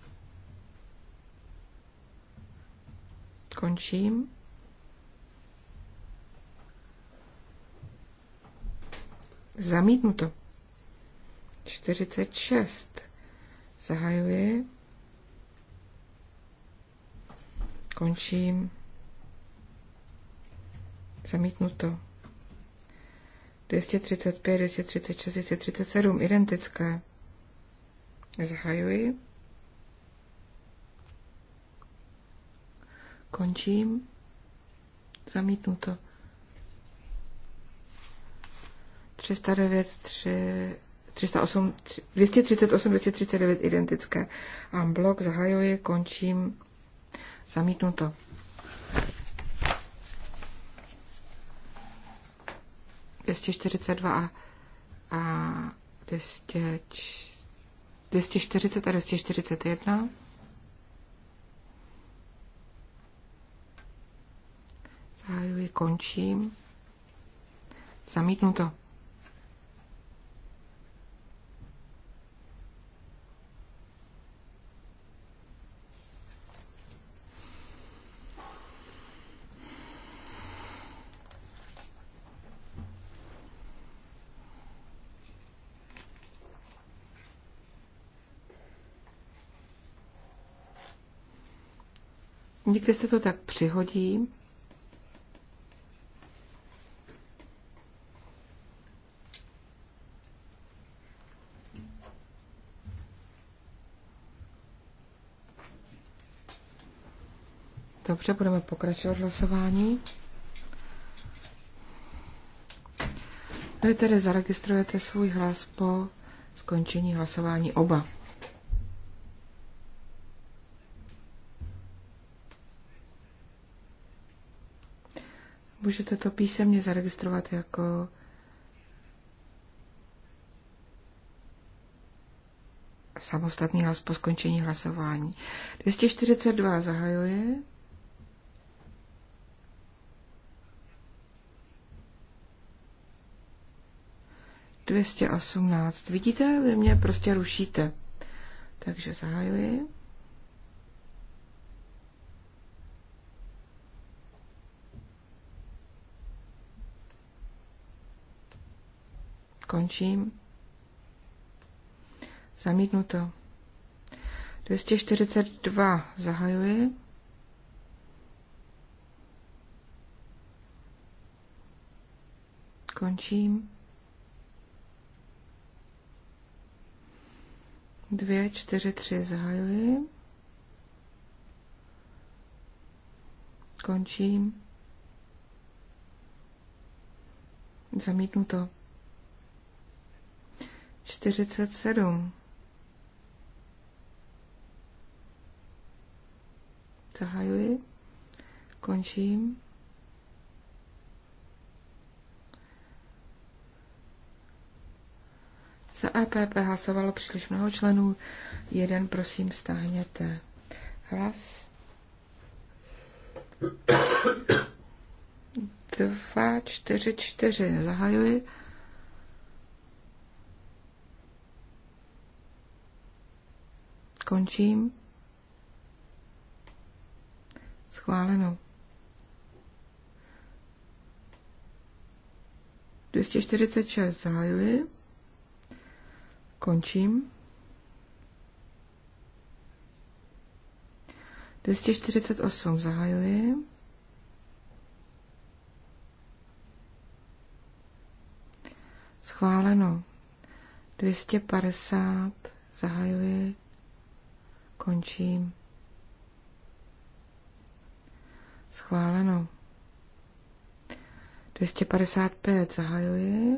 Končím. Zamítnuto. 46. Zahajuji. Končím. Zamítnuto. 235, 236, 237. Identické. Zahajuji. Končím. Zamítnuto. 309, 308, 238, 239 identické. A blok zahajuji, končím, zamítnuto. to. čtyřicet a, a 240 a 241. Zahajuji, končím. Zamítnuto. Někdy se to tak přihodí. Dobře, budeme pokračovat hlasování. Vy tedy zaregistrujete svůj hlas po skončení hlasování oba. Můžete to písemně zaregistrovat jako samostatný hlas po skončení hlasování. 242 zahajuje. Dvěstě osmnáct. Vidíte, vy mě prostě rušíte. Takže zahajuji. Končím. Zamítnuto. 242 zahajuji. Končím. 2, 4, 3 zahajuji. Končím. Zamítnuto. 47. Zahajuji. Končím. Za EPP hlasovalo příliš mnoho členů. Jeden, prosím, stáhněte hlas. Dva, čtyři, čtyři. Zahajuji. skončím. Schváleno. 246 zahajuji. Končím. 248 zahajuji. Schváleno. 250 zahajuji. Končím. Schváleno. 255 zahajuji.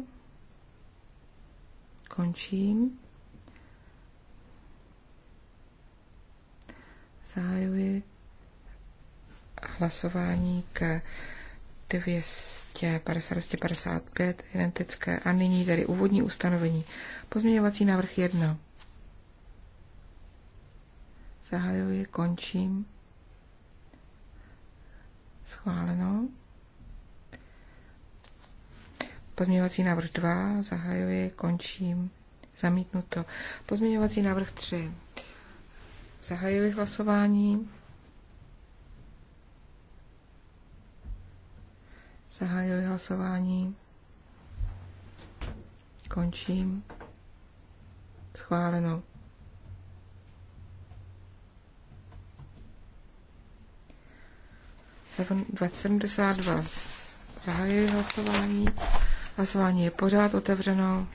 Končím. Zahajuji hlasování k 255 identické. A nyní tedy úvodní ustanovení. Pozměňovací návrh 1. Zahajuji, končím. Schváleno. Pozměňovací návrh 2. Zahajuji, končím. Zamítnuto. Pozměňovací návrh 3. Zahajuji hlasování. Zahajuji hlasování. Končím. Schváleno. 272. Zahajuji hlasování. Hlasování je pořád otevřeno.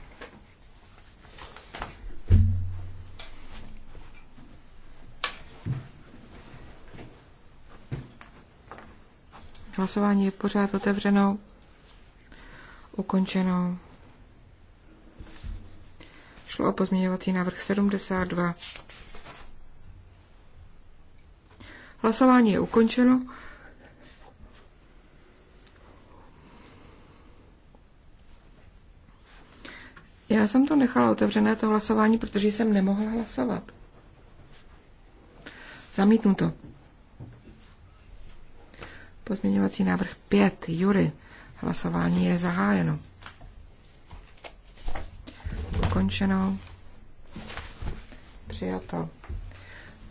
Hlasování je pořád otevřeno, ukončeno. Šlo o pozměňovací návrh 72. Hlasování je ukončeno. Já jsem to nechala otevřené, to hlasování, protože jsem nemohla hlasovat. Zamítnu to. Pozměňovací návrh 5. Jury. Hlasování je zahájeno. Ukončeno. Přijato.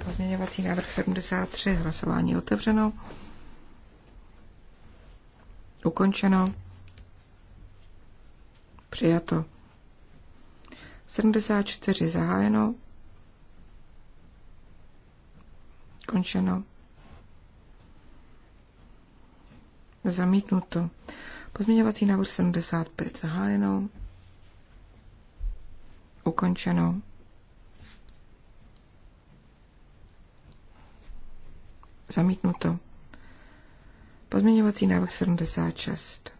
Pozměňovací návrh 73. Hlasování otevřeno. Ukončeno. Přijato. 74 zahájeno, končeno, zamítnuto. Pozměňovací návrh 75 zahájeno, ukončeno. Zamítnuto. Pozměňovací návrh 76.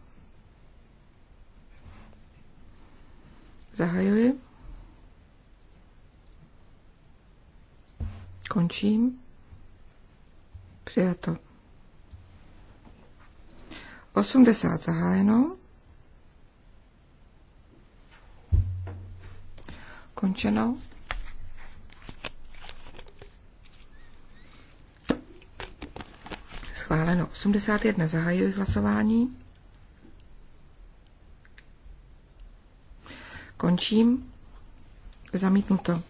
Zahajuji. Končím. Přijato. 80 zahájeno. Končeno. Schváleno. 81 zahajuji hlasování. Končím. Zamítnuto.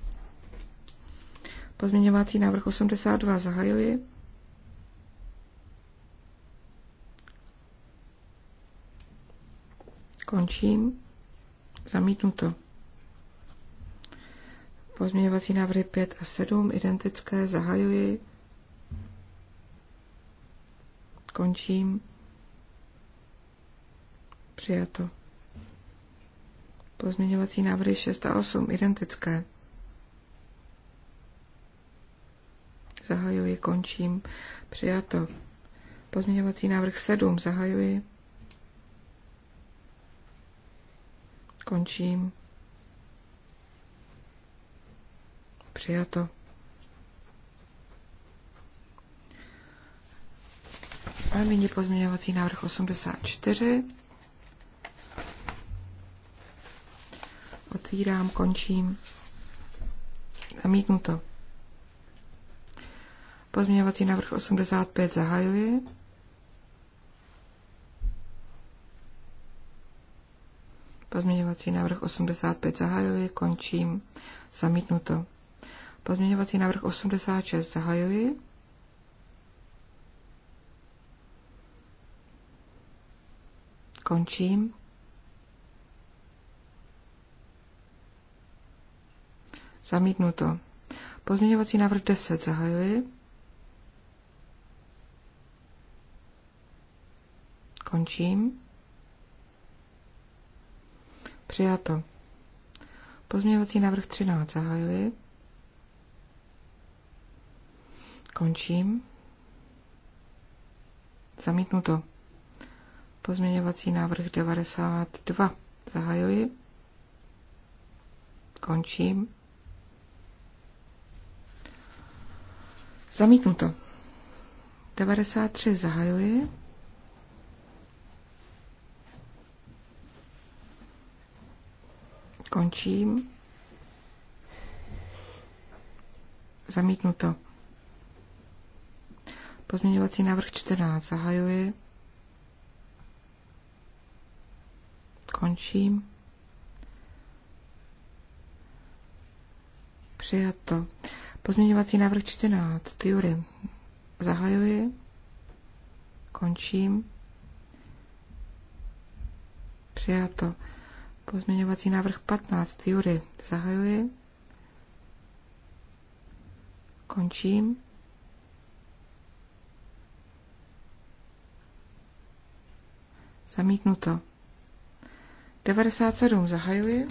Pozměňovací návrh 82 zahajuji. Končím. Zamítnuto. Pozměňovací návrhy 5 a 7 identické zahajuji. Končím. Přijato. Pozměňovací návrhy 6 a 8 identické. Zahajuji, končím. Přijato. Pozměňovací návrh 7. Zahajuji. Končím. Přijato. A nyní pozměňovací návrh 84. Otvírám, končím. Zamítnuto. Pozměňovací návrh 85 zahajuji. Pozměňovací návrh 85 zahajuji, končím, zamítnuto. Pozměňovací návrh 86 zahajuji. Končím. Zamítnuto. Pozměňovací návrh 10 zahajuji. končím. Přijato. Pozměňovací návrh 13 zahajuji. Končím. Zamítnuto. Pozměňovací návrh 92 zahajuji. Končím. Zamítnuto. 93 zahajuji. Končím. Zamítnuto. Pozměňovací návrh 14 zahajuji. Končím. Přijato. Pozměňovací návrh 14. Jury. Zahajuji. Končím. Přijato. Pozměňovací návrh 15. Jury. Zahajuji. Končím. Zamítnuto. 97. Zahajuji.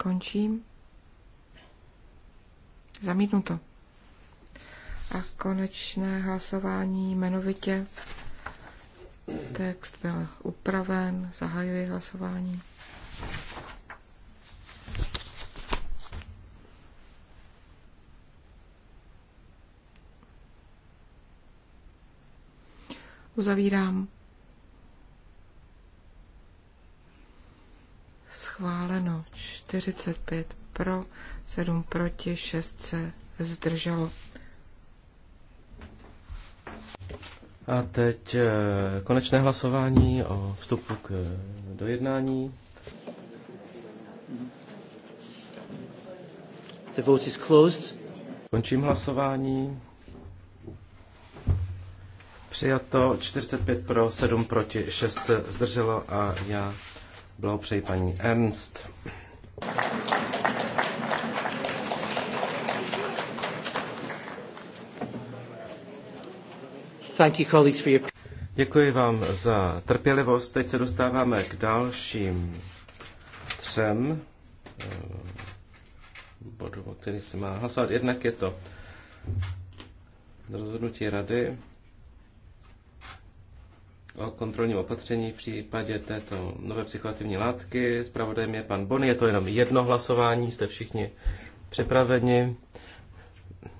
Končím. Zamítnuto. A konečné hlasování jmenovitě Text byl upraven, zahajuji hlasování. Uzavírám. Schváleno 45 pro, 7 proti, 6 se zdrželo. A teď eh, konečné hlasování o vstupu k, eh, do jednání. The vote is closed. Končím hlasování. Přijato 45 pro, 7 proti, 6 se zdrželo a já blahopřeji paní Ernst. Děkuji vám za trpělivost. Teď se dostáváme k dalším třem eh, bodům, o kterých se má hlasovat. Jednak je to rozhodnutí rady o kontrolním opatření v případě této nové psychoaktivní látky. Spravodajem je pan Bony, je to jenom jedno hlasování, jste všichni připraveni.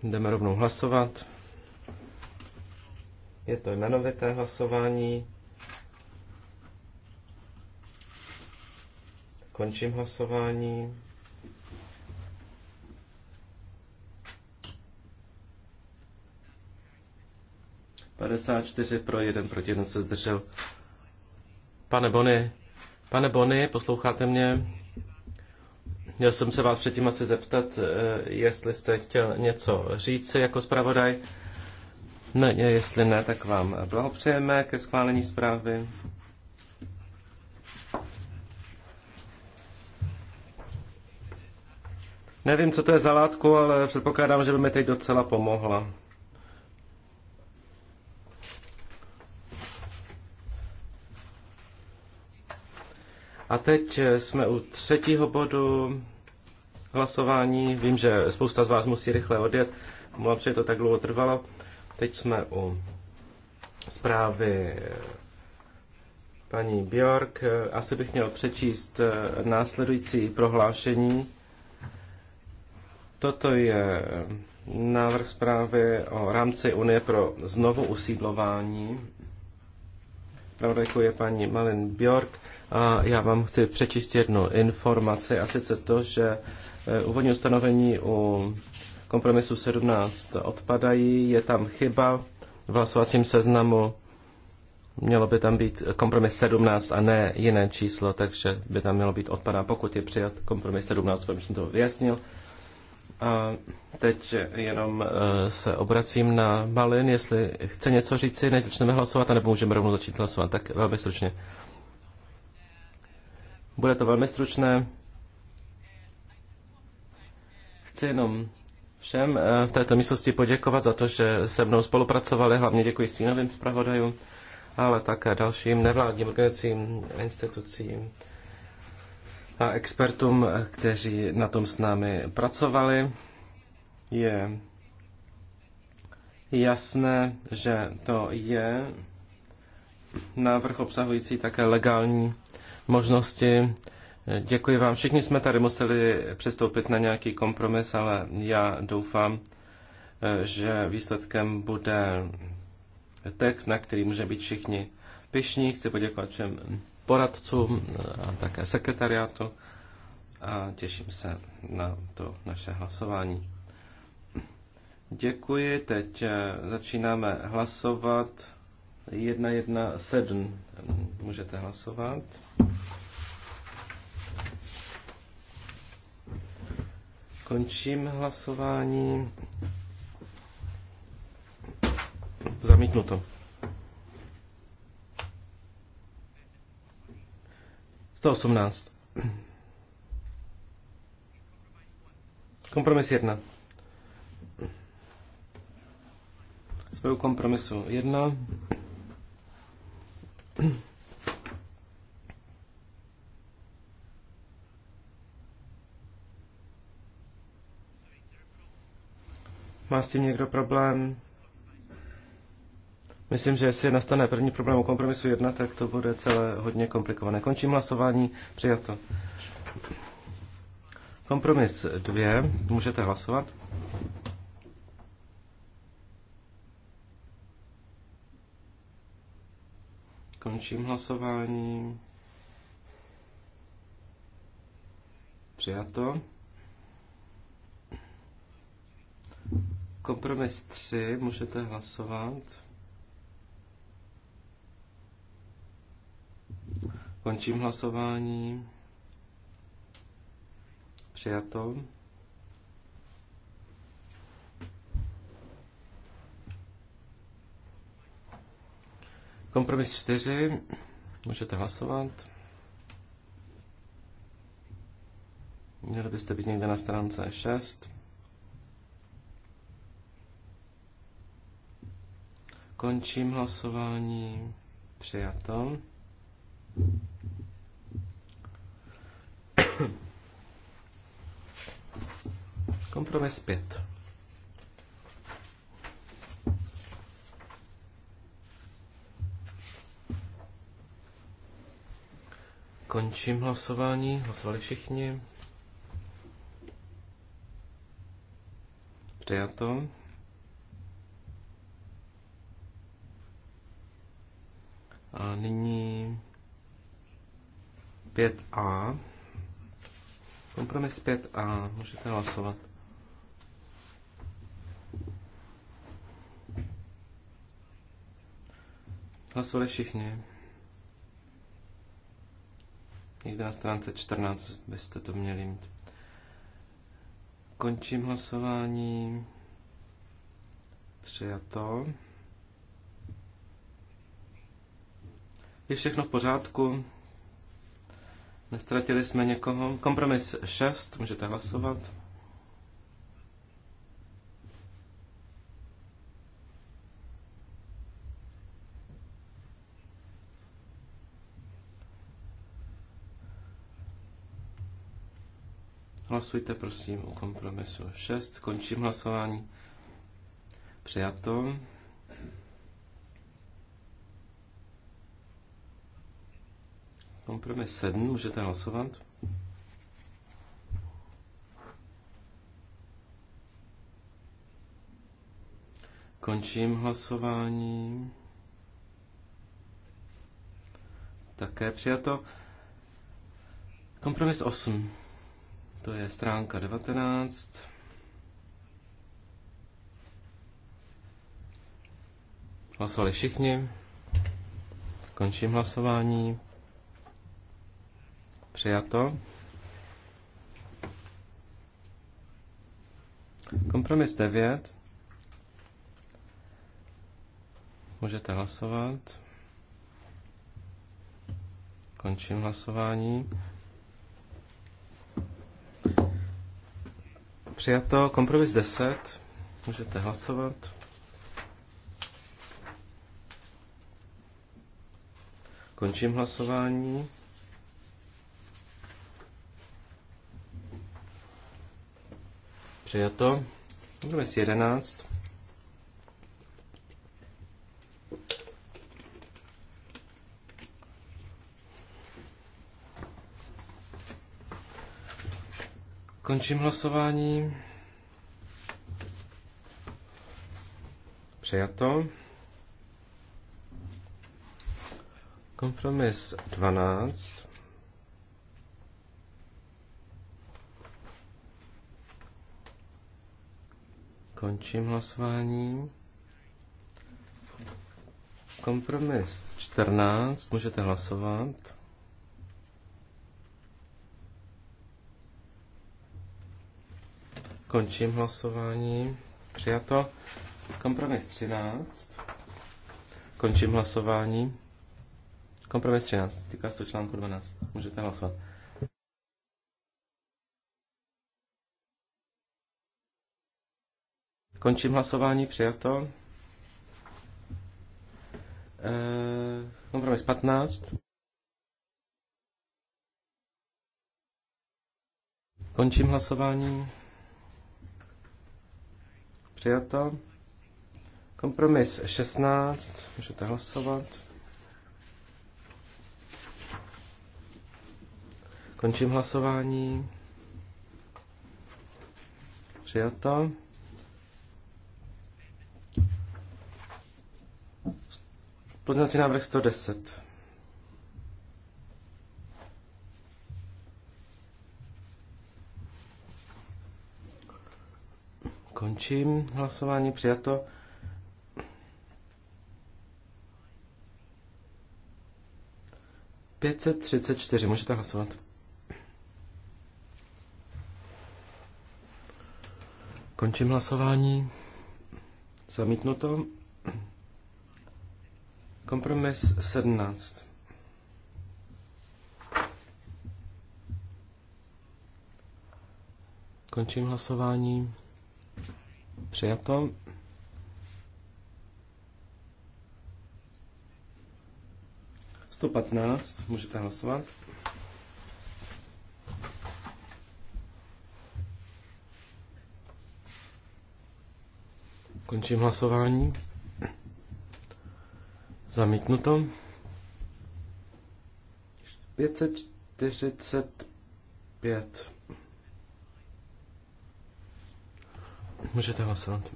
Jdeme rovnou hlasovat. Je to jmenovité hlasování. Končím hlasování. Padesát pro, jeden proti, jeden se zdržel. Pane Bony, pane Bony, posloucháte mě? Měl jsem se vás předtím asi zeptat, eh, jestli jste chtěl něco říct jako zpravodaj. No, jestli ne, tak vám blahopřejeme ke schválení zprávy. Nevím, co to je za látku, ale předpokládám, že by mi teď docela pomohla. A teď jsme u třetího bodu hlasování. Vím, že spousta z vás musí rychle odjet, mluvám, že to tak dlouho trvalo. Teď jsme u zprávy paní Bjork. Asi bych měl přečíst eh, následující prohlášení. Toto je návrh zprávy o rámci Unie pro znovu usídlování. Pravodajkou je paní Malin Bjork a já vám chci přečíst jednu informaci, a sice to, že eh, úvodní ustanovení u kompromisu 17 odpadají. Je tam chyba v hlasovacím seznamu. Mělo by tam být kompromis 17 a ne jiné číslo, takže by tam mělo být odpadá, pokud je přijat kompromis 17, to jsem to vyjasnil. A teď jenom eh, se obracím na Malin, jestli chce něco říci, než začneme hlasovat, nebo můžeme rovnou začít hlasovat, tak velmi stručně. Bude to velmi stručné. Chci jenom všem eh, v této místnosti poděkovat za to, že se mnou spolupracovali. Hlavně děkuji stínovým zpravodajům, ale také dalším nevládním organizacím, institucím a expertům, kteří na tom s námi pracovali. Je jasné, že to je návrh obsahující také legální možnosti Děkuji vám. Všichni jsme tady museli přistoupit na nějaký kompromis, ale já doufám, že výsledkem bude text, na který může být všichni pišní. Chci poděkovat všem poradcům a také sekretariátu a těším se na to naše hlasování. Děkuji, teď eh, začínáme hlasovat. 1.1.7. Můžete hlasovat. Končím hlasování. Zamítnuto. To 18. Kompromis 1. Zbyl kompromisu 1. Má s tím někdo problém? Myslím, že jestli nastane první problém u kompromisu 1, tak to bude celé hodně komplikované. Končím hlasování, přijato. Kompromis 2, můžete hlasovat. Končím hlasování. Přijato. Kompromis 3, můžete hlasovat. Končím hlasování. Přijato. Kompromis 4, můžete hlasovat. Měli byste být někde na stránce 6. Končím hlasování. Přijato. Kompromis 5. Končím hlasování. Hlasovali všichni. Přijato. A nyní 5a. Kompromis 5a. Můžete hlasovat. Hlasovali všichni. Někde na stránce 14 byste to měli mít. Končím hlasování. Přijato. Je všechno v pořádku? Nestratili jsme někoho. Kompromis 6, můžete hlasovat. Hlasujte prosím o kompromisu 6. Končím hlasování. Přijato. Kompromis 7, můžete hlasovat. Končím hlasování. Také přijato. Kompromis 8. To je stránka 19. Hlasovali všichni. Končím hlasování. Přijato. Kompromis 9. Můžete hlasovat. Končím hlasování. Přijato kompromis 10. Můžete hlasovat. Končím hlasování. přijato. Kompromis 11. Končím hlasování. Přijato. Kompromis 12. Končím hlasování. Kompromis 14, můžete hlasovat. Končím hlasování. Přijato. Kompromis 13. Končím hlasování. Kompromis 13. Týká se to článku 12. Můžete hlasovat. Eh, Končím hlasování, přijato. kompromis 15. Končím hlasování. Přijato. Kompromis 16. Můžete hlasovat. Končím hlasování. Přijato. Poznací návrh 110. Končím hlasování, přijato. Pětset třicet čtyři, můžete hlasovat. Končím hlasování. Zamítnuto. Kompromis 17. Končím hlasování. Přijato. Sto patnáct. Můžete hlasovat. Končím hlasování. Zamítnuto. 545. Můžete hlasovat.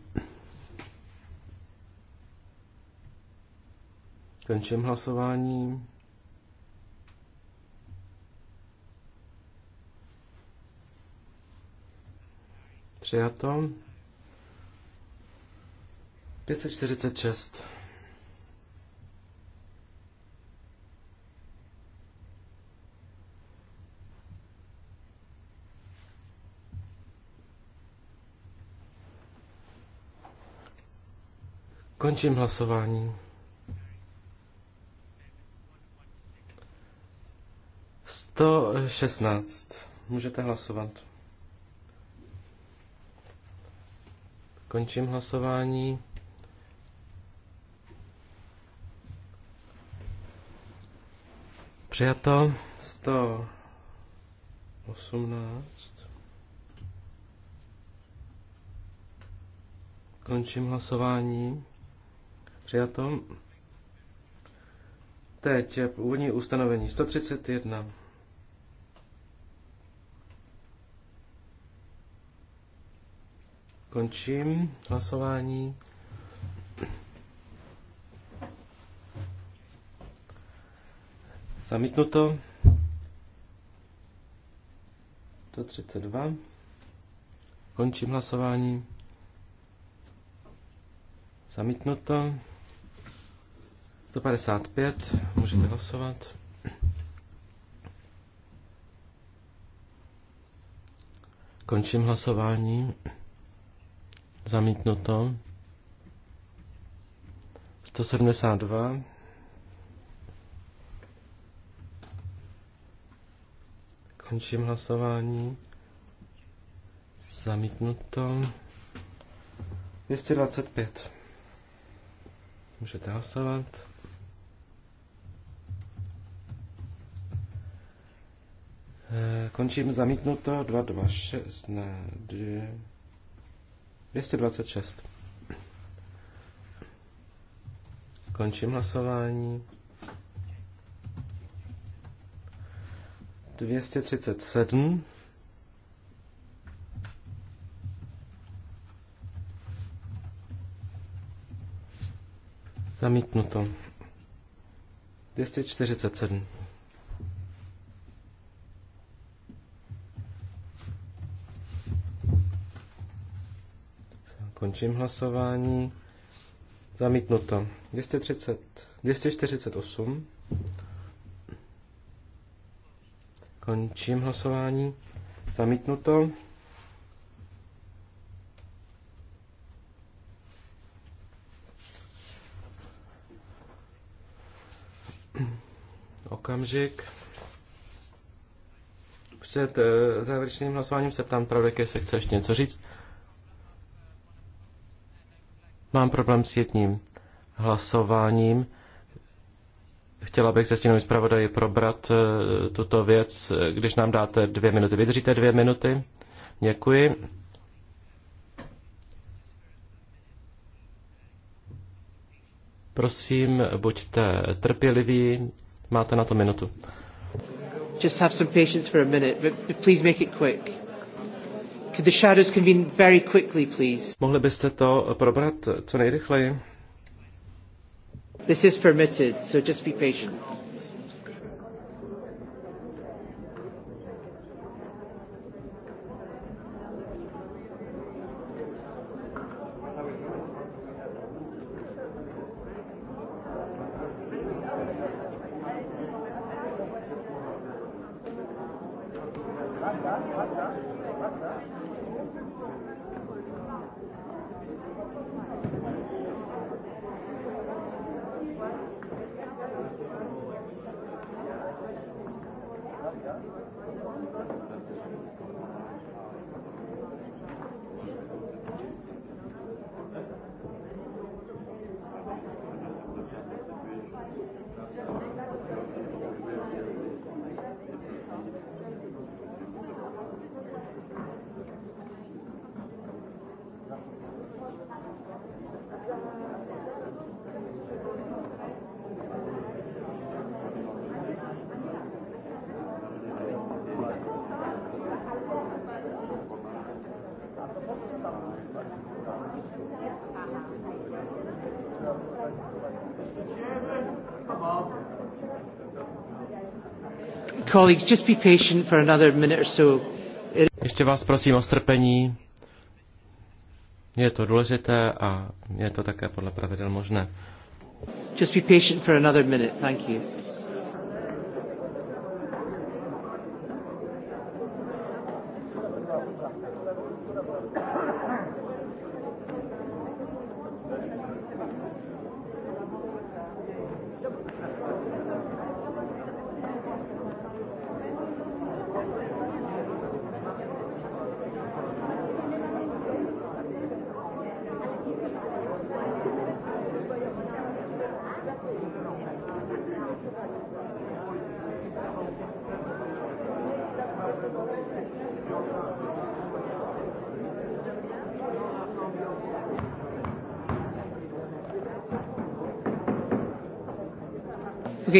Končím hlasování. Přijato. 546. Končím hlasování. Sto šestnáct. Můžete hlasovat. Končím hlasování. Přijato 118. Končím hlasování. Přijato. Teď původní ustanovení 131. Končím hlasování. Zamítnuto. 132. Končím hlasování. Zamítnuto. 155, můžete hlasovat. Končím hlasování. Zamítnuto. 172. Končím hlasování. Zamítnuto. 225. Můžete hlasovat. Eh, končím zamítnuto 226, ne, 226. Končím hlasování. 237. Zamítnuto. 247. Končím hlasování. Zamítnuto. 230, 248. Končím hlasování. Zamítnuto. Okamžik. Před eh, závěrečným hlasováním se ptám pravdek, jestli chce ještě něco říct. Mám problém s jedním hlasováním. Chtěla bych se s tím zpravodaji probrat eh, tuto věc, když nám dáte dvě minuty. Vydržíte dvě minuty? Děkuji. Prosím, buďte trpěliví, máte na to minutu. Just have some patience for a minute, but please make it quick. Could the shadows convene very quickly, please? Mohli byste to probrat co nejrychleji? This is permitted, so just be patient. colleagues, just be patient for another minute or so. Ještě vás prosím o strpení. Je to důležité a je to také podle pravidel možné. Just be patient for another minute. Thank you.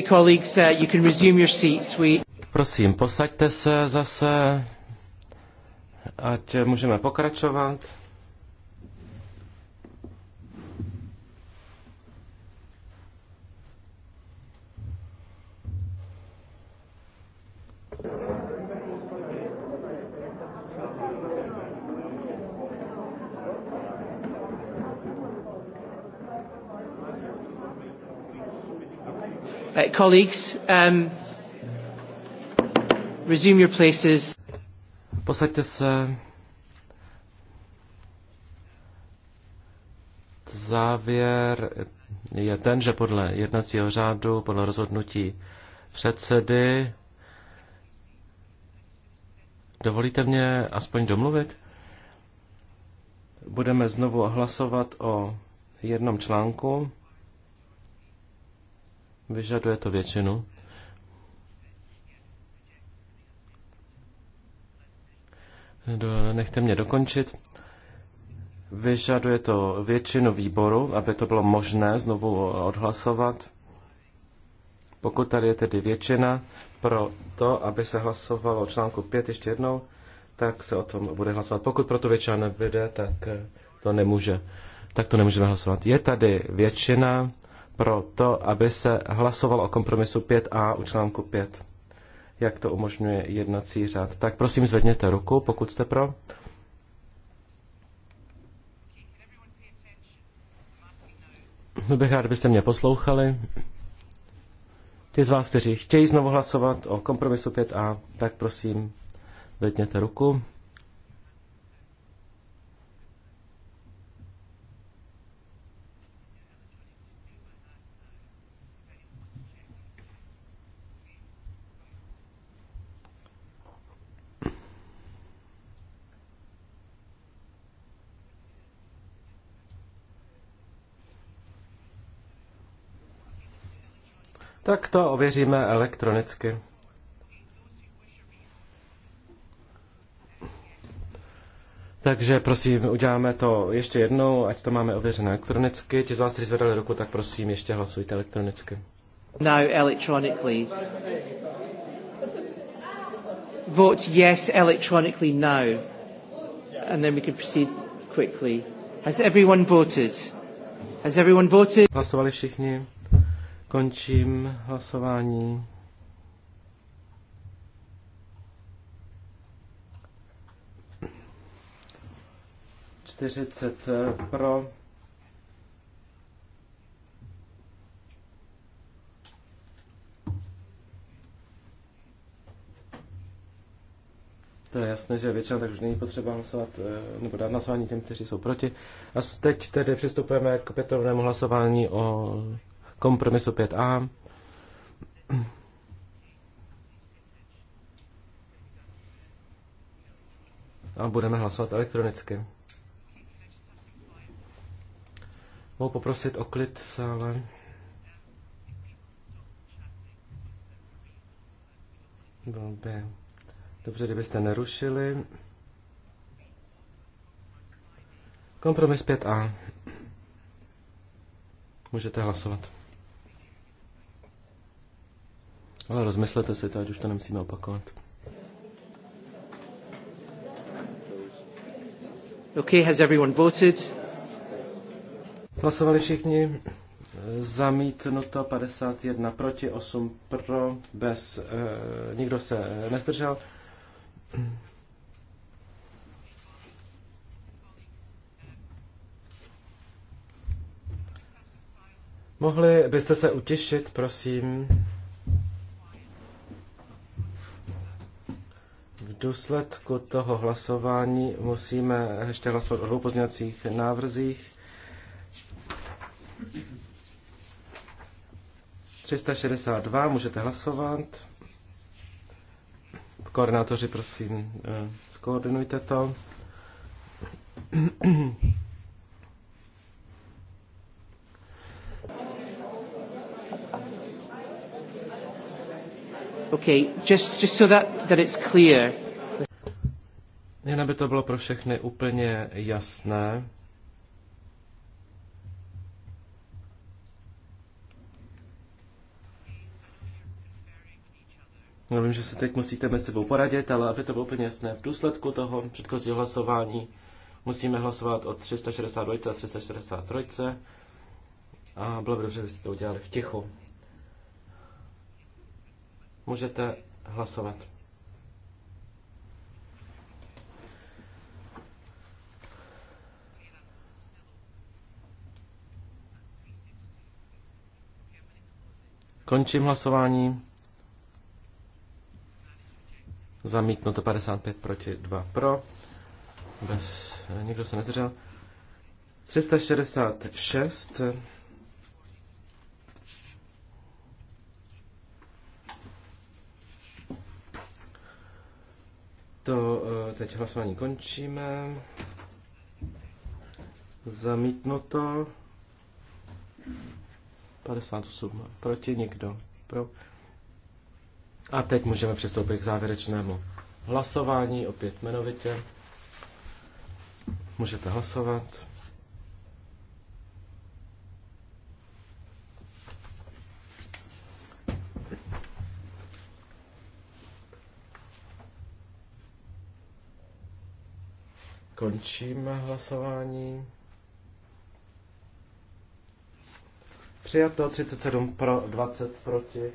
colleagues, uh, you can resume your seats. We... Prosím, posaďte se zase, ať můžeme pokračovat. colleagues, um, resume your places. Posaďte se. Závěr je ten, že podle jednacího řádu, podle rozhodnutí předsedy, dovolíte mě aspoň domluvit? Budeme znovu hlasovat o jednom článku. Vyžaduje to většinu. Nechte mě dokončit. Vyžaduje to většinu výboru, aby to bylo možné znovu odhlasovat. Pokud tady je tedy většina pro to, aby se hlasovalo o článku 5 ještě jednou, tak se o tom bude hlasovat. Pokud pro to většina nebude, tak to nemůže. Tak to nemůžeme hlasovat. Je tady většina pro to, aby se hlasoval o kompromisu 5a u článku 5, jak to umožňuje jednací řád. Tak prosím, zvedněte ruku, pokud jste pro. Bych rád, byste mě poslouchali. Ti z vás, kteří chtějí znovu hlasovat o kompromisu 5a, tak prosím, vedněte ruku. tak to ověříme elektronicky. Takže prosím, uděláme to ještě jednou, ať to máme ověřené elektronicky. Ti z vás, kteří zvedali ruku, tak prosím, ještě hlasujte elektronicky. Now electronically. Vote yes electronically now. And then we can proceed quickly. Has everyone voted? Has everyone voted? Hlasovali všichni. Končím hlasování. Čtyřicet eh, pro. To je jasné, že většina, tak už není potřeba hlasovat, eh, nebo dát hlasování těm, kteří jsou proti. A teď tedy přistupujeme k opětovnému hlasování o kompromisu 5a. A budeme hlasovat elektronicky. Mohu poprosit o klid v sále. Bylo by dobře, kdybyste nerušili. Kompromis 5a. Můžete hlasovat. Ale rozmyslete si to, ať už to nemusíme opakovat. Okay, has everyone voted? Hlasovali všichni. Zamítnuto 51 proti, 8 pro, bez, eh, nikdo se nezdržel. Mohli byste se utěšit, prosím? důsledku toho hlasování musíme ještě hlasovat o dvou pozměňovacích návrzích. 362, můžete hlasovat. Koordinátoři, prosím, eh, skoordinujte to. Okay, just, just so that, that it's clear. Jen aby to bylo pro všechny úplně jasné. Já vím, že se teď musíte mezi sebou poradit, ale aby to bylo úplně jasné, v důsledku toho předchozího hlasování musíme hlasovat o 362 a 343 a bylo by dobře, kdybyste to udělali v tichu. Můžete hlasovat. Končím hlasování. Zamítnuto 55 proti 2 pro. Bez, nikdo se nezřel. 366. To eh, teď hlasování končíme. Zamítnuto. 58 proti, nikdo pro. A teď můžeme přistoupit k závěrečnému hlasování, opět jmenovitě. Můžete hlasovat. Končíme hlasování. Přijato 37 pro 20 proti.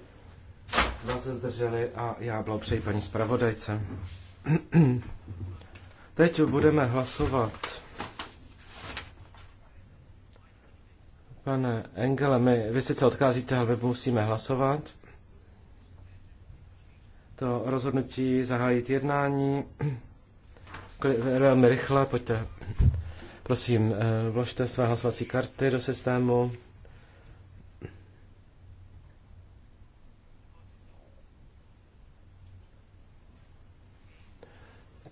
20 se zdrželi a já blahopřeji paní zpravodajce. Teď budeme hlasovat. Pane Engele, my, vy sice odkázíte, ale my musíme hlasovat. To rozhodnutí zahájit jednání velmi rychle, pojďte. Prosím, eh, vložte své hlasovací karty do systému.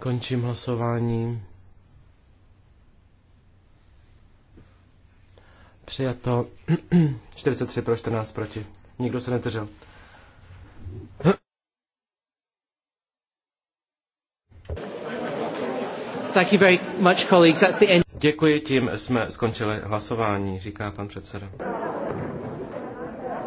Končím hlasování. Přijato 43 pro 14 proti. Nikdo se netržel. Thank you very much, colleagues. That's the end. Děkuji, tím jsme skončili hlasování, říká pan předseda.